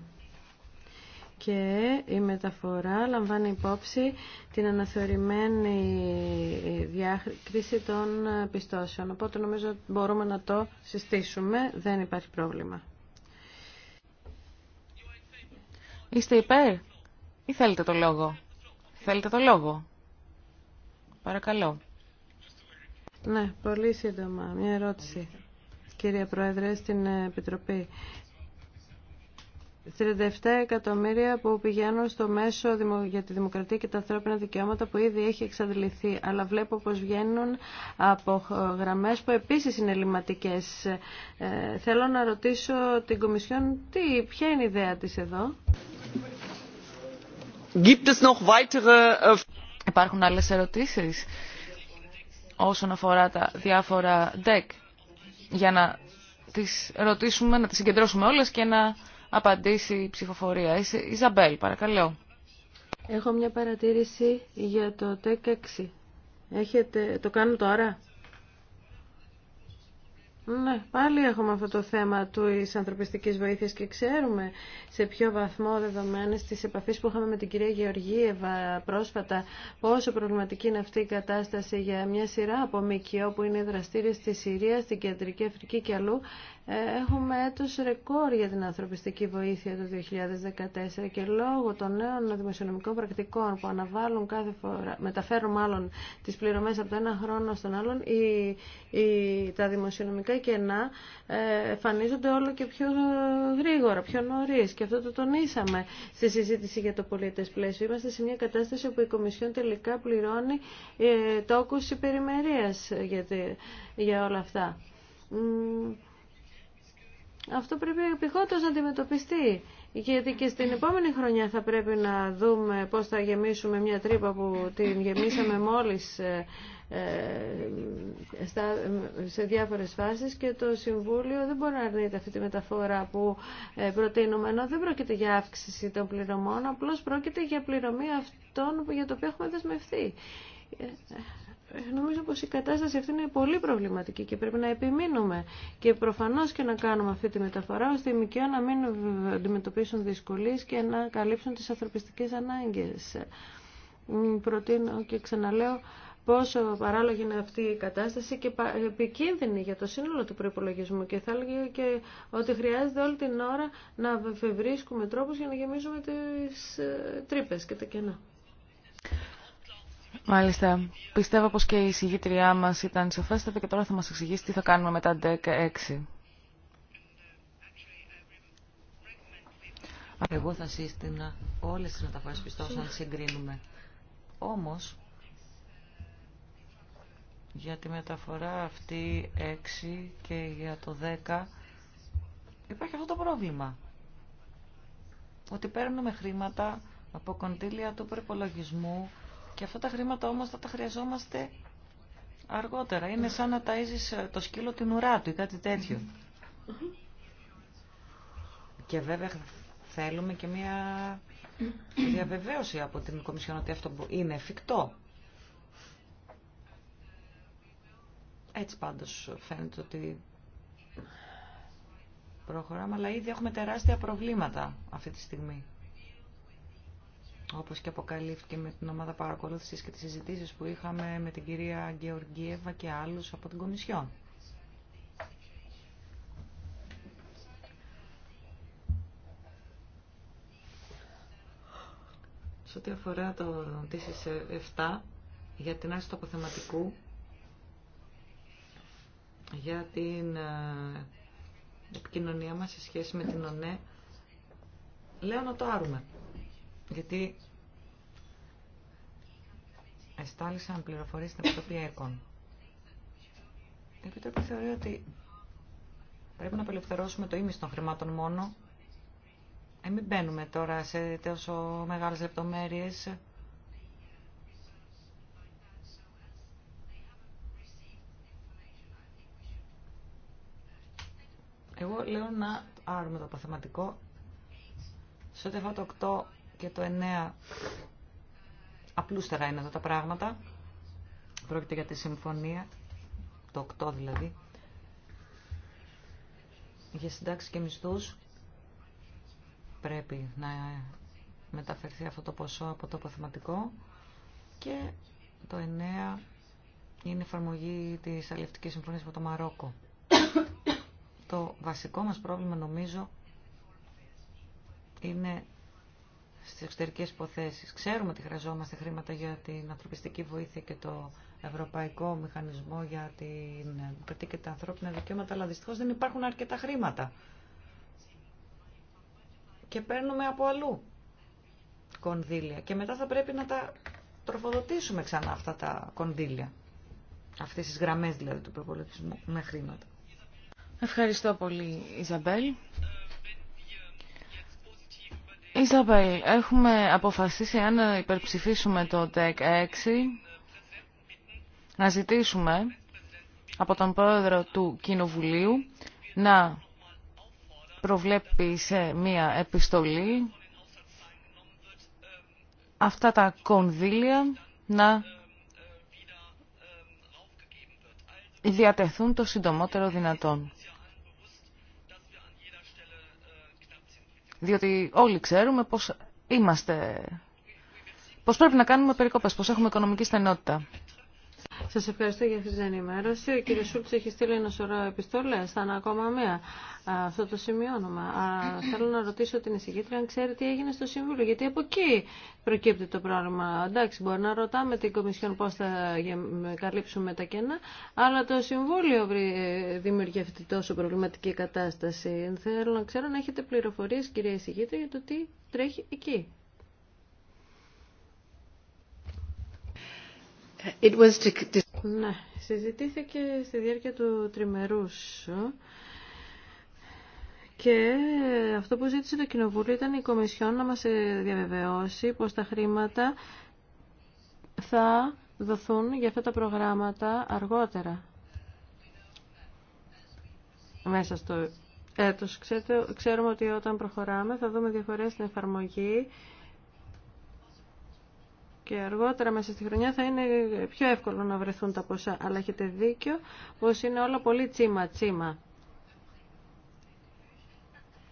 και η μεταφορά λαμβάνει υπόψη την αναθεωρημένη διάκριση των πιστώσεων. Οπότε νομίζω μπορούμε να το συστήσουμε, δεν υπάρχει πρόβλημα. Είστε υπέρ ή θέλετε το λόγο. Θέλετε το λόγο. Παρακαλώ. Ναι, πολύ σύντομα. Μια ερώτηση, κύριε Πρόεδρε, στην Επιτροπή. 37 εκατομμύρια που πηγαίνουν στο μέσο για τη δημοκρατία και τα ανθρώπινα δικαιώματα που ήδη έχει εξαντληθεί. Αλλά βλέπω πως βγαίνουν από γραμμές που επίσης είναι ελληματικές. Ε, θέλω να ρωτήσω την Κομισιόν τι, ποια είναι η ιδέα της εδώ. Ε, Υπάρχουν άλλες ερωτήσεις όσον αφορά τα διάφορα DEC για να τις ρωτήσουμε, να τις συγκεντρώσουμε όλες και να απαντήσει η ψηφοφορία. Ιζαμπέλ, παρακαλώ. Έχω μια παρατήρηση για το ΤΕΚ 6. Έχετε... Το κάνω τώρα. Ναι, πάλι έχουμε αυτό το θέμα του ανθρωπιστικής βοήθειας και ξέρουμε σε ποιο βαθμό δεδομένες της επαφής που είχαμε με την κυρία Γεωργίευα πρόσφατα πόσο προβληματική είναι αυτή η κατάσταση για μια σειρά από ΜΚΟ που είναι δραστήριες στη Συρία, στην Κεντρική Αφρική και αλλού ε, έχουμε έτος ρεκόρ για την ανθρωπιστική βοήθεια το 2014 και λόγω των νέων δημοσιονομικών πρακτικών που αναβάλουν κάθε φορά, μεταφέρουν μάλλον τις πληρωμές από το ένα χρόνο στον άλλον, οι, τα δημοσιονομικά κενά ε, εμφανίζονται όλο και πιο γρήγορα, πιο νωρί. Και αυτό το τονίσαμε στη συζήτηση για το πολίτες πλαίσιο. Είμαστε σε μια κατάσταση όπου η Κομισιόν τελικά πληρώνει ε, τόκους υπερημερίας για όλα αυτά αυτό πρέπει επιγόντως να αντιμετωπιστεί. Γιατί και στην επόμενη χρονιά θα πρέπει να δούμε πώς θα γεμίσουμε μια τρύπα που την γεμίσαμε μόλις ε, ε, σε διάφορες φάσεις και το Συμβούλιο δεν μπορεί να αρνείται αυτή τη μεταφορά που ε, προτείνουμε ενώ δεν πρόκειται για αύξηση των πληρωμών απλώς πρόκειται για πληρωμή αυτών για το οποίο έχουμε δεσμευτεί. Ε, νομίζω πως η κατάσταση αυτή είναι πολύ προβληματική και πρέπει να επιμείνουμε και προφανώς και να κάνουμε αυτή τη μεταφορά ώστε οι ΜΚΟ να μην αντιμετωπίσουν δυσκολίες και να καλύψουν τις ανθρωπιστικές ανάγκες. Προτείνω και ξαναλέω πόσο παράλογη είναι αυτή η κατάσταση και επικίνδυνη για το σύνολο του προπολογισμού και θα έλεγα και ότι χρειάζεται όλη την ώρα να βεβρίσκουμε τρόπους για να γεμίζουμε τις ε, τρύπες και τα κενά. Μάλιστα. Πιστεύω πως και η συγγήτριά μας ήταν σαφέστατη και τώρα θα μας εξηγήσει τι θα κάνουμε μετά 16. Εγώ θα σύστηνα όλες τις μεταφορές πιστώσεων να συγκρίνουμε. Όμως, για τη μεταφορά αυτή 6 και για το 10 υπάρχει αυτό το πρόβλημα. Ότι παίρνουμε χρήματα από κοντήλια του προπολογισμού και αυτά τα χρήματα όμως θα τα χρειαζόμαστε αργότερα. Είναι σαν να ταΐζεις ε, το σκύλο την ουρά του ή κάτι τέτοιο. Και βέβαια θέλουμε και μια διαβεβαίωση από την Κομισιόν ότι αυτό είναι εφικτό. Έτσι πάντως φαίνεται ότι προχωράμε, αλλά ήδη έχουμε τεράστια προβλήματα αυτή τη στιγμή όπως και αποκαλύφθηκε με την ομάδα παρακολούθησης και τις συζητήσεις που είχαμε με την κυρία Γεωργίευα και άλλους από την Κομισιόν. Σε ό,τι αφορά το τήσεις 7 για την άρση του αποθεματικού, για την ε, επικοινωνία μας σε σχέση με την ΟΝΕ, λέω να το άρουμε γιατί εστάλησαν πληροφορίες στην Επιτροπή ΕΚΟΝ. Η Επιτροπή θεωρεί ότι πρέπει να απελευθερώσουμε το ίμιση των χρημάτων μόνο. Ε, μην μπαίνουμε τώρα σε τόσο μεγάλες λεπτομέρειες. Εγώ λέω να άρουμε το αποθεματικό σε ό,τι αφορά το και το 9 απλούστερα είναι εδώ τα πράγματα. Πρόκειται για τη συμφωνία, το 8 δηλαδή, για συντάξει και μισθούς πρέπει να μεταφερθεί αυτό το ποσό από το αποθεματικό και το 9 είναι η εφαρμογή της αλληλευτικής συμφωνίας με το Μαρόκο. το βασικό μας πρόβλημα νομίζω είναι στις εξωτερικές υποθέσεις. Ξέρουμε ότι χρειαζόμαστε χρήματα για την ανθρωπιστική βοήθεια και το ευρωπαϊκό μηχανισμό για την υπηρετή και τα ανθρώπινα δικαιώματα, αλλά δυστυχώς δεν υπάρχουν αρκετά χρήματα. Και παίρνουμε από αλλού κονδύλια. Και μετά θα πρέπει να τα τροφοδοτήσουμε ξανά αυτά τα κονδύλια. Αυτές τις γραμμές δηλαδή του προπολογισμού με χρήματα. Ευχαριστώ πολύ Ιζαμπέλ. Ιζαμπέλ, έχουμε αποφασίσει αν υπερψηφίσουμε το ΤΕΚ 6 να ζητήσουμε από τον πρόεδρο του Κοινοβουλίου να προβλέπει σε μία επιστολή αυτά τα κονδύλια να διατεθούν το συντομότερο δυνατόν. Διότι όλοι ξέρουμε πως είμαστε, πως πρέπει να κάνουμε περικόπες, πως έχουμε οικονομική στενότητα. Σας ευχαριστώ για αυτή την ενημέρωση. Ο κύριος Σούλτς έχει στείλει ένα σωρό επιστολές, θα είναι ακόμα μία. Αυτό το σημειώνουμε. θέλω να ρωτήσω την εισηγήτρια αν ξέρει τι έγινε στο Συμβούλιο, γιατί από εκεί προκύπτει το πρόβλημα. Εντάξει, μπορεί να ρωτάμε την Κομισιόν πώς θα καλύψουμε τα κενά, αλλά το Συμβούλιο ε, δημιουργεί αυτή τόσο προβληματική κατάσταση. Θέλω να ξέρω αν έχετε πληροφορίες, κυρία εισηγήτρια, για το τι τρέχει εκεί. Ναι, συζητήθηκε στη διάρκεια του τριμερούς και αυτό που ζήτησε το Κοινοβούλιο ήταν η Κομισιόν να μας ε, διαβεβαιώσει πως τα χρήματα θα δοθούν για αυτά τα προγράμματα αργότερα μέσα στο έτος. Ξέρετε, ξέρουμε ότι όταν προχωράμε θα δούμε διαφορές στην εφαρμογή και αργότερα μέσα στη χρονιά θα είναι πιο εύκολο να βρεθούν τα ποσά. Αλλά έχετε δίκιο πως είναι όλα πολύ τσίμα-τσίμα.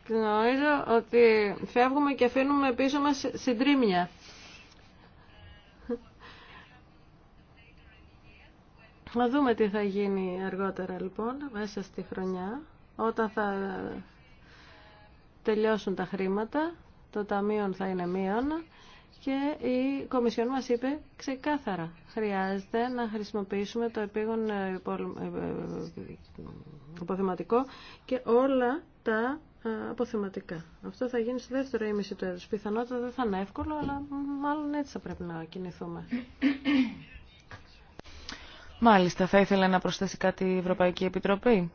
Γνωρίζω ότι φεύγουμε και αφήνουμε πίσω μας συντρίμια. Να δούμε τι θα γίνει αργότερα λοιπόν, μέσα στη χρονιά, όταν θα τελειώσουν τα χρήματα, το ταμείο θα είναι μείον και η Κομισιόν μας είπε ξεκάθαρα χρειάζεται να χρησιμοποιήσουμε το επίγον ε, ε, αποθεματικό και όλα τα ε, αποθεματικά. Αυτό θα γίνει στο δεύτερο ήμιση του έτους. Πιθανότητα δεν θα είναι εύκολο, αλλά μάλλον έτσι θα πρέπει να κινηθούμε. Μάλιστα, θα ήθελε να προσθέσει κάτι η Ευρωπαϊκή Επιτροπή.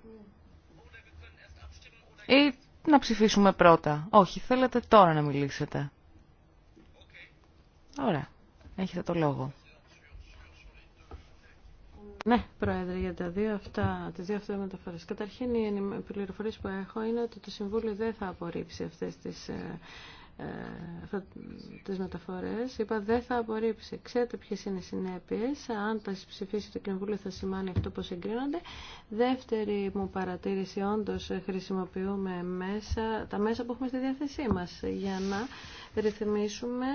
Ή να ψηφίσουμε πρώτα. Όχι, θέλετε τώρα να μιλήσετε. Ωραία. Έχετε το λόγο. Ναι, Πρόεδρε, για τα δύο αυτά, τις δύο αυτές μεταφορές. Καταρχήν, οι πληροφορίες που έχω είναι ότι το Συμβούλιο δεν θα απορρίψει αυτές τις ε, ε, τις μεταφορές είπα δεν θα απορρίψει. Ξέρετε ποιες είναι οι συνέπειες. Αν τα ψηφίσει το Κοινοβούλιο θα σημάνει αυτό πως εγκρίνονται. Δεύτερη μου παρατήρηση, όντως χρησιμοποιούμε μέσα, τα μέσα που έχουμε στη διάθεσή μας για να ρυθμίσουμε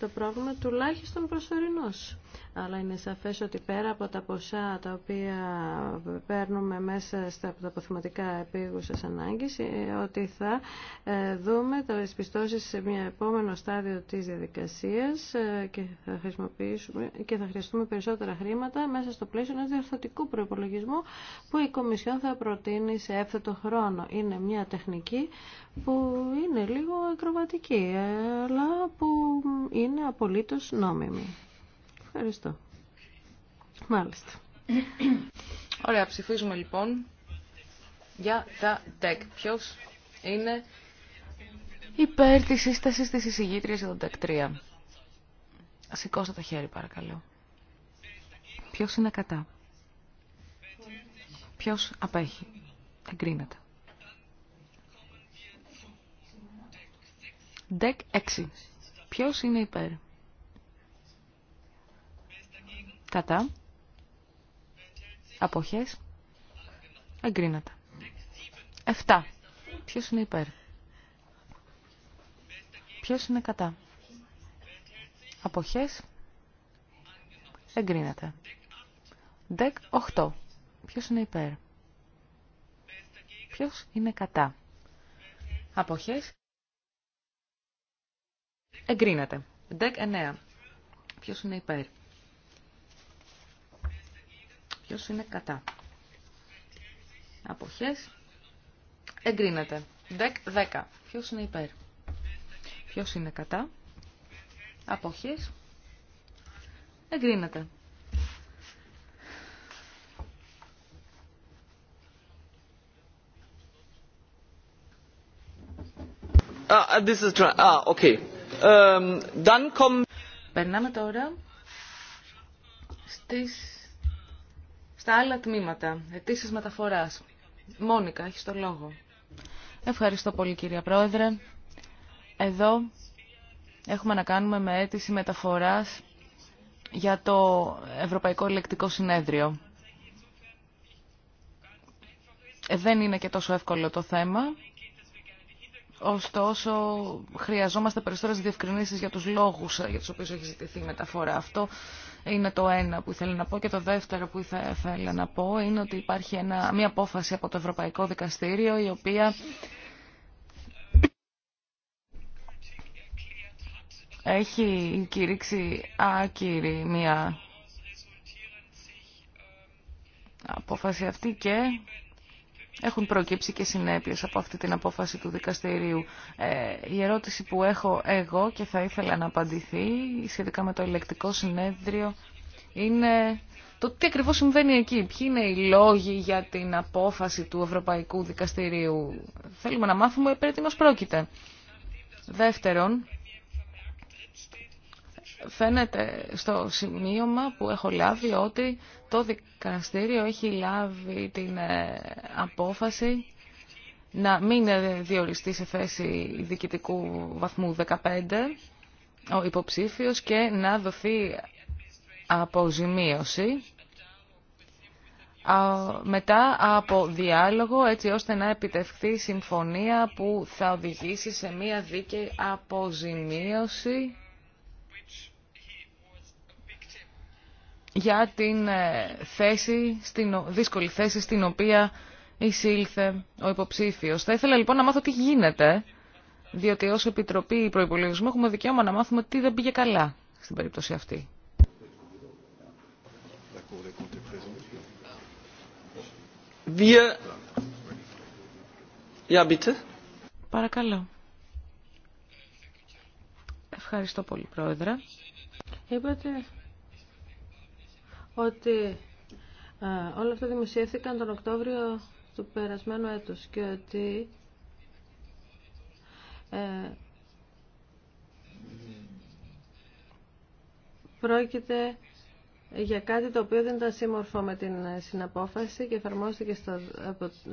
το πρόβλημα τουλάχιστον προσωρινώς αλλά είναι σαφές ότι πέρα από τα ποσά τα οποία παίρνουμε μέσα στα αποθυματικά επίγουσας ανάγκης, ε, ότι θα ε, δούμε τα πιστώσεις σε μια επόμενο στάδιο της διαδικασίας ε, και θα, χρησιμοποιήσουμε, και θα χρειαστούμε περισσότερα χρήματα μέσα στο πλαίσιο ενός διορθωτικού προπολογισμού που η Κομισιόν θα προτείνει σε έφθετο χρόνο. Είναι μια τεχνική που είναι λίγο ακροβατική, αλλά που είναι απολύτως νόμιμη. Ευχαριστώ. Μάλιστα. Ωραία, ψηφίζουμε λοιπόν για τα DEC. Ποιο είναι υπέρ τη σύσταση τη εισηγήτρια για τον DEC 3. Σηκώστε το χέρι, παρακαλώ. Ποιο είναι κατά. Ποιο απέχει. Εγκρίνεται. ΤΕΚ 6. Ποιο είναι υπέρ. Κατά. Αποχές. Εγκρίνεται. 7. Ποιος είναι υπέρ. Ποιος είναι κατά. Αποχές. Εγκρίνεται. Δεκ 8. Ποιος είναι υπέρ. Ποιος είναι κατά. Αποχές. Εγκρίνεται. Δεκ 9. Ποιος είναι υπέρ. Ποιο είναι κατά. Αποχές. Εγκρίνεται. 10. Ποιο είναι υπέρ. Ποιο είναι κατά. Αποχέ. Εγκρίνεται. Ah, uh, this is... ah, okay. um, Περνάμε τώρα στις στα άλλα τμήματα, αιτήσει μεταφοράς. Μόνικα, έχει το λόγο. Ευχαριστώ πολύ κυρία Πρόεδρε. Εδώ έχουμε να κάνουμε με αίτηση μεταφοράς για το Ευρωπαϊκό Ελεκτικό Συνέδριο. Ε, δεν είναι και τόσο εύκολο το θέμα, Ωστόσο, χρειαζόμαστε περισσότερες διευκρινήσεις για τους λόγους ε, για τους οποίους έχει ζητηθεί η μεταφορά. Αυτό είναι το ένα που ήθελα να πω και το δεύτερο που ήθελα να πω είναι ότι υπάρχει ένα, μια απόφαση από το Ευρωπαϊκό Δικαστήριο η οποία έχει κηρύξει άκυρη μια απόφαση αυτή και έχουν προκύψει και συνέπειες από αυτή την απόφαση του δικαστηρίου. Ε, η ερώτηση που έχω εγώ και θα ήθελα να απαντηθεί σχετικά με το ελεκτικό συνέδριο είναι το τι ακριβώς συμβαίνει εκεί. Ποιοι είναι οι λόγοι για την απόφαση του Ευρωπαϊκού Δικαστηρίου. Θέλουμε να μάθουμε περί μας πρόκειται. Δεύτερον, φαίνεται στο σημείωμα που έχω λάβει ότι το δικαστήριο έχει λάβει την ε, απόφαση να μην ε, διοριστεί σε θέση διοικητικού βαθμού 15 ο υποψήφιος και να δοθεί αποζημίωση μετά από διάλογο έτσι ώστε να επιτευχθεί συμφωνία που θα οδηγήσει σε μία δίκαιη αποζημίωση για την ε, θέση, στην δύσκολη θέση στην οποία εισήλθε ο υποψήφιος. Θα ήθελα λοιπόν να μάθω τι γίνεται, διότι ως Επιτροπή Προϋπολογισμού έχουμε δικαίωμα να μάθουμε τι δεν πήγε καλά στην περίπτωση αυτή. Wir... Ja, bitte. Παρακαλώ. Ευχαριστώ πολύ, Πρόεδρε. Είπατε ότι ε, όλα αυτά δημοσιεύθηκαν τον Οκτώβριο του περασμένου έτους και ότι ε, πρόκειται για κάτι το οποίο δεν ήταν σύμμορφο με την συναπόφαση και εφαρμόστηκε στο,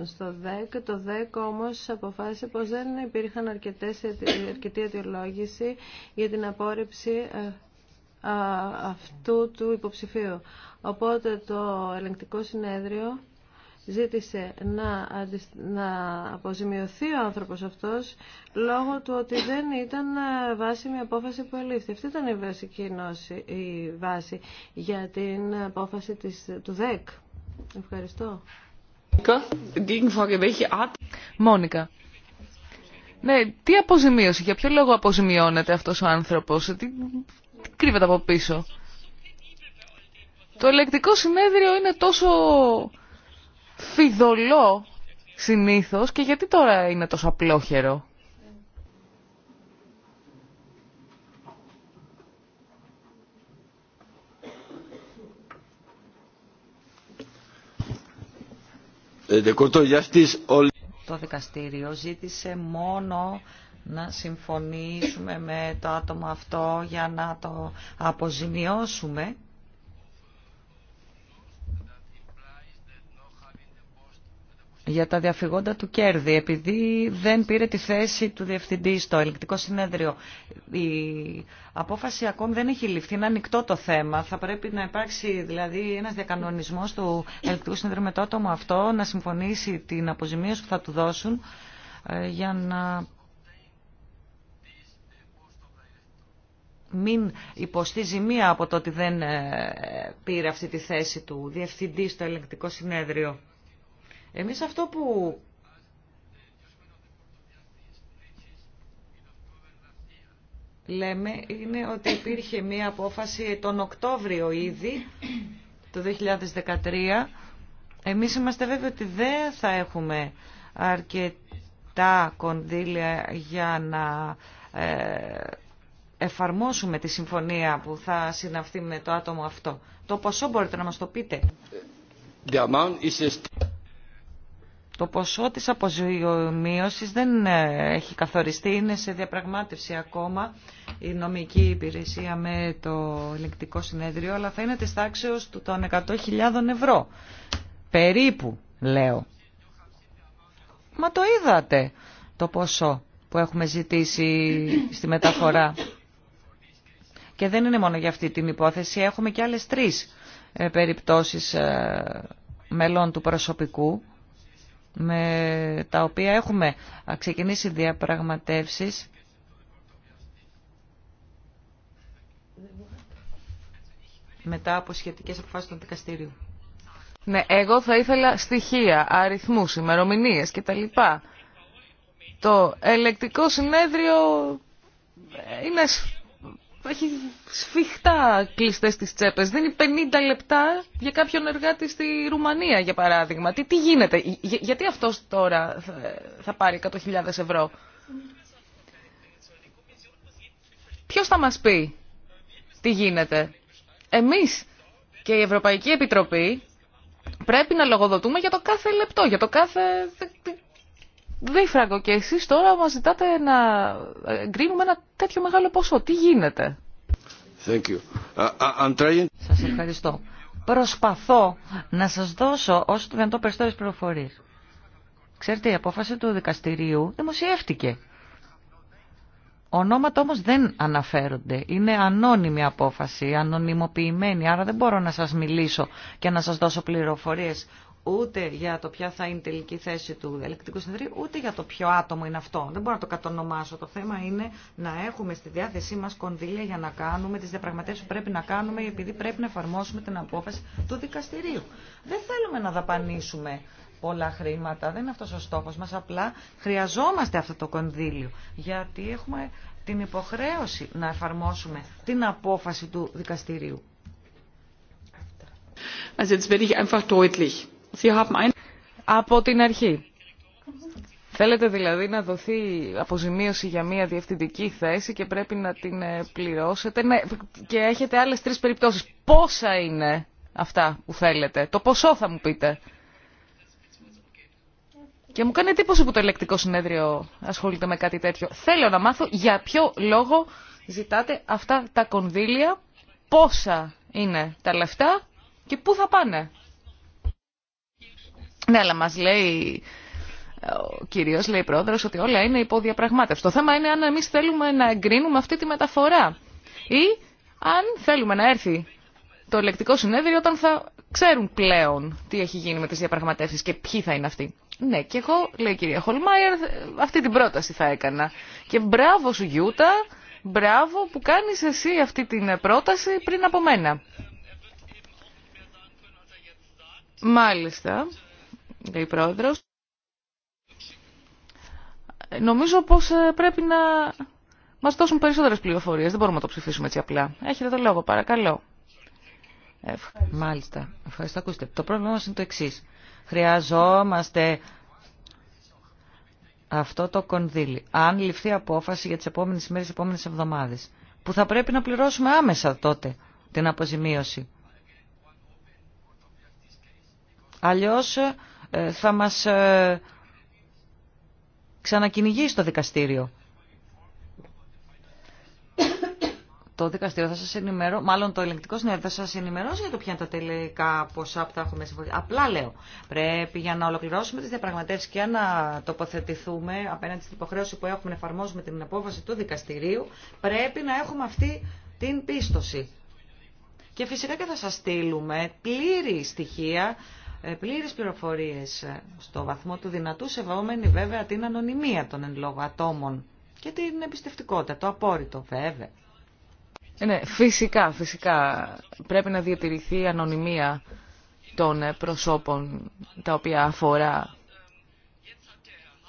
στο ΔΕΚ. Το ΔΕΚ όμως αποφάσισε πως δεν υπήρχαν αρκετές, αρκετή αιτιολόγηση για την απόρριψη ε, αυτού του υποψηφίου. Οπότε το ελεγκτικό συνέδριο ζήτησε να, να αποζημιωθεί ο άνθρωπος αυτός λόγω του ότι δεν ήταν ε, βάση μια απόφαση που ελήφθη. Αυτή ήταν η βασική νόση, η βάση για την απόφαση της, του ΔΕΚ. Ευχαριστώ. Μόνικα. Ναι, τι αποζημίωση, για ποιο λόγο αποζημιώνεται αυτός ο άνθρωπος, τι, κρύβεται από πίσω. Το ελεκτικό συνέδριο είναι τόσο φιδωλό συνήθως και γιατί τώρα είναι τόσο απλόχερο. Ε, Το δικαστήριο ζήτησε μόνο να συμφωνήσουμε με το άτομο αυτό για να το αποζημιώσουμε. για τα διαφυγόντα του κέρδη, επειδή δεν πήρε τη θέση του διευθυντή στο ελεκτικό συνέδριο. Η απόφαση ακόμη δεν έχει ληφθεί, είναι ανοιχτό το θέμα. Θα πρέπει να υπάρξει δηλαδή ένας διακανονισμός του ελεκτικού συνέδριου με το άτομο αυτό, να συμφωνήσει την αποζημίωση που θα του δώσουν ε, για να μην υποστεί ζημία από το ότι δεν ε, πήρε αυτή τη θέση του διευθυντή στο ελεγκτικό συνέδριο. Εμείς αυτό που λέμε είναι ότι υπήρχε μία απόφαση τον Οκτώβριο ήδη το 2013. Εμείς είμαστε βέβαιοι ότι δεν θα έχουμε αρκετά κονδύλια για να ε, εφαρμόσουμε τη συμφωνία που θα συναυθεί με το άτομο αυτό. Το ποσό μπορείτε να μας το πείτε. Το ποσό της αποζημίωσης δεν ε, έχει καθοριστεί, είναι σε διαπραγμάτευση ακόμα η νομική υπηρεσία με το ελεγκτικό συνέδριο, αλλά θα είναι της τάξεως του των 100.000 ευρώ. Περίπου, λέω. Μα το είδατε το ποσό που έχουμε ζητήσει στη μεταφορά και δεν είναι μόνο για αυτή την υπόθεση, έχουμε και άλλες τρεις ε, περιπτώσεις ε, μελών του προσωπικού με τα οποία έχουμε ξεκινήσει διαπραγματεύσεις μετά από σχετικές αποφάσεις των δικαστήριων. Ναι, εγώ θα ήθελα στοιχεία, αριθμούς, ημερομηνίε κτλ. Το ελεκτικό συνέδριο ε, είναι έχει σφιχτά κλειστές τις τσέπες. Δίνει 50 λεπτά για κάποιον εργάτη στη Ρουμανία, για παράδειγμα. Τι, τι γίνεται, γιατί αυτό τώρα θα πάρει 100.000 ευρώ. Ποιο θα μας πει τι γίνεται. Εμείς και η Ευρωπαϊκή Επιτροπή πρέπει να λογοδοτούμε για το κάθε λεπτό, για το κάθε Φράγκο, και εσείς τώρα μας ζητάτε να γκρίνουμε ένα τέτοιο μεγάλο ποσό. Τι γίνεται. Thank you. Uh, uh, trying... Σας ευχαριστώ. Προσπαθώ να σας δώσω όσο το δυνατόν περισσότερες πληροφορίες. Ξέρετε, η απόφαση του δικαστηρίου δημοσιεύτηκε. Ονόματα όμως δεν αναφέρονται. Είναι ανώνυμη απόφαση, ανωνυμοποιημένη, άρα δεν μπορώ να σας μιλήσω και να σας δώσω πληροφορίες ούτε για το ποια θα είναι η τελική θέση του ελεκτικού συνεδρίου, ούτε για το ποιο άτομο είναι αυτό. Δεν μπορώ να το κατονομάσω. Το θέμα είναι να έχουμε στη διάθεσή μα κονδύλια για να κάνουμε τι διαπραγματεύσει που πρέπει να κάνουμε, επειδή πρέπει να εφαρμόσουμε την απόφαση του δικαστηρίου. Δεν θέλουμε να δαπανίσουμε πολλά χρήματα, δεν είναι αυτό ο στόχο μα. Απλά χρειαζόμαστε αυτό το κονδύλιο, γιατί έχουμε την υποχρέωση να εφαρμόσουμε την απόφαση του δικαστηρίου. Also jetzt werde ich einfach deutlich από την αρχή. Θέλετε δηλαδή να δοθεί αποζημίωση για μια διευθυντική θέση και πρέπει να την ε, πληρώσετε ναι, και έχετε άλλες τρεις περιπτώσεις. Πόσα είναι αυτά που θέλετε, το ποσό θα μου πείτε. Και μου κάνει εντύπωση που το ελεκτικό συνέδριο ασχολείται με κάτι τέτοιο. Θέλω να μάθω για ποιο λόγο ζητάτε αυτά τα κονδύλια, πόσα είναι τα λεφτά και πού θα πάνε. Ναι, αλλά μα λέει ο κυρίως, λέει πρόεδρος, ότι όλα είναι υποδιαπραγμάτευση. Το θέμα είναι αν εμείς θέλουμε να εγκρίνουμε αυτή τη μεταφορά ή αν θέλουμε να έρθει το ελεκτικό συνέδριο όταν θα ξέρουν πλέον τι έχει γίνει με τις διαπραγματεύσεις και ποιοι θα είναι αυτοί. Ναι, και εγώ, λέει η κυρία Χολμάιερ, αυτή την πρόταση θα έκανα. Και μπράβο σου Γιούτα, μπράβο που κάνει εσύ αυτή την πρόταση πριν από μένα. Μάλιστα λέει Πρόεδρος. Νομίζω πως ε, πρέπει να μας δώσουν περισσότερες πληροφορίες. Δεν μπορούμε να το ψηφίσουμε έτσι απλά. Έχετε το λόγο, παρακαλώ. Μάλιστα. Ευχαριστώ. Ακούστε. Το πρόβλημα μας είναι το εξή. Χρειαζόμαστε αυτό το κονδύλι. Αν ληφθεί απόφαση για τις επόμενες μέρες, τις επόμενες εβδομάδες, που θα πρέπει να πληρώσουμε άμεσα τότε την αποζημίωση. Αλλιώς ε, θα μας ε, ξανακυνηγεί στο δικαστήριο. Το δικαστήριο θα σας ενημερώ... μάλλον το ελεγκτικό συνέδριο θα σας ενημερώσει για το ποια είναι τα τελικά ποσά που θα έχουμε συμφωνήσει. Απλά λέω, πρέπει για να ολοκληρώσουμε τις διαπραγματεύσεις και να τοποθετηθούμε απέναντι στην υποχρέωση που έχουμε να εφαρμόζουμε την απόφαση του δικαστηρίου, πρέπει να έχουμε αυτή την πίστοση. Και φυσικά και θα σας στείλουμε πλήρη στοιχεία ε, πλήρες πληροφορίες ε, στο βαθμό του δυνατού σεβαόμενοι βέβαια την ανωνυμία των εν λόγω ατόμων και την εμπιστευτικότητα, το απόρριτο βέβαια. Ε, ναι, φυσικά, φυσικά πρέπει να διατηρηθεί η ανωνυμία των προσώπων τα οποία αφορά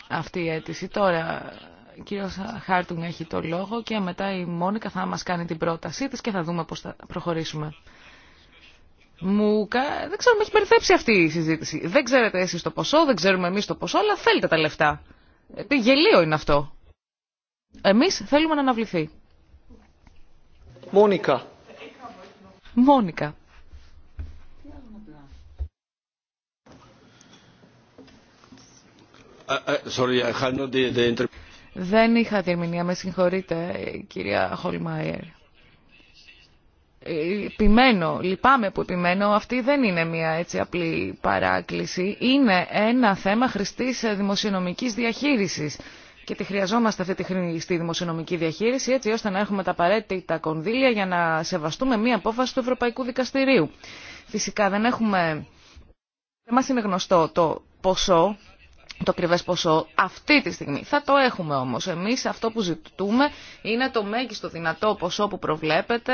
αυτή η αίτηση. Τώρα, ο κύριος Χάρτουγκ έχει το λόγο και μετά η Μόνικα θα μας κάνει την πρότασή της και θα δούμε πώς θα προχωρήσουμε μου... Δεν ξέρω, με έχει περιθέψει αυτή η συζήτηση. Δεν ξέρετε εσείς το ποσό, δεν ξέρουμε εμείς το ποσό, αλλά θέλετε τα λεφτά. Ε, τι γελίο είναι αυτό. Εμείς θέλουμε να αναβληθεί. Μόνικα. Μόνικα. Ε, ε, sorry, Δεν είχα διερμηνία, με συγχωρείτε, κυρία Χολμάιερ επιμένω, λυπάμαι που επιμένω, αυτή δεν είναι μια έτσι απλή παράκληση. Είναι ένα θέμα χρηστής δημοσιονομικής διαχείρισης και τη χρειαζόμαστε αυτή τη χρηστή δημοσιονομική διαχείριση έτσι ώστε να έχουμε τα απαραίτητα κονδύλια για να σεβαστούμε μια απόφαση του Ευρωπαϊκού Δικαστηρίου. Φυσικά δεν έχουμε... Δεν είναι γνωστό το ποσό το ακριβέ ποσό αυτή τη στιγμή. Θα το έχουμε όμως. Εμείς αυτό που ζητούμε είναι το μέγιστο δυνατό ποσό που προβλέπετε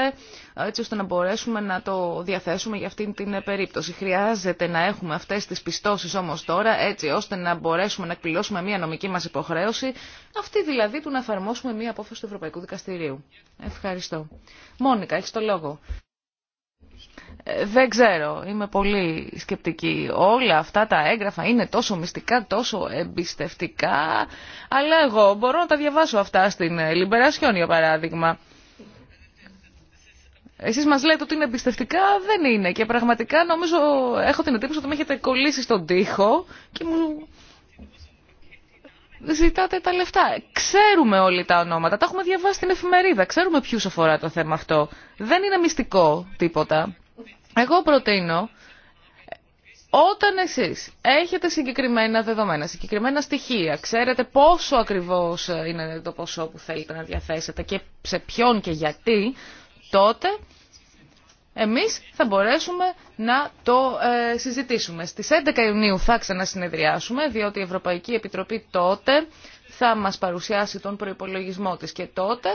έτσι ώστε να μπορέσουμε να το διαθέσουμε για αυτή την περίπτωση. Χρειάζεται να έχουμε αυτές τις πιστώσεις όμως τώρα έτσι ώστε να μπορέσουμε να εκπληρώσουμε μια νομική μας υποχρέωση αυτή δηλαδή του να εφαρμόσουμε μια απόφαση του Ευρωπαϊκού Δικαστηρίου. Ευχαριστώ. Μόνικα, έχει το λόγο. Ε, δεν ξέρω, είμαι πολύ σκεπτική. Όλα αυτά τα έγγραφα είναι τόσο μυστικά, τόσο εμπιστευτικά, αλλά εγώ μπορώ να τα διαβάσω αυτά στην Λιμπερασιόν, για παράδειγμα. Εσείς μας λέτε ότι είναι εμπιστευτικά, δεν είναι. Και πραγματικά νομίζω, έχω την εντύπωση ότι με έχετε κολλήσει στον τοίχο και μου ζητάτε τα λεφτά. Ξέρουμε όλοι τα ονόματα, τα έχουμε διαβάσει στην εφημερίδα, ξέρουμε ποιου αφορά το θέμα αυτό. Δεν είναι μυστικό τίποτα. Εγώ προτείνω, όταν εσείς έχετε συγκεκριμένα δεδομένα, συγκεκριμένα στοιχεία, ξέρετε πόσο ακριβώς είναι το ποσό που θέλετε να διαθέσετε και σε ποιον και γιατί, τότε εμείς θα μπορέσουμε να το ε, συζητήσουμε. Στις 11 Ιουνίου θα ξανασυνεδριάσουμε, διότι η Ευρωπαϊκή Επιτροπή τότε θα μας παρουσιάσει τον προϋπολογισμό της και τότε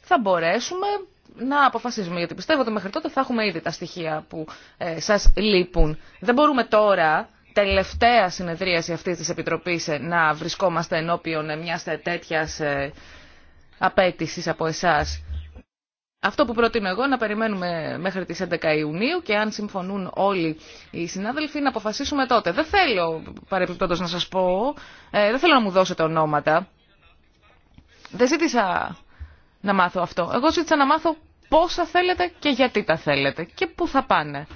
θα μπορέσουμε να αποφασίσουμε. γιατί πιστεύω ότι μέχρι τότε θα έχουμε ήδη τα στοιχεία που ε, σας λείπουν. Δεν μπορούμε τώρα, τελευταία συνεδρίαση αυτή της Επιτροπής, ε, να βρισκόμαστε ενώπιον μιας τέτοιας ε, από εσάς. Αυτό που προτείνω εγώ να περιμένουμε μέχρι τις 11 Ιουνίου και αν συμφωνούν όλοι οι συνάδελφοι να αποφασίσουμε τότε. Δεν θέλω παρεπιπτόντως να σας πω, ε, δεν θέλω να μου δώσετε ονόματα. Δεν ζήτησα να μάθω αυτό. Εγώ ζήτησα να μάθω πόσα θέλετε και γιατί τα θέλετε και πού θα πάνε.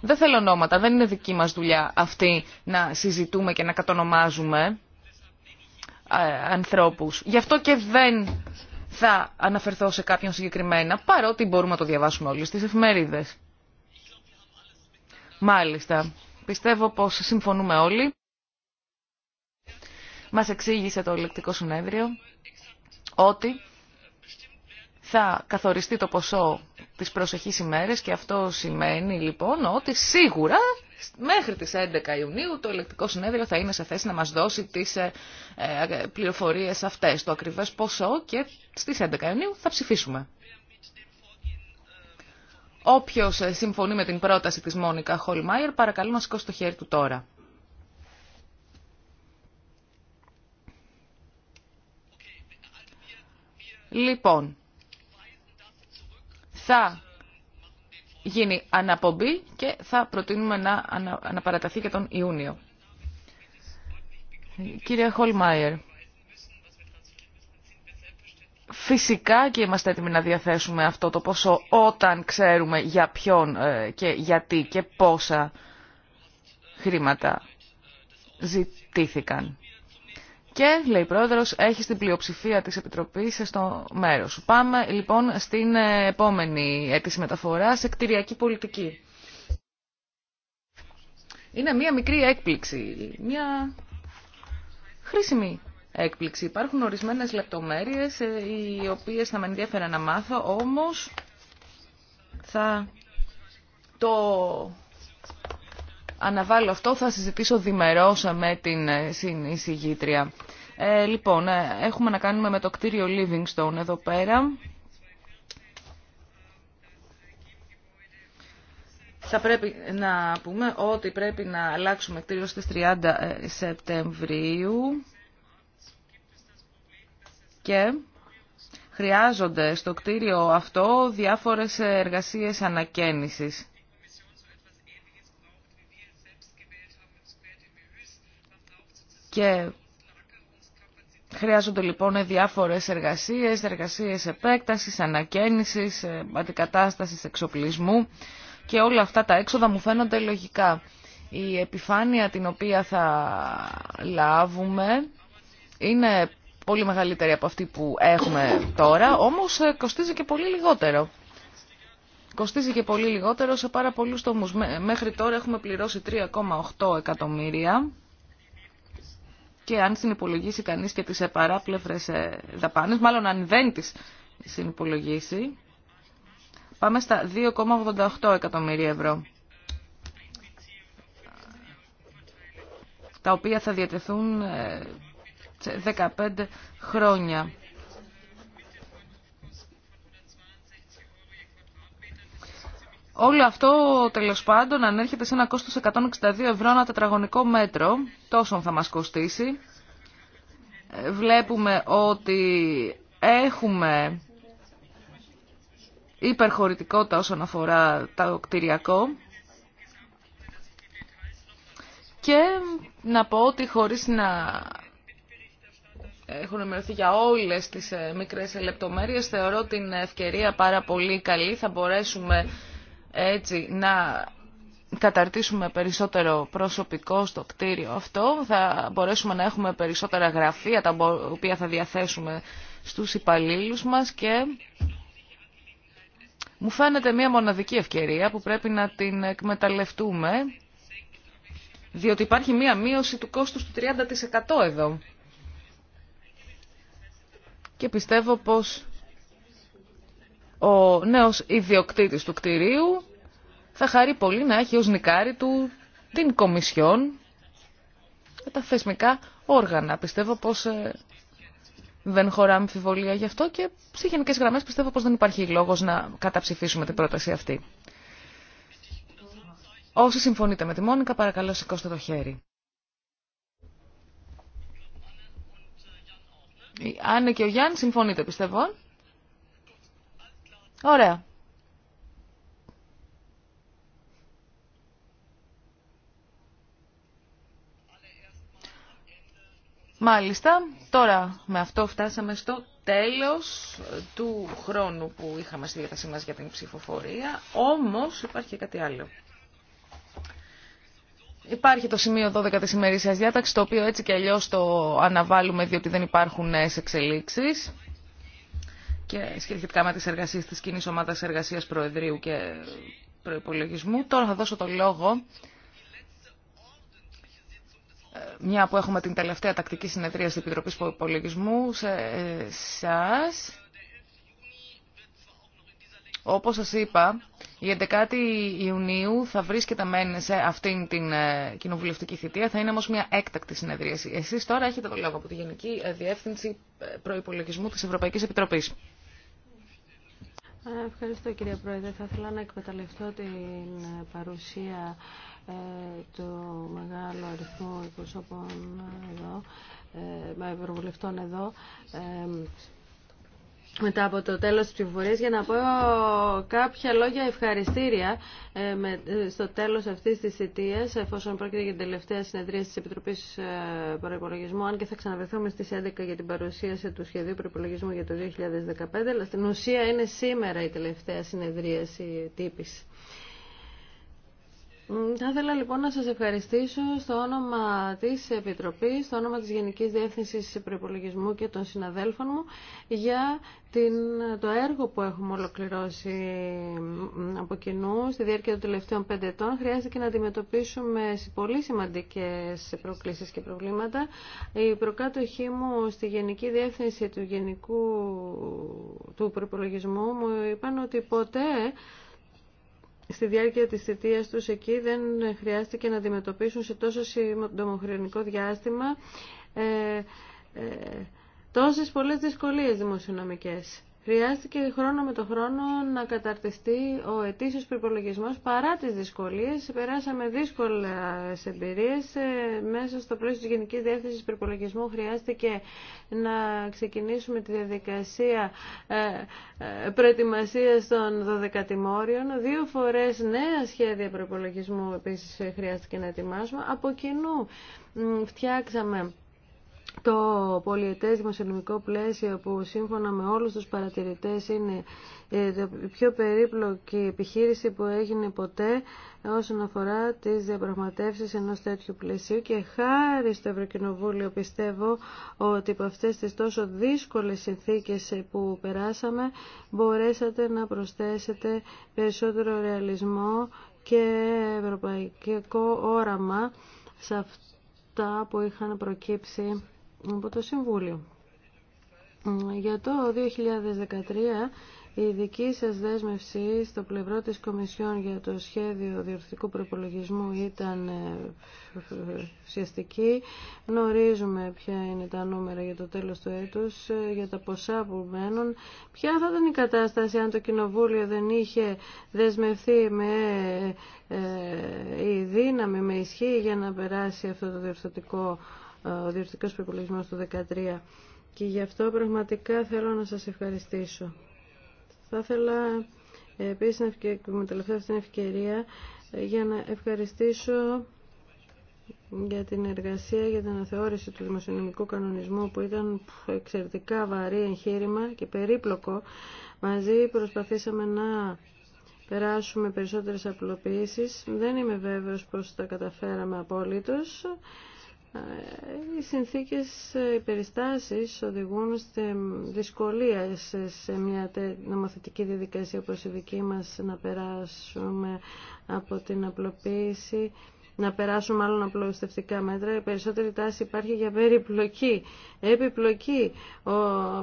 Δεν θέλω ονόματα, δεν είναι δική μας δουλειά αυτή να συζητούμε και να κατονομάζουμε ε, ανθρώπους. Γι' αυτό και δεν θα αναφερθώ σε κάποιον συγκεκριμένα, παρότι μπορούμε να το διαβάσουμε όλοι στις εφημερίδες. Μάλιστα, πιστεύω πως συμφωνούμε όλοι. Μας εξήγησε το ελεκτικό συνέδριο ότι θα καθοριστεί το ποσό της προσεχής ημέρες και αυτό σημαίνει λοιπόν ότι σίγουρα Μέχρι τις 11 Ιουνίου το ελεκτικό συνέδριο θα είναι σε θέση να μας δώσει τις ε, ε, πληροφορίες αυτές, το ακριβές ποσό και στις 11 Ιουνίου θα ψηφίσουμε. Όποιος ε, συμφωνεί με την πρόταση της Μόνικα Χολμάιερ, παρακαλώ να σηκώσει το χέρι του τώρα. Λοιπόν, θα γίνει αναπομπή και θα προτείνουμε να αναπαραταθεί και τον Ιούνιο. Κύριε Χολμάιερ, φυσικά και είμαστε έτοιμοι να διαθέσουμε αυτό το ποσό όταν ξέρουμε για ποιον ε, και γιατί και πόσα χρήματα ζητήθηκαν. Και, λέει η πρόεδρος, έχει την πλειοψηφία της Επιτροπής στο μέρος σου. Πάμε λοιπόν στην ε, επόμενη αίτηση μεταφοράς, εκτηριακή πολιτική. Είναι μία μικρή έκπληξη, μία χρήσιμη έκπληξη. Υπάρχουν ορισμένες λεπτομέρειες ε, οι οποίες θα με ενδιαφέραν να μάθω, όμως θα το αναβάλω αυτό, θα συζητήσω διμερώς με την ε, συνεισηγήτρια. Ε, λοιπόν, ε, έχουμε να κάνουμε με το κτίριο Livingstone εδώ πέρα. Θα πρέπει να πούμε ότι πρέπει να αλλάξουμε κτίριο στις 30 ε, Σεπτεμβρίου και χρειάζονται στο κτίριο αυτό διάφορες εργασίες ανακαίνησης. Και χρειάζονται λοιπόν διάφορες εργασίες, εργασίες επέκτασης, ανακαίνησης, ε, αντικατάστασης εξοπλισμού και όλα αυτά τα έξοδα μου φαίνονται λογικά. Η επιφάνεια την οποία θα λάβουμε είναι πολύ μεγαλύτερη από αυτή που έχουμε τώρα, όμως ε, κοστίζει και πολύ λιγότερο. Κοστίζει και πολύ λιγότερο σε πάρα πολλούς τομούς. Μέχρι τώρα έχουμε πληρώσει 3,8 εκατομμύρια και αν συνυπολογίσει κανείς και τις παράπλευρες ε, δαπάνες, μάλλον αν δεν τις συνυπολογίσει, πάμε στα 2,88 εκατομμύρια ευρώ, τα οποία θα διατεθούν ε, σε 15 χρόνια. Όλο αυτό τέλο πάντων ανέρχεται σε ένα κόστος 162 ευρώ ένα τετραγωνικό μέτρο. Τόσο θα μας κοστίσει. Ε, βλέπουμε ότι έχουμε υπερχωρητικότητα όσον αφορά το κτηριακό. Και να πω ότι χωρίς να έχουν ενημερωθεί για όλες τις ε, μικρές λεπτομέρειες, θεωρώ την ευκαιρία πάρα πολύ καλή. Θα μπορέσουμε έτσι να καταρτήσουμε περισσότερο προσωπικό στο κτίριο αυτό, θα μπορέσουμε να έχουμε περισσότερα γραφεία τα οποία θα διαθέσουμε στους υπαλλήλους μας και μου φαίνεται μια μοναδική ευκαιρία που πρέπει να την εκμεταλλευτούμε διότι υπάρχει μια μείωση του κόστους του 30% εδώ. Και πιστεύω πως ο νέος ιδιοκτήτης του κτηρίου θα χαρεί πολύ να έχει ως νικάρι του την Κομισιόν και τα θεσμικά όργανα. Πιστεύω πως ε, δεν χωράμε φιβολία γι' αυτό και σε γενικέ γραμμές πιστεύω πως δεν υπάρχει λόγος να καταψηφίσουμε την πρόταση αυτή. Όσοι συμφωνείτε με τη Μόνικα, παρακαλώ σηκώστε το χέρι. Η ε, είναι και ο Γιάννη συμφωνείτε, πιστεύω. Ε? Ωραία. Μάλιστα, τώρα με αυτό φτάσαμε στο τέλος του χρόνου που είχαμε στη διάθεσή μας για την ψηφοφορία, όμως υπάρχει κάτι άλλο. Υπάρχει το σημείο 12 της ημερήσιας διάταξης, το οποίο έτσι και αλλιώς το αναβάλουμε διότι δεν υπάρχουν νέες εξελίξεις και σχετικά με τις εργασίες της κοινή ομάδας εργασίας Προεδρείου και Προϋπολογισμού. Τώρα θα δώσω το λόγο, ε, μια που έχουμε την τελευταία τακτική συνεδρία της Επιτροπή Προϋπολογισμού, σε εσάς. Όπως σας είπα, η 11η Ιουνίου θα βρίσκεται μεν σε αυτήν την ε, κοινοβουλευτική θητεία, θα είναι όμως μια έκτακτη συνεδρίαση. Εσείς τώρα έχετε το λόγο από τη Γενική Διεύθυνση ε, Προϋπολογισμού της Ευρωπαϊκής Επιτροπής. Ευχαριστώ κύριε Πρόεδρε. Θα ήθελα να εκμεταλλευτώ την ε, παρουσία ε, του μεγάλου αριθμού εκπροσώπων εδώ, ε, με ευρωβουλευτών εδώ, μετά από το τέλος της ψηφοφορίας για να πω κάποια λόγια ευχαριστήρια ε, ε, στο τέλος αυτής της θητείας εφόσον πρόκειται για την τελευταία συνεδρία της Επιτροπής ε, Προϋπολογισμού αν και θα ξαναβρεθούμε στις 11 για την παρουσίαση του σχεδίου προϋπολογισμού για το 2015 αλλά στην ουσία είναι σήμερα η τελευταία συνεδρίαση τύπης. Θα ήθελα λοιπόν να σας ευχαριστήσω στο όνομα της Επιτροπής, στο όνομα της Γενικής Διεύθυνσης Προϋπολογισμού και των συναδέλφων μου για την, το έργο που έχουμε ολοκληρώσει από κοινού στη διάρκεια των τελευταίων πέντε ετών. Χρειάστηκε να αντιμετωπίσουμε πολύ σημαντικές προκλήσεις και προβλήματα. Η προκάτοχή μου στη Γενική Διεύθυνση του Γενικού του Προϋπολογισμού μου είπαν ότι ποτέ στη διάρκεια της θητείας τους εκεί δεν χρειάστηκε να αντιμετωπίσουν σε τόσο συντομοχρονικό διάστημα ε, ε, τόσες πολλές δυσκολίες δημοσιονομικές. Χρειάστηκε χρόνο με το χρόνο να καταρτιστεί ο ετήσιος προπολογισμό παρά τις δυσκολίες. Περάσαμε δύσκολες εμπειρίες. Ε, μέσα στο πλαίσιο της Γενικής Διεύθυνσης Προπολογισμού χρειάστηκε να ξεκινήσουμε τη διαδικασία ε, ε, προετοιμασίας των 12 τιμόριων. Δύο φορές νέα σχέδια προπολογισμού επίσης χρειάστηκε να ετοιμάσουμε. Από κοινού φτιάξαμε το πολιετές δημοσιονομικό πλαίσιο που σύμφωνα με όλους τους παρατηρητές είναι η ε, πιο περίπλοκη επιχείρηση που έγινε ποτέ όσον αφορά τις διαπραγματεύσεις ενός τέτοιου πλαισίου και χάρη στο Ευρωκοινοβούλιο πιστεύω ότι από αυτές τις τόσο δύσκολες συνθήκες που περάσαμε μπορέσατε να προσθέσετε περισσότερο ρεαλισμό και ευρωπαϊκό όραμα σε αυτά που είχαν προκύψει από το Συμβούλιο. Για το 2013 η δική σας δέσμευση στο πλευρό της Κομισιόν για το σχέδιο διορθωτικού προπολογισμού ήταν ε, ουσιαστική. Γνωρίζουμε ποια είναι τα νούμερα για το τέλος του έτους, ε, για τα ποσά που μένουν. Ποια θα ήταν η κατάσταση αν το Κοινοβούλιο δεν είχε δεσμευθεί με ε, η δύναμη, με ισχύ για να περάσει αυτό το διορθωτικό ε, ο διορθικός Προπολογισμό του 2013 και γι' αυτό πραγματικά θέλω να σας ευχαριστήσω. Θα ήθελα ε, επίσης να εκμεταλλευτώ την ευκαιρία ε, για να ευχαριστήσω για την εργασία, για την αναθεώρηση του δημοσιονομικού κανονισμού που ήταν εξαιρετικά βαρύ εγχείρημα και περίπλοκο. Μαζί προσπαθήσαμε να περάσουμε περισσότερες απλοποιήσεις. Δεν είμαι βέβαιος πως τα καταφέραμε απόλυτος οι συνθήκες, ε, οι περιστάσεις οδηγούν σε δυσκολία σε μια νομοθετική διαδικασία όπως η δική μας να περάσουμε από την απλοποίηση να περάσουμε μάλλον απλοστευτικά μέτρα. Η περισσότερη τάση υπάρχει για περιπλοκή, επιπλοκή. Ο,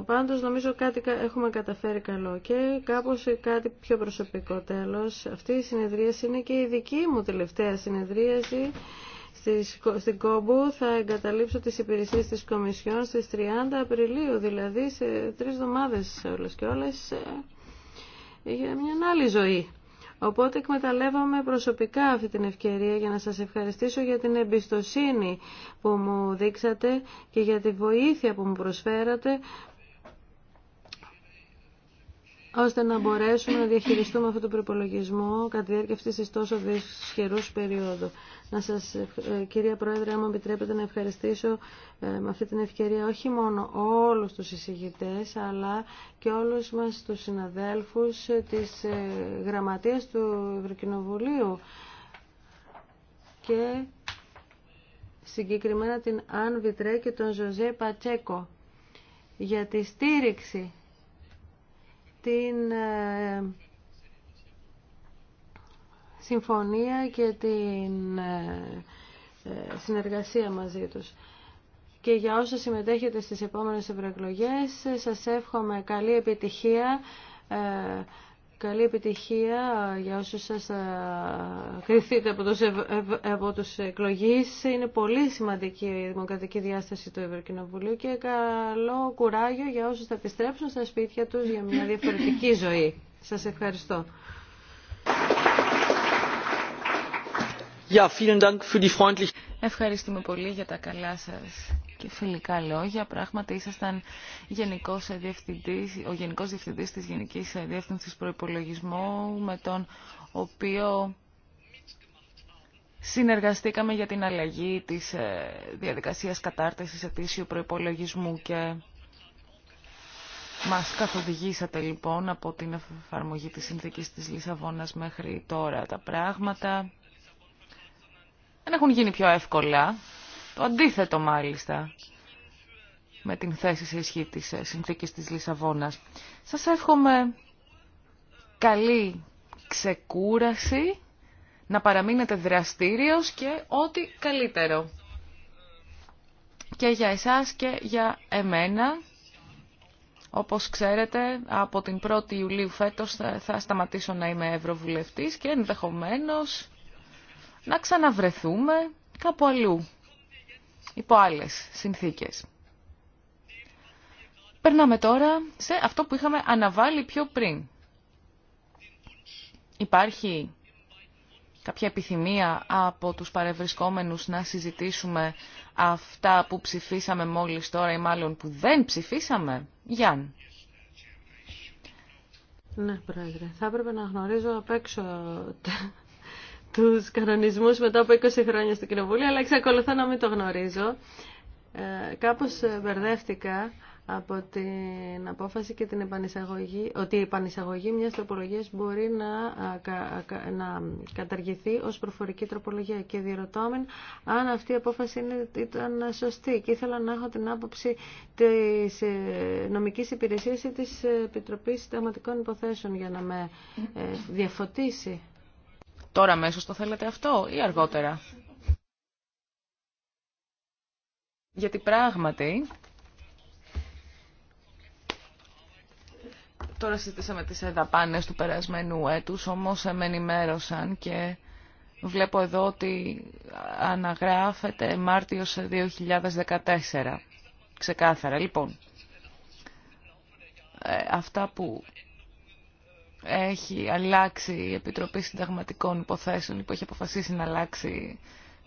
πάντως νομίζω κάτι έχουμε καταφέρει καλό και κάπως κάτι πιο προσωπικό τέλος. Αυτή η συνεδρίαση είναι και η δική μου τελευταία συνεδρίαση στην Κόμπου θα εγκαταλείψω τις υπηρεσίες της Κομισιόν στις 30 Απριλίου, δηλαδή σε τρεις εβδομάδες όλες και όλες για ε, μια άλλη ζωή. Οπότε εκμεταλλεύομαι προσωπικά αυτή την ευκαιρία για να σας ευχαριστήσω για την εμπιστοσύνη που μου δείξατε και για τη βοήθεια που μου προσφέρατε ώστε να μπορέσουμε να διαχειριστούμε αυτό το προπολογισμό κατά τη διάρκεια αυτής της τόσο δυσχερούς περίοδου. Να σας, ε, κυρία Πρόεδρε, άμα επιτρέπετε να ευχαριστήσω ε, με αυτή την ευκαιρία όχι μόνο όλους τους εισηγητές, αλλά και όλους μας τους συναδέλφους της ε, γραμματείας του Ευρωκοινοβουλίου και συγκεκριμένα την Αν Βιτρέ και τον Ζωζέ Πατσέκο για τη στήριξη την ε, συμφωνία και την ε, ε, συνεργασία μαζί τους. Και για όσο συμμετέχετε στις επόμενες ευρωεκλογές, σας εύχομαι καλή επιτυχία Καλή επιτυχία για όσους σας κριθείτε από τους, ευ, από τους εκλογείς. Είναι πολύ σημαντική η δημοκρατική διάσταση του Ευρωκοινοβουλίου και καλό κουράγιο για όσους θα επιστρέψουν στα σπίτια τους για μια διαφορετική ζωή. Σας ευχαριστώ. Ευχαριστούμε πολύ για τα καλά σας και φιλικά λόγια. Πράγματι ήσασταν γενικός διευθυντής, ο Γενικός Διευθυντής της Γενικής Διεύθυνσης προπολογισμού με τον οποίο συνεργαστήκαμε για την αλλαγή της ε, διαδικασία κατάρτιση ετήσιου προπολογισμού και μας καθοδηγήσατε λοιπόν από την εφαρμογή της συνθήκης της Λισαβόνας μέχρι τώρα τα πράγματα. Δεν έχουν γίνει πιο εύκολα, το αντίθετο μάλιστα με την θέση σε ισχύ της ε, συνθήκης της Λισαβόνας. Σας εύχομαι καλή ξεκούραση, να παραμείνετε δραστήριος και ό,τι καλύτερο. Και για εσάς και για εμένα, όπως ξέρετε, από την 1η Ιουλίου φέτος θα σταματήσω να είμαι Ευρωβουλευτής και ενδεχομένως να ξαναβρεθούμε κάπου αλλού υπό άλλε συνθήκες. Περνάμε τώρα σε αυτό που είχαμε αναβάλει πιο πριν. Υπάρχει κάποια επιθυμία από τους παρευρισκόμενους να συζητήσουμε αυτά που ψηφίσαμε μόλις τώρα ή μάλλον που δεν ψηφίσαμε. Γιάν. Ναι, Πρόεδρε. Θα έπρεπε να γνωρίζω απ' έξω τους κανονισμούς μετά από 20 χρόνια στο Κοινοβούλιο, αλλά εξακολουθώ να μην το γνωρίζω. Ε, κάπως ε, μπερδεύτηκα από την απόφαση και την επανεισαγωγή, ότι η επανεισαγωγή μιας τροπολογίας μπορεί να, να καταργηθεί ως προφορική τροπολογία και διερωτώμεν αν αυτή η απόφαση είναι ήταν σωστή και ήθελα να έχω την άποψη της ε, νομικής υπηρεσίας ή της Επιτροπής Συνταγματικών Υποθέσεων για να με ε, διαφωτίσει. Τώρα αμέσω το θέλετε αυτό ή αργότερα. Γιατί πράγματι... Τώρα συζητήσαμε τις δαπάνες του περασμένου έτους, όμως με ενημέρωσαν και βλέπω εδώ ότι αναγράφεται Μάρτιος 2014. Ξεκάθαρα, λοιπόν. Ε, αυτά που έχει αλλάξει η Επιτροπή Συνταγματικών Υποθέσεων που έχει αποφασίσει να αλλάξει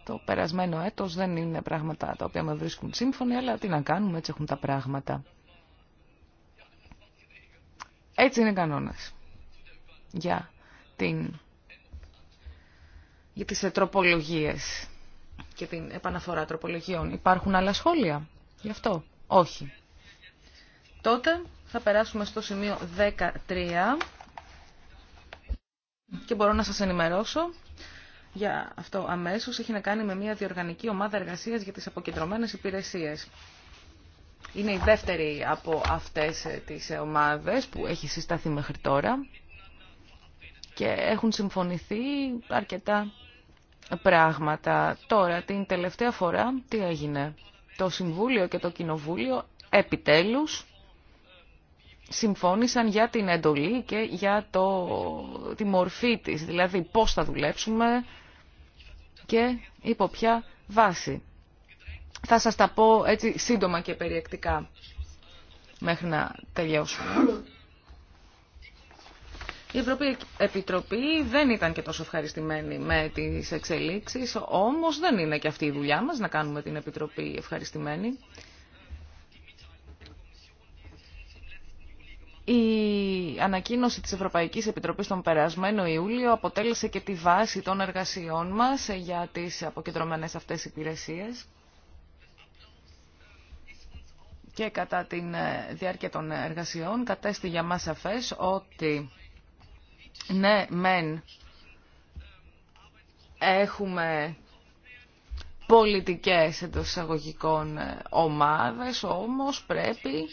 το περασμένο έτος. Δεν είναι πράγματα τα οποία με βρίσκουν σύμφωνοι, αλλά τι να κάνουμε, έτσι έχουν τα πράγματα. Έτσι είναι κανόνας για, την... για τις τροπολογίες και την επαναφορά τροπολογιών. Υπάρχουν άλλα σχόλια γι' αυτό. Όχι. Τότε θα περάσουμε στο σημείο 13 και μπορώ να σας ενημερώσω για αυτό αμέσως. Έχει να κάνει με μια διοργανική ομάδα εργασίας για τις αποκεντρωμένες υπηρεσίες. Είναι η δεύτερη από αυτές ε, τις ε, ομάδες που έχει συσταθεί μέχρι τώρα και έχουν συμφωνηθεί αρκετά πράγματα. Τώρα, την τελευταία φορά, τι έγινε. Το Συμβούλιο και το Κοινοβούλιο επιτέλους συμφώνησαν για την εντολή και για το, τη μορφή της, δηλαδή πώς θα δουλέψουμε και υπό ποια βάση. Θα σας τα πω έτσι σύντομα και περιεκτικά μέχρι να τελειώσουμε. Η Ευρωπαϊκή Επιτροπή δεν ήταν και τόσο ευχαριστημένη με τις εξελίξεις, όμως δεν είναι και αυτή η δουλειά μας να κάνουμε την Επιτροπή ευχαριστημένη. Η ανακοίνωση της Ευρωπαϊκής Επιτροπής τον περασμένο Ιούλιο αποτέλεσε και τη βάση των εργασιών μας για τις αποκεντρωμένες αυτές υπηρεσίες. Και κατά τη διάρκεια των εργασιών κατέστη για μας σαφές ότι ναι, μεν έχουμε πολιτικές εντός εισαγωγικών ομάδες, όμως πρέπει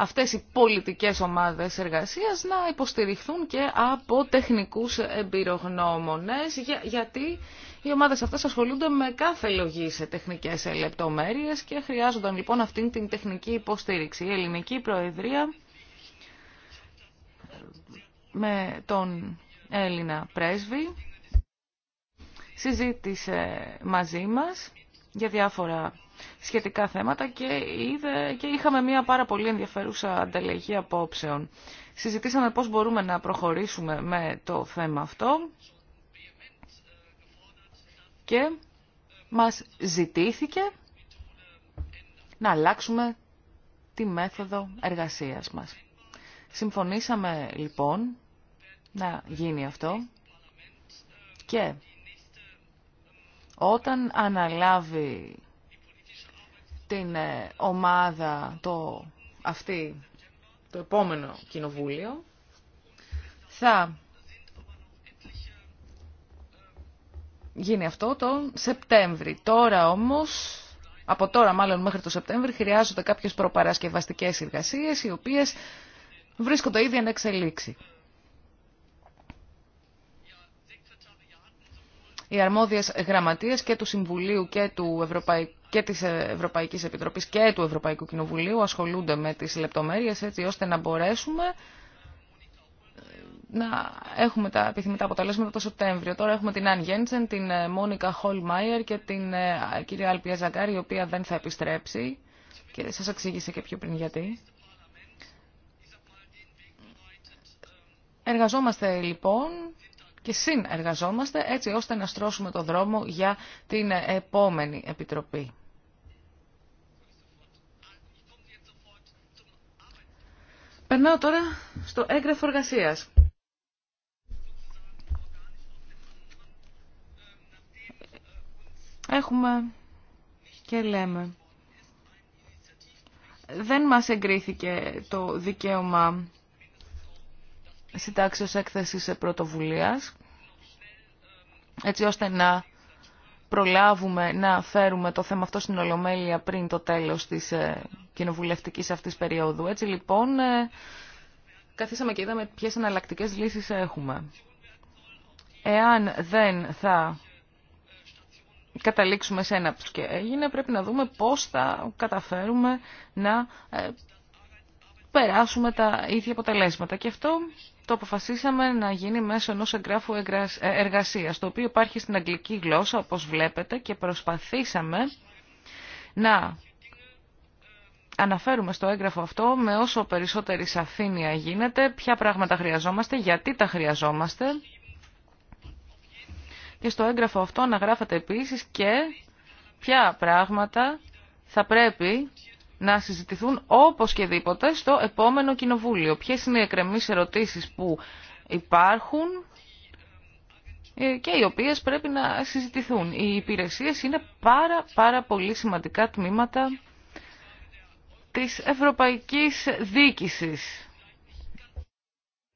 αυτές οι πολιτικές ομάδες εργασίας να υποστηριχθούν και από τεχνικούς εμπειρογνώμονες, γιατί οι ομάδες αυτές ασχολούνται με κάθε λογή σε τεχνικές λεπτομέρειες και χρειάζονταν λοιπόν αυτήν την τεχνική υποστήριξη. Η Ελληνική Προεδρία με τον Έλληνα πρέσβη συζήτησε μαζί μας για διάφορα σχετικά θέματα και, είδε, και είχαμε μια πάρα πολύ ενδιαφέρουσα ανταλλαγή απόψεων. Συζητήσαμε πώς μπορούμε να προχωρήσουμε με το θέμα αυτό και μας ζητήθηκε να αλλάξουμε τη μέθοδο εργασίας μας. Συμφωνήσαμε λοιπόν να γίνει αυτό και όταν αναλάβει την ε, ομάδα το, αυτή, το επόμενο κοινοβούλιο, θα γίνει αυτό το Σεπτέμβρη. Τώρα όμως, από τώρα μάλλον μέχρι το Σεπτέμβρη, χρειάζονται κάποιες προπαρασκευαστικές εργασίες, οι οποίες βρίσκονται ήδη εν εξελίξη. Οι αρμόδιες γραμματείες και του Συμβουλίου και του Ευρωπαϊκού και της Ευρωπαϊκής Επιτροπής και του Ευρωπαϊκού Κοινοβουλίου ασχολούνται με τις λεπτομέρειες έτσι ώστε να μπορέσουμε να έχουμε τα επιθυμητά αποτελέσματα το Σεπτέμβριο. Τώρα έχουμε την Αν Γέντσεν, την ε, Μόνικα Χολμάιερ και την ε, κυρία Αλπία Ζαγκάρη, η οποία δεν θα επιστρέψει και σας εξήγησε και πιο πριν γιατί. Εργαζόμαστε λοιπόν και συνεργαζόμαστε έτσι ώστε να στρώσουμε το δρόμο για την επόμενη επιτροπή. Περνάω τώρα στο έγγραφο εργασία. Έχουμε και λέμε. Δεν μας εγκρίθηκε το δικαίωμα συντάξεως έκθεσης πρωτοβουλίας, έτσι ώστε να προλάβουμε να φέρουμε το θέμα αυτό στην Ολομέλεια πριν το τέλος της ε, κοινοβουλευτικής αυτής περίοδου. Έτσι λοιπόν ε, καθίσαμε και είδαμε ποιες εναλλακτικέ λύσεις έχουμε. Εάν δεν θα καταλήξουμε σε ένα και έγινε, πρέπει να δούμε πώς θα καταφέρουμε να ε, περάσουμε τα ίδια αποτελέσματα. Και αυτό το αποφασίσαμε να γίνει μέσω ενός εγγράφου ε, εργασίας, το οποίο υπάρχει στην αγγλική γλώσσα, όπως βλέπετε, και προσπαθήσαμε να αναφέρουμε στο έγγραφο αυτό με όσο περισσότερη σαφήνεια γίνεται, ποια πράγματα χρειαζόμαστε, γιατί τα χρειαζόμαστε. Και στο έγγραφο αυτό αναγράφεται επίσης και ποια πράγματα θα πρέπει να συζητηθούν όπως και δίποτε στο επόμενο κοινοβούλιο. Ποιες είναι οι εκκρεμείς ερωτήσεις που υπάρχουν ε, και οι οποίες πρέπει να συζητηθούν. Οι υπηρεσίες είναι πάρα, πάρα πολύ σημαντικά τμήματα της ευρωπαϊκής δίκησης.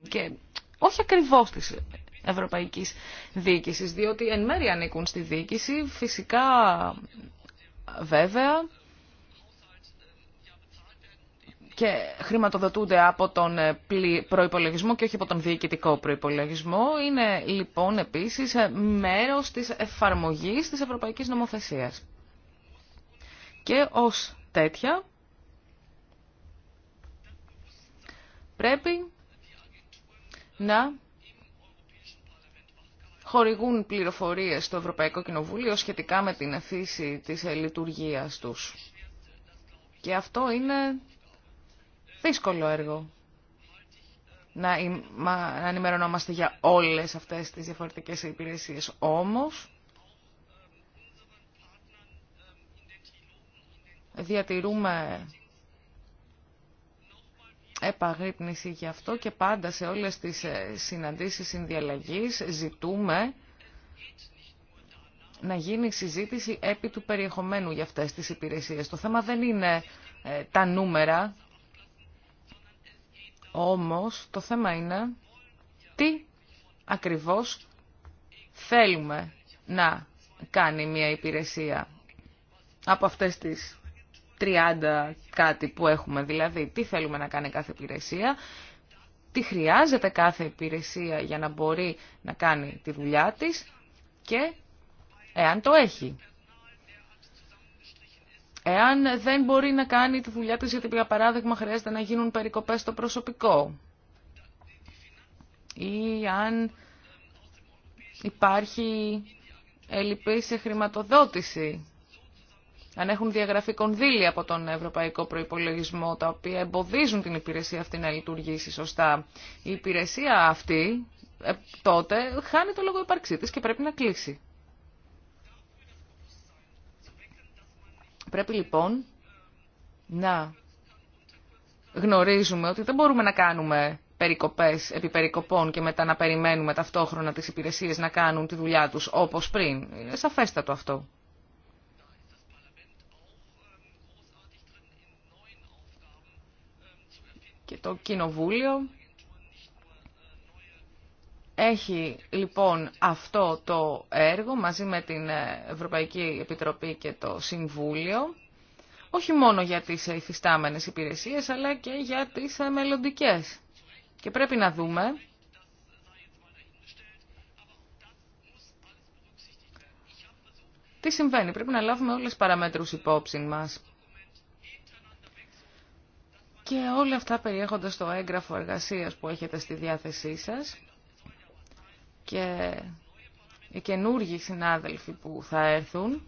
Και όχι ακριβώς της ευρωπαϊκής δίκησης, διότι εν μέρει ανήκουν στη δίκηση, φυσικά βέβαια και χρηματοδοτούνται από τον ε, προϋπολογισμό και όχι από τον διοικητικό προϋπολογισμό. Είναι λοιπόν επίσης ε, μέρος της εφαρμογής της Ευρωπαϊκής Νομοθεσίας. Και ως τέτοια πρέπει να χορηγούν πληροφορίες στο Ευρωπαϊκό Κοινοβούλιο σχετικά με την αφήση της ε, λειτουργίας τους. Και αυτό είναι δύσκολο έργο να, να ενημερωνόμαστε για όλες αυτές τις διαφορετικές υπηρεσίες. Όμως, διατηρούμε επαγρύπνηση γι' αυτό και πάντα σε όλες τις ε, συναντήσεις συνδιαλλαγής ζητούμε να γίνει συζήτηση επί του περιεχομένου για αυτές τις υπηρεσίες. Το θέμα δεν είναι ε, τα νούμερα όμως το θέμα είναι τι ακριβώς θέλουμε να κάνει μια υπηρεσία από αυτές τις 30 κάτι που έχουμε δηλαδή. Τι θέλουμε να κάνει κάθε υπηρεσία, τι χρειάζεται κάθε υπηρεσία για να μπορεί να κάνει τη δουλειά της και εάν το έχει. Εάν δεν μπορεί να κάνει τη δουλειά της, γιατί για παράδειγμα χρειάζεται να γίνουν περικοπές στο προσωπικό ή αν υπάρχει ελλειπή σε χρηματοδότηση, αν έχουν διαγραφεί κονδύλια από τον Ευρωπαϊκό Προϋπολογισμό, τα οποία εμποδίζουν την υπηρεσία αυτή να λειτουργήσει σωστά. Η υπηρεσία αυτή ε, τότε χάνει το λόγο υπαρξή της και πρέπει να κλείσει. Πρέπει λοιπόν να γνωρίζουμε ότι δεν μπορούμε να κάνουμε περικοπές επί περικοπών και μετά να περιμένουμε ταυτόχρονα τις υπηρεσίες να κάνουν τη δουλειά τους όπως πριν. Είναι σαφέστατο αυτό. Και το Κοινοβούλιο έχει λοιπόν αυτό το έργο μαζί με την Ευρωπαϊκή Επιτροπή και το Συμβούλιο, όχι μόνο για τις υφιστάμενες υπηρεσίες, αλλά και για τις μελλοντικέ. Και πρέπει να δούμε τι συμβαίνει. Πρέπει να λάβουμε όλες τις παραμέτρους υπόψη μας. Και όλα αυτά περιέχονται στο έγγραφο εργασίας που έχετε στη διάθεσή σας και οι καινούργοι συνάδελφοι που θα έρθουν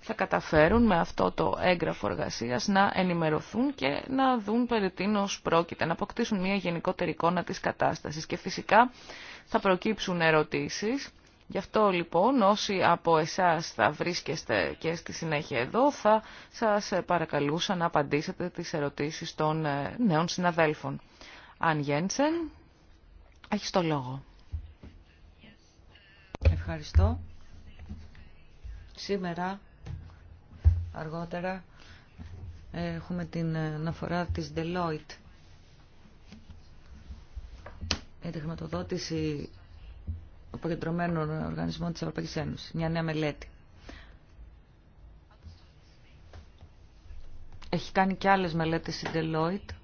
θα καταφέρουν με αυτό το έγγραφο εργασία να ενημερωθούν και να δουν περί τίνος πρόκειται, να αποκτήσουν μια γενικότερη εικόνα της κατάστασης. Και φυσικά θα προκύψουν ερωτήσεις. Γι' αυτό λοιπόν όσοι από εσάς θα βρίσκεστε και στη συνέχεια εδώ θα σας παρακαλούσα να απαντήσετε τις ερωτήσεις των ε, νέων συναδέλφων. Αν Γέντσεν, έχεις το λόγο. Ευχαριστώ. Σήμερα, αργότερα, έχουμε την αναφορά της Deloitte για τη χρηματοδότηση αποκεντρωμένων οργανισμών της Ευρωπαϊκής Ένωσης. Μια νέα μελέτη. Έχει κάνει και άλλες μελέτες η Deloitte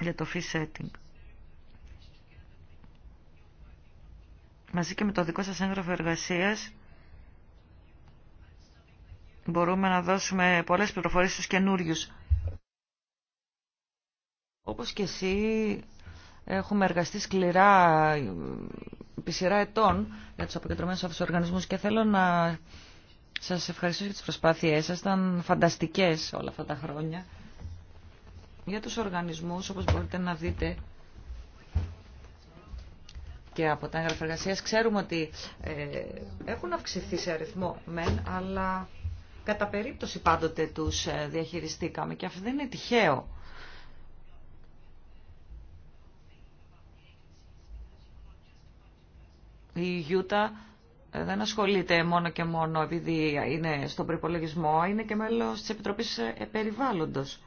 για το fee setting. μαζί και με το δικό σας έγγραφο εργασίας μπορούμε να δώσουμε πολλές πληροφορίες στους καινούριου. Όπως και εσύ έχουμε εργαστεί σκληρά ε, επί σειρά ετών για τους αποκεντρωμένους αυτούς οργανισμούς και θέλω να σας ευχαριστώ για τις προσπάθειές σας. Ήταν φανταστικές όλα αυτά τα χρόνια. Για τους οργανισμούς, όπως μπορείτε να δείτε, και από τα έγγραφα εργασία. Ξέρουμε ότι ε, έχουν αυξηθεί σε αριθμό μεν, αλλά κατά περίπτωση πάντοτε τους ε, διαχειριστήκαμε και αυτό δεν είναι τυχαίο. Η Γιούτα ε, δεν ασχολείται μόνο και μόνο επειδή είναι στον προπολογισμό, είναι και μέλος της Επιτροπής Περιβάλλοντος.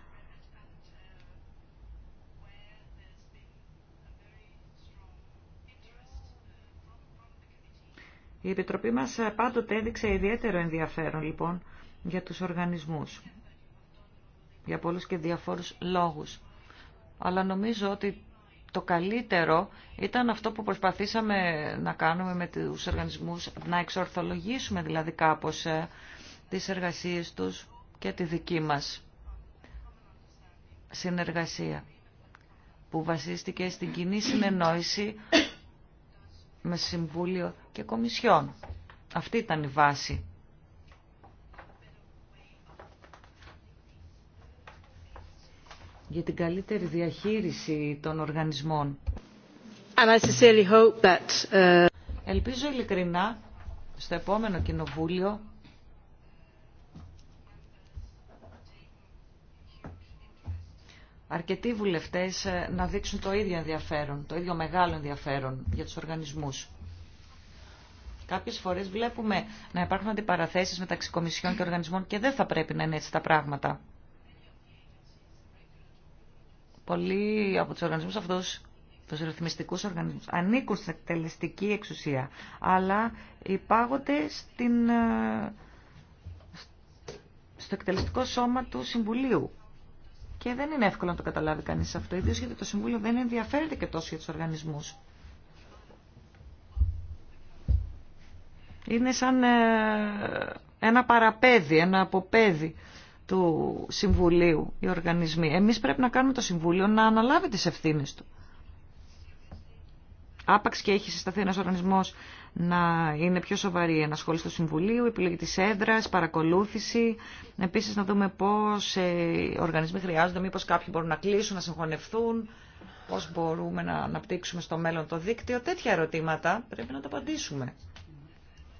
Η Επιτροπή μας πάντοτε έδειξε ιδιαίτερο ενδιαφέρον λοιπόν για τους οργανισμούς, για πολλούς και διαφόρους λόγους. Αλλά νομίζω ότι το καλύτερο ήταν αυτό που προσπαθήσαμε να κάνουμε με τους οργανισμούς, να εξορθολογήσουμε δηλαδή κάπως ε, τις εργασίες τους και τη δική μας συνεργασία που βασίστηκε στην κοινή συνεννόηση με Συμβούλιο και Κομισιόν. Αυτή ήταν η βάση. για την καλύτερη διαχείριση των οργανισμών. Uh, Ελπίζω ειλικρινά στο επόμενο κοινοβούλιο αρκετοί βουλευτές ε, να δείξουν το ίδιο ενδιαφέρον, το ίδιο μεγάλο ενδιαφέρον για τους οργανισμούς. Κάποιες φορές βλέπουμε να υπάρχουν αντιπαραθέσεις μεταξύ κομισιών και οργανισμών και δεν θα πρέπει να είναι έτσι τα πράγματα. Πολλοί από τους οργανισμούς αυτούς του ρυθμιστικού οργανισμού. Ανήκουν στην εκτελεστική εξουσία, αλλά υπάγονται στην, ε, στο εκτελεστικό σώμα του Συμβουλίου. Και δεν είναι εύκολο να το καταλάβει κανεί αυτό, ιδίω γιατί το Συμβούλιο δεν ενδιαφέρεται και τόσο για του οργανισμού. είναι σαν ε, ένα παραπέδι, ένα αποπέδι του Συμβουλίου οι οργανισμοί. Εμείς πρέπει να κάνουμε το Συμβούλιο να αναλάβει τις ευθύνες του. Άπαξ και έχει συσταθεί ένας οργανισμός να είναι πιο σοβαρή ενασχόληση του Συμβουλίου, επιλογή της έδρας, παρακολούθηση. Επίσης να δούμε πώς ε, οι οργανισμοί χρειάζονται, μήπως κάποιοι μπορούν να κλείσουν, να συγχωνευτούν, πώς μπορούμε να αναπτύξουμε στο μέλλον το δίκτυο. Τέτοια ερωτήματα πρέπει να τα απαντήσουμε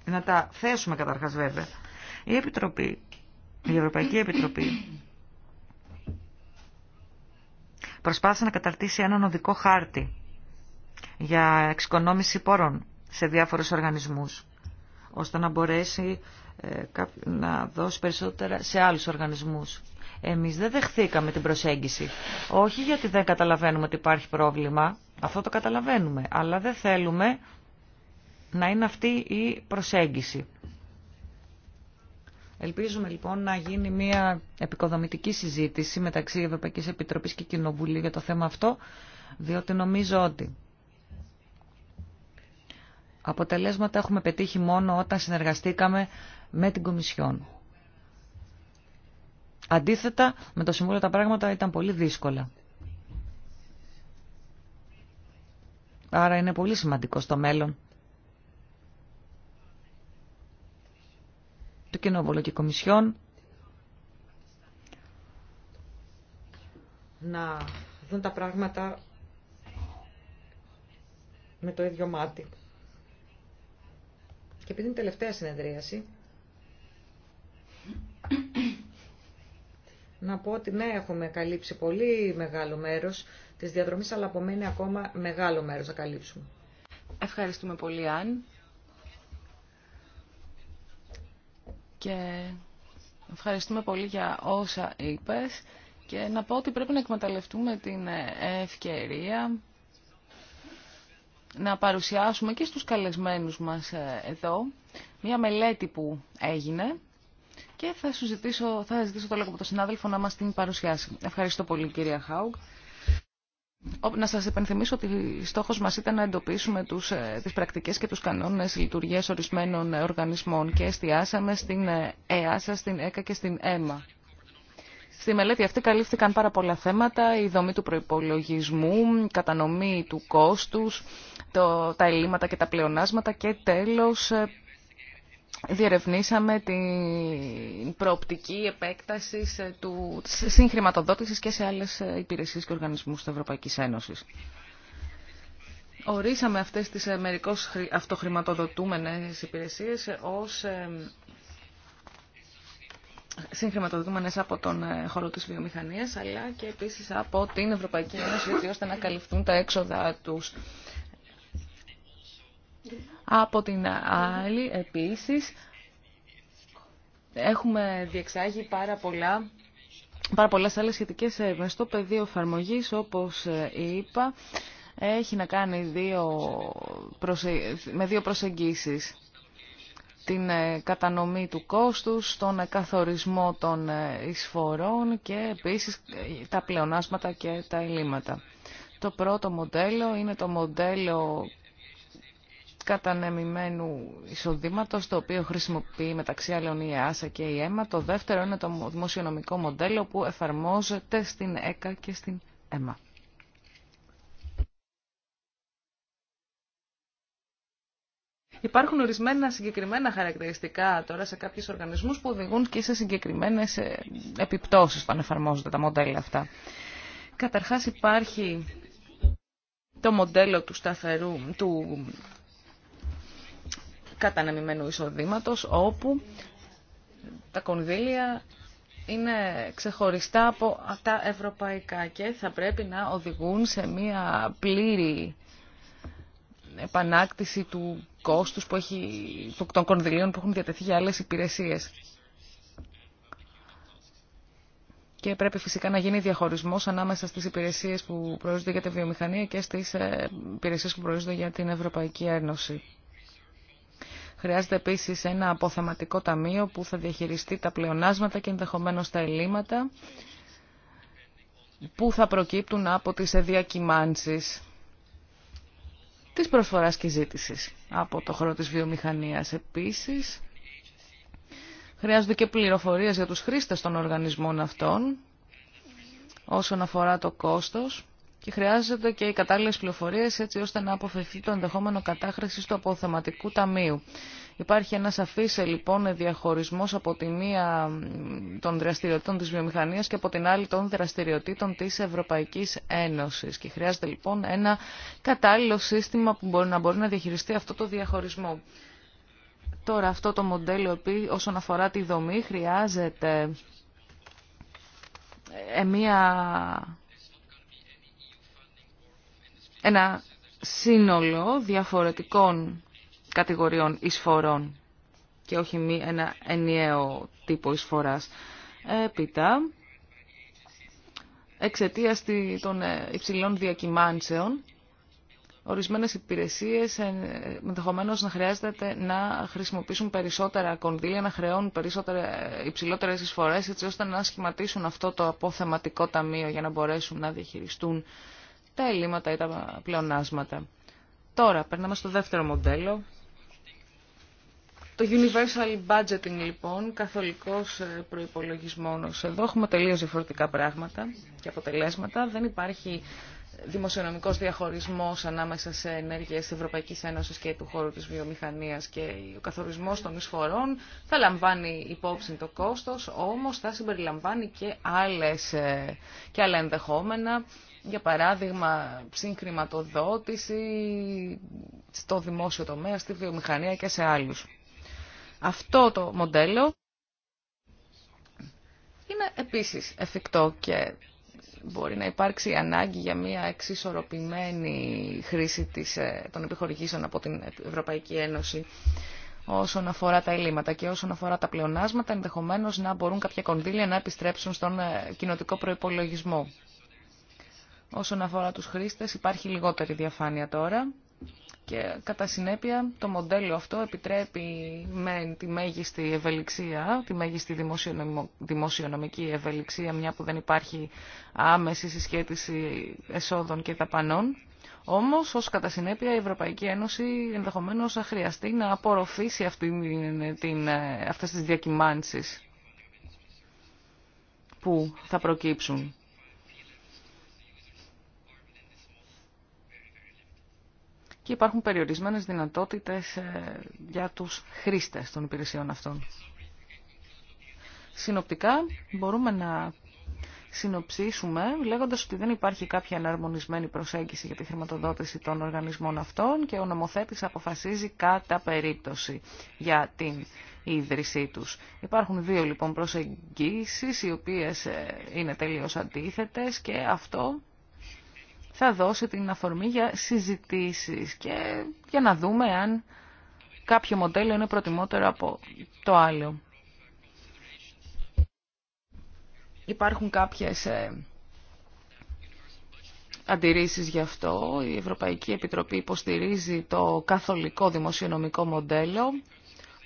να τα θέσουμε καταρχάς βέβαια. Η Επιτροπή, η Ευρωπαϊκή Επιτροπή προσπάθησε να καταρτήσει έναν οδικό χάρτη για εξοικονόμηση πόρων σε διάφορους οργανισμούς, ώστε να μπορέσει ε, να δώσει περισσότερα σε άλλους οργανισμούς. Εμείς δεν δεχθήκαμε την προσέγγιση. Όχι γιατί δεν καταλαβαίνουμε ότι υπάρχει πρόβλημα, αυτό το καταλαβαίνουμε, αλλά δεν θέλουμε να είναι αυτή η προσέγγιση. Ελπίζουμε λοιπόν να γίνει μια επικοδομητική συζήτηση μεταξύ Ευρωπαϊκής Επιτροπής και Κοινοβουλίου για το θέμα αυτό, διότι νομίζω ότι αποτελέσματα έχουμε πετύχει μόνο όταν συνεργαστήκαμε με την Κομισιόν. Αντίθετα, με το Συμβούλιο τα πράγματα ήταν πολύ δύσκολα. Άρα είναι πολύ σημαντικό στο μέλλον το Κοινόβολο και Κομισιόν να δουν τα πράγματα με το ίδιο μάτι. Και επειδή είναι τελευταία συνεδρίαση, να πω ότι ναι, έχουμε καλύψει πολύ μεγάλο μέρος της διαδρομής, αλλά απομένει ακόμα μεγάλο μέρος να καλύψουμε. Ευχαριστούμε πολύ, Αν. και ευχαριστούμε πολύ για όσα είπες και να πω ότι πρέπει να εκμεταλλευτούμε την ευκαιρία να παρουσιάσουμε και στους καλεσμένους μας ε, εδώ μια μελέτη που έγινε και θα, σου ζητήσω, θα ζητήσω το λόγο από τον συνάδελφο να μας την παρουσιάσει. Ευχαριστώ πολύ κυρία Χάουγκ. Να σας υπενθυμίσω ότι στόχος μας ήταν να εντοπίσουμε τους, ε, τις πρακτικές και τους κανόνες λειτουργίας ορισμένων οργανισμών και εστιάσαμε στην ε, ΕΑΣΑ, στην ΕΚΑ και στην ΕΜΑ. Στη μελέτη αυτή καλύφθηκαν πάρα πολλά θέματα, η δομή του προϋπολογισμού, η κατανομή του κόστους, το, τα ελλείμματα και τα πλεονάσματα και τέλος ε, διερευνήσαμε την προοπτική επέκταση του συγχρηματοδότησης και σε άλλες υπηρεσίες και οργανισμούς της Ευρωπαϊκής Ένωσης. Ορίσαμε αυτές τις ε, μερικώς αυτοχρηματοδοτούμενες υπηρεσίες ως ε, συγχρηματοδοτούμενες από τον ε, χώρο της βιομηχανίας αλλά και επίσης από την Ευρωπαϊκή Ένωση ώστε να καλυφθούν τα έξοδα τους. Από την άλλη, επίσης, έχουμε διεξάγει πάρα πολλά Πάρα σχετικέ άλλες σχετικές έρευνες στο πεδίο εφαρμογή, όπως ε, είπα, έχει να κάνει με δύο προσεγγίσεις. Την ε, κατανομή του κόστου, τον καθορισμό των ε, εισφορών και επίσης τα πλεονάσματα και τα ελλείμματα. Το πρώτο μοντέλο είναι το μοντέλο κατανεμημένου εισοδήματο, το οποίο χρησιμοποιεί μεταξύ άλλων η ΕΑΣΑ και η ΕΜΑ. Το δεύτερο είναι το δημοσιονομικό μοντέλο που εφαρμόζεται στην ΕΚΑ και στην ΕΜΑ. Υπάρχουν ορισμένα συγκεκριμένα χαρακτηριστικά τώρα σε κάποιους οργανισμούς που οδηγούν και σε συγκεκριμένες ε, επιπτώσεις όταν εφαρμόζονται τα μοντέλα αυτά. Καταρχάς υπάρχει το μοντέλο του σταθερού, του κατανεμημένου εισοδήματος, όπου τα κονδύλια είναι ξεχωριστά από τα ευρωπαϊκά και θα πρέπει να οδηγούν σε μία πλήρη επανάκτηση του κόστους που έχει, των κονδυλίων που έχουν διατεθεί για άλλες υπηρεσίες. Και πρέπει φυσικά να γίνει διαχωρισμός ανάμεσα στις υπηρεσίες που προέρχονται για τη βιομηχανία και στις ε, υπηρεσίες που προέρχονται για την Ευρωπαϊκή Ένωση. Χρειάζεται επίσης ένα αποθεματικό ταμείο που θα διαχειριστεί τα πλεονάσματα και ενδεχομένως τα ελλείμματα που θα προκύπτουν από τις διακυμάνσεις της προσφοράς και ζήτησης από το χώρο της βιομηχανίας. Επίσης, χρειάζονται και πληροφορίες για τους χρήστες των οργανισμών αυτών όσον αφορά το κόστος και χρειάζονται και οι κατάλληλες πληροφορίες έτσι ώστε να αποφευθεί το ενδεχόμενο κατάχρηση του αποθεματικού ταμείου. Υπάρχει ένα σαφή ε, λοιπόν διαχωρισμός από τη μία των δραστηριοτήτων της βιομηχανίας και από την άλλη των δραστηριοτήτων της Ευρωπαϊκής Ένωσης και χρειάζεται λοιπόν ένα κατάλληλο σύστημα που μπορεί να μπορεί να διαχειριστεί αυτό το διαχωρισμό. Τώρα αυτό το μοντέλο όσον αφορά τη δομή χρειάζεται ε, μια ένα σύνολο διαφορετικών κατηγοριών εισφορών και όχι μη ένα ενιαίο τύπο εισφοράς. Έπειτα, εξαιτίας των ε, υψηλών διακυμάνσεων, ορισμένες υπηρεσίες ε, ενδεχομένως να χρειάζεται να χρησιμοποιήσουν περισσότερα κονδύλια, να χρεώνουν περισσότερα, ε, υψηλότερες εισφορές, έτσι ώστε να σχηματίσουν αυτό το αποθεματικό ταμείο για να μπορέσουν να διαχειριστούν τα ελλείμματα ή τα πλεονάσματα. Τώρα, περνάμε στο δεύτερο μοντέλο. Το Universal Budgeting, λοιπόν, καθολικός ε, προϋπολογισμός. Εδώ έχουμε τελείως διαφορετικά πράγματα και αποτελέσματα. Δεν υπάρχει δημοσιονομικός διαχωρισμός ανάμεσα σε ενέργειες της Ευρωπαϊκής Ένωσης και του χώρου της βιομηχανίας και ο καθορισμός των εισφορών θα λαμβάνει υπόψη το κόστος, όμως θα συμπεριλαμβάνει και, άλλες, ε, και άλλα ενδεχόμενα για παράδειγμα συγχρηματοδότηση στο δημόσιο τομέα, στη βιομηχανία και σε άλλους. Αυτό το μοντέλο είναι επίσης εφικτό και μπορεί να υπάρξει ανάγκη για μια εξισορροπημένη χρήση της, ε, των επιχορηγήσεων από την Ευρωπαϊκή Ένωση όσον αφορά τα ελλείμματα και όσον αφορά τα πλεονάσματα, ενδεχομένως να μπορούν κάποια κονδύλια να επιστρέψουν στον ε, κοινοτικό προϋπολογισμό. Όσον αφορά τους χρήστες υπάρχει λιγότερη διαφάνεια τώρα και κατά συνέπεια το μοντέλο αυτό επιτρέπει με τη μέγιστη ευελιξία, τη μέγιστη δημοσιονομική ευελιξία, μια που δεν υπάρχει άμεση συσχέτιση εσόδων και ταπανών. Όμως, ως κατά συνέπεια, η Ευρωπαϊκή Ένωση ενδεχομένως θα χρειαστεί να απορροφήσει αυτή, την, αυτές τις διακυμάνσεις που θα προκύψουν. και υπάρχουν περιορισμένες δυνατότητες ε, για τους χρήστες των υπηρεσιών αυτών. Συνοπτικά μπορούμε να συνοψίσουμε λέγοντας ότι δεν υπάρχει κάποια εναρμονισμένη προσέγγιση για τη χρηματοδότηση των οργανισμών αυτών και ο νομοθέτης αποφασίζει κατά περίπτωση για την ίδρυσή τους. Υπάρχουν δύο λοιπόν προσεγγίσεις οι οποίες ε, είναι τελείως αντίθετες και αυτό θα δώσει την αφορμή για συζητήσεις και για να δούμε αν κάποιο μοντέλο είναι προτιμότερο από το άλλο. Υπάρχουν κάποιες ε, αντιρρήσεις γι' αυτό. Η Ευρωπαϊκή Επιτροπή υποστηρίζει το καθολικό δημοσιονομικό μοντέλο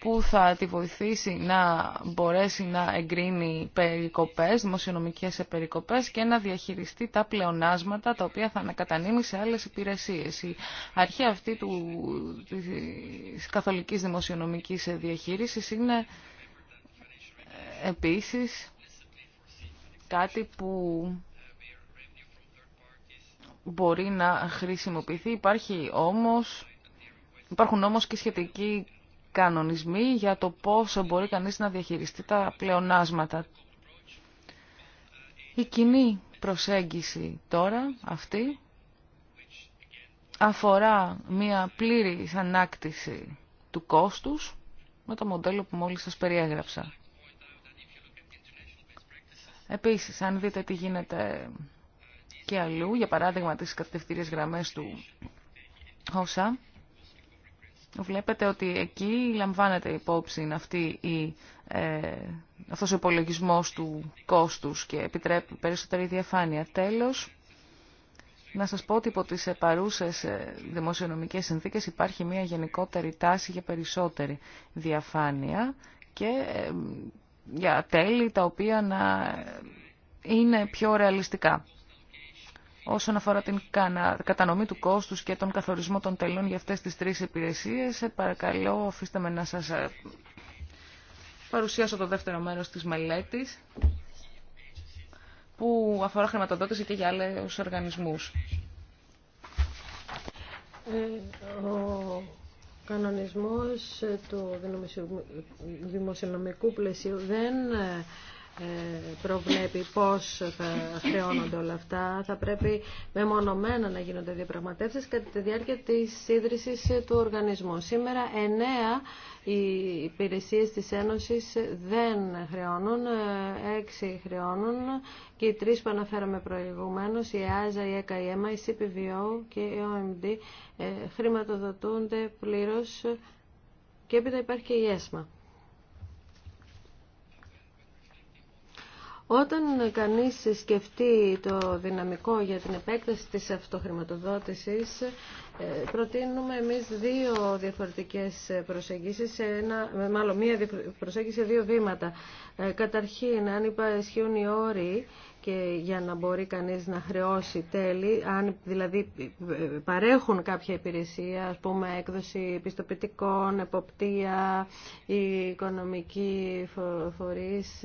που θα τη βοηθήσει να μπορέσει να εγκρίνει περικοπές, δημοσιονομικές περικοπές και να διαχειριστεί τα πλεονάσματα τα οποία θα ανακατανείμει σε άλλες υπηρεσίες. Η αρχή αυτή του, της καθολικής δημοσιονομικής διαχείρισης είναι ε, επίσης κάτι που μπορεί να χρησιμοποιηθεί. Υπάρχει όμως, υπάρχουν όμως και σχετικοί κανονισμοί για το πόσο μπορεί κανείς να διαχειριστεί τα πλεονάσματα. Η κοινή προσέγγιση τώρα αυτή αφορά μία πλήρη ανάκτηση του κόστους με το μοντέλο που μόλις σας περιέγραψα. Επίσης, αν δείτε τι γίνεται και αλλού, για παράδειγμα τις κατευθυντήριες γραμμές του ΩΣΑ, Βλέπετε ότι εκεί λαμβάνεται υπόψη αυτή η, ε, αυτός ο υπολογισμός του κόστους και επιτρέπει περισσότερη διαφάνεια. Τέλος, να σας πω ότι υπό τις παρούσες ε, δημοσιονομικές συνθήκες υπάρχει μια γενικότερη τάση για περισσότερη διαφάνεια και ε, για τέλη τα οποία να είναι πιο ρεαλιστικά όσον αφορά την κατανομή του κόστους και τον καθορισμό των τελών για αυτές τις τρεις υπηρεσίες. Ε, παρακαλώ, αφήστε με να σας ε, παρουσιάσω το δεύτερο μέρος της μελέτης που αφορά χρηματοδότηση και για άλλους οργανισμούς. Ε, ο κανονισμός του δημοσιονομικού πλαισίου δεν ε, προβλέπει πώς θα χρεώνονται όλα αυτά. Θα πρέπει μεμονωμένα να γίνονται διαπραγματεύσεις κατά τη διάρκεια της ίδρυσης του οργανισμού. Σήμερα εννέα οι υπηρεσίες της Ένωσης δεν χρεώνουν, ε, έξι χρεώνουν και οι τρεις που αναφέραμε προηγουμένως, η ΕΑΖΑ, η ΕΚΑΙΕΜΑ, η CPVO και η OMD ε, χρηματοδοτούνται πλήρως και έπειτα υπάρχει και η ΕΣΜΑ. Όταν κανείς σκεφτεί το δυναμικό για την επέκταση της αυτοχρηματοδότησης, ε, προτείνουμε εμείς δύο διαφορετικές προσεγγίσεις, ένα, μάλλον μία προσέγγιση σε δύο βήματα. Ε, καταρχήν, αν ισχύουν οι όροι και για να μπορεί κανείς να χρεώσει τέλη, αν δηλαδή ε, παρέχουν κάποια υπηρεσία, ας πούμε έκδοση πιστοποιητικών, εποπτεία, οικονομική οικονομικοί φορείς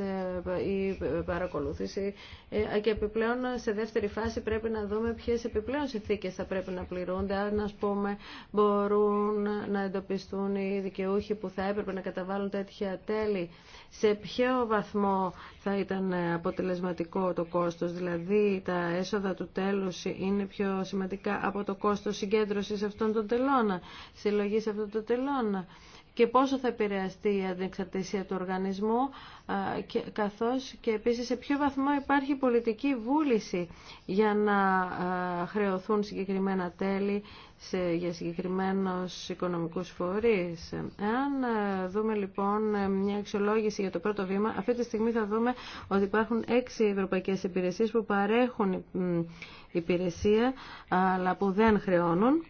ή ε, παρακολούθηση. Ε, και επιπλέον σε δεύτερη φάση πρέπει να δούμε ποιες επιπλέον συνθήκες θα πρέπει να πληρούνται, αν ας πούμε μπορούν να εντοπιστούν οι δικαιούχοι που θα έπρεπε να καταβάλουν τέτοια τέλη. Σε ποιο βαθμό θα ήταν αποτελεσματικό το κόστος, δηλαδή τα έσοδα του τέλους είναι πιο σημαντικά από το κόστος συγκέντρωσης αυτών των τελών, συλλογής αυτών των τελών και πόσο θα επηρεαστεί η ανεξαρτησία του οργανισμού καθώς και επίσης σε ποιο βαθμό υπάρχει πολιτική βούληση για να χρεωθούν συγκεκριμένα τέλη σε, για συγκεκριμένους οικονομικούς φορείς. Αν δούμε λοιπόν μια αξιολόγηση για το πρώτο βήμα, αυτή τη στιγμή θα δούμε ότι υπάρχουν έξι ευρωπαϊκές υπηρεσίες που παρέχουν υπηρεσία αλλά που δεν χρεώνουν.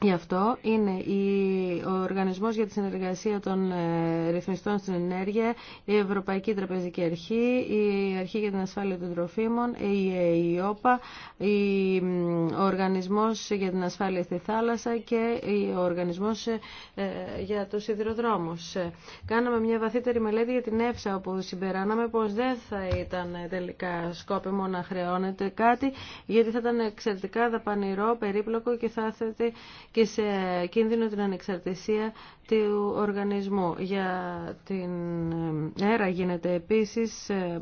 Γι' αυτό είναι ο Οργανισμός για τη Συνεργασία των ε, Ρυθμιστών στην Ενέργεια, η Ευρωπαϊκή Τραπεζική Αρχή, η Αρχή για την Ασφάλεια των Τροφίμων, η ΕΙΟΠΑ, ο Οργανισμός για την Ασφάλεια στη Θάλασσα και ο Οργανισμός ε, ε, για τους Σιδηροδρόμους. Κάναμε μια βαθύτερη μελέτη για την ΕΦΣΑ, όπου συμπεράναμε πως δεν θα ήταν τελικά σκόπιμο να χρεώνεται κάτι, γιατί θα ήταν εξαιρετικά δαπανηρό, περίπλοκο και θα και σε κίνδυνο την ανεξαρτησία του οργανισμού. Για την αέρα γίνεται επίσης ε,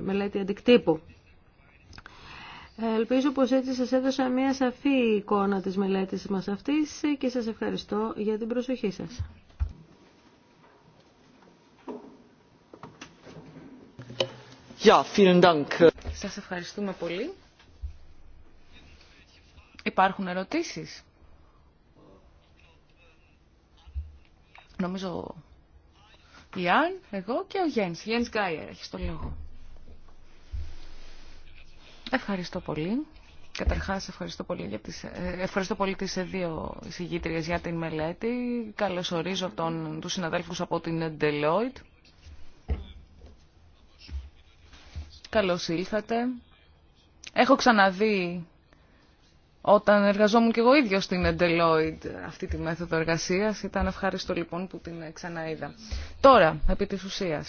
μελέτη αντικτύπου. Ελπίζω πως έτσι σας έδωσα μια σαφή εικόνα της μελέτης μας αυτής και σας ευχαριστώ για την προσοχή σας. Ja, Σας ευχαριστούμε πολύ. Υπάρχουν ερωτήσεις. Νομίζω η Αν, εγώ και ο Γιάννης. Γιάννης Γκάιερ, έχεις το λόγο. Ευχαριστώ πολύ. Καταρχάς, ευχαριστώ πολύ, για τις, ε, ευχαριστώ πολύ τις δύο εισηγήτριες για την μελέτη. Καλωσορίζω τον, τους συναδέλφους από την Deloitte. Καλώς ήλθατε. Έχω ξαναδεί όταν εργαζόμουν και εγώ ίδιο στην Deloitte αυτή τη μέθοδο εργασίας. Ήταν ευχάριστο λοιπόν που την ξαναείδα. Τώρα, επί τη ουσία.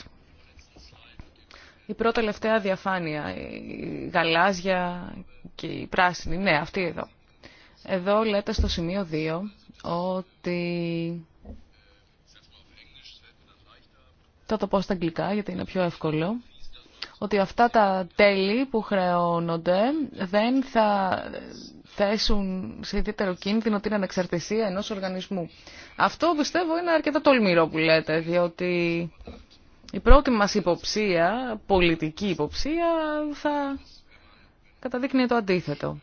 Η πρώτη τελευταία διαφάνεια, η γαλάζια και η πράσινη, ναι, αυτή εδώ. Εδώ λέτε στο σημείο 2 ότι... Θα το πω στα αγγλικά γιατί είναι πιο εύκολο ότι αυτά τα τέλη που χρεώνονται δεν θα θέσουν σε ιδιαίτερο κίνδυνο την ανεξαρτησία ενός οργανισμού. Αυτό πιστεύω είναι αρκετά τολμηρό που λέτε, διότι η πρώτη μας υποψία, πολιτική υποψία, θα καταδείκνει το αντίθετο.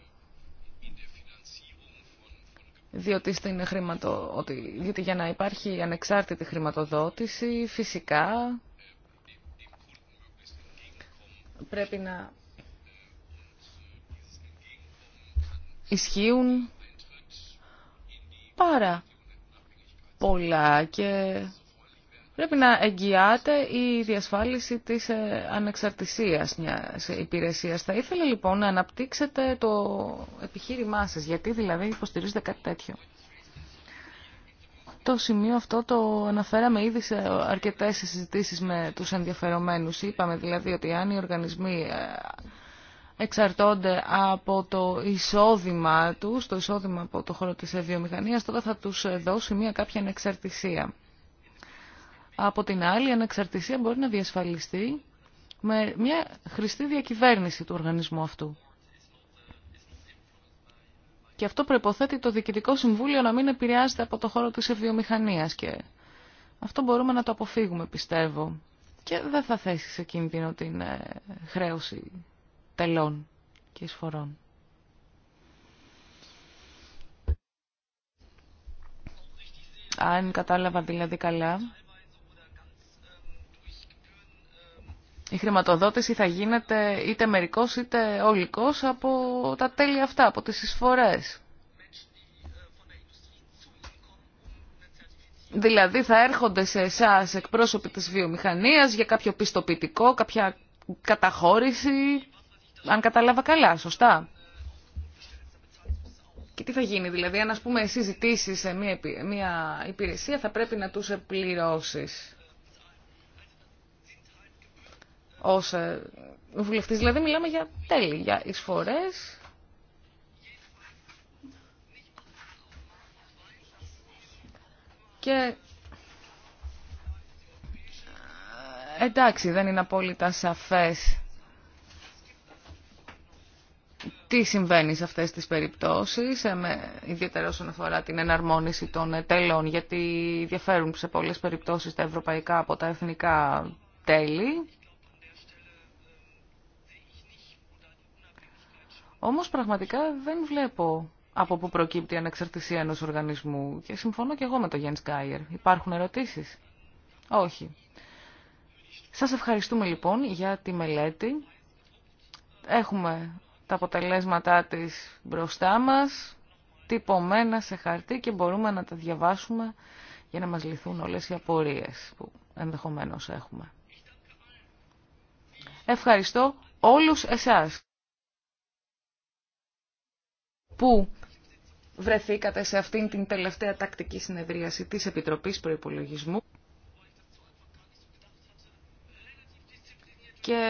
Διότι, χρηματο... διότι για να υπάρχει ανεξάρτητη χρηματοδότηση, φυσικά πρέπει να ισχύουν πάρα πολλά και πρέπει να εγγυάται η διασφάλιση της ε, ανεξαρτησίας μιας υπηρεσίας. Θα ήθελα λοιπόν να αναπτύξετε το επιχείρημά σας, γιατί δηλαδή υποστηρίζετε κάτι τέτοιο. Το σημείο αυτό το αναφέραμε ήδη σε αρκετές συζητήσεις με τους ενδιαφερομένους. Είπαμε δηλαδή ότι αν οι οργανισμοί ε, εξαρτώνται από το εισόδημα τους, το εισόδημα από το χώρο της βιομηχανίας, τώρα θα τους δώσει μια κάποια ανεξαρτησία. Από την άλλη, η ανεξαρτησία μπορεί να διασφαλιστεί με μια χρηστή διακυβέρνηση του οργανισμού αυτού. Και αυτό προϋποθέτει το Διοικητικό Συμβούλιο να μην επηρεάζεται από το χώρο της ευβιομηχανίας και αυτό μπορούμε να το αποφύγουμε πιστεύω και δεν θα θέσει σε κίνδυνο την ε, χρέωση και Αν κατάλαβα δηλαδή καλά, η χρηματοδότηση θα γίνεται είτε μερικός είτε ολικός από τα τέλη αυτά, από τις εισφορές. Δηλαδή θα έρχονται σε εσά εκπρόσωποι της βιομηχανίας για κάποιο πιστοποιητικό, κάποια καταχώρηση αν κατάλαβα καλά, σωστά. Και τι θα γίνει, δηλαδή, αν ας πούμε συζητήσει σε μια, μια υπηρεσία θα πρέπει να τους πληρώσεις. Ως ε, βουλευτής, δηλαδή μιλάμε για τέλη, για εισφορές. Και ε, εντάξει, δεν είναι απόλυτα σαφές τι συμβαίνει σε αυτές τις περιπτώσεις, ε, ιδιαίτερα όσον αφορά την εναρμόνιση των τέλων, γιατί διαφέρουν σε πολλές περιπτώσεις τα ευρωπαϊκά από τα εθνικά τέλη. Όμως πραγματικά δεν βλέπω από πού προκύπτει η ανεξαρτησία ενός οργανισμού και συμφωνώ και εγώ με τον Γιάννη Σκάιερ. Υπάρχουν ερωτήσεις? Όχι. Σας ευχαριστούμε λοιπόν για τη μελέτη. Έχουμε τα αποτελέσματά της μπροστά μας, τυπωμένα σε χαρτί και μπορούμε να τα διαβάσουμε για να μας λυθούν όλες οι απορίες που ενδεχομένως έχουμε. Ευχαριστώ όλους εσάς που βρεθήκατε σε αυτήν την τελευταία τακτική συνεδρίαση της Επιτροπής Προϋπολογισμού και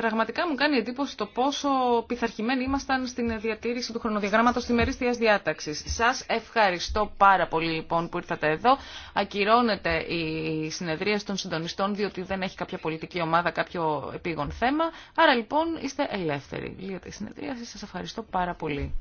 πραγματικά μου κάνει εντύπωση το πόσο πειθαρχημένοι ήμασταν στην διατήρηση του χρονοδιαγράμματος τη μερίστιας διάταξης. Σας ευχαριστώ πάρα πολύ λοιπόν που ήρθατε εδώ. Ακυρώνεται η συνεδρία των συντονιστών διότι δεν έχει κάποια πολιτική ομάδα κάποιο επίγον θέμα. Άρα λοιπόν είστε ελεύθεροι. Λίγα η συνεδρία σας. Σας ευχαριστώ πάρα πολύ.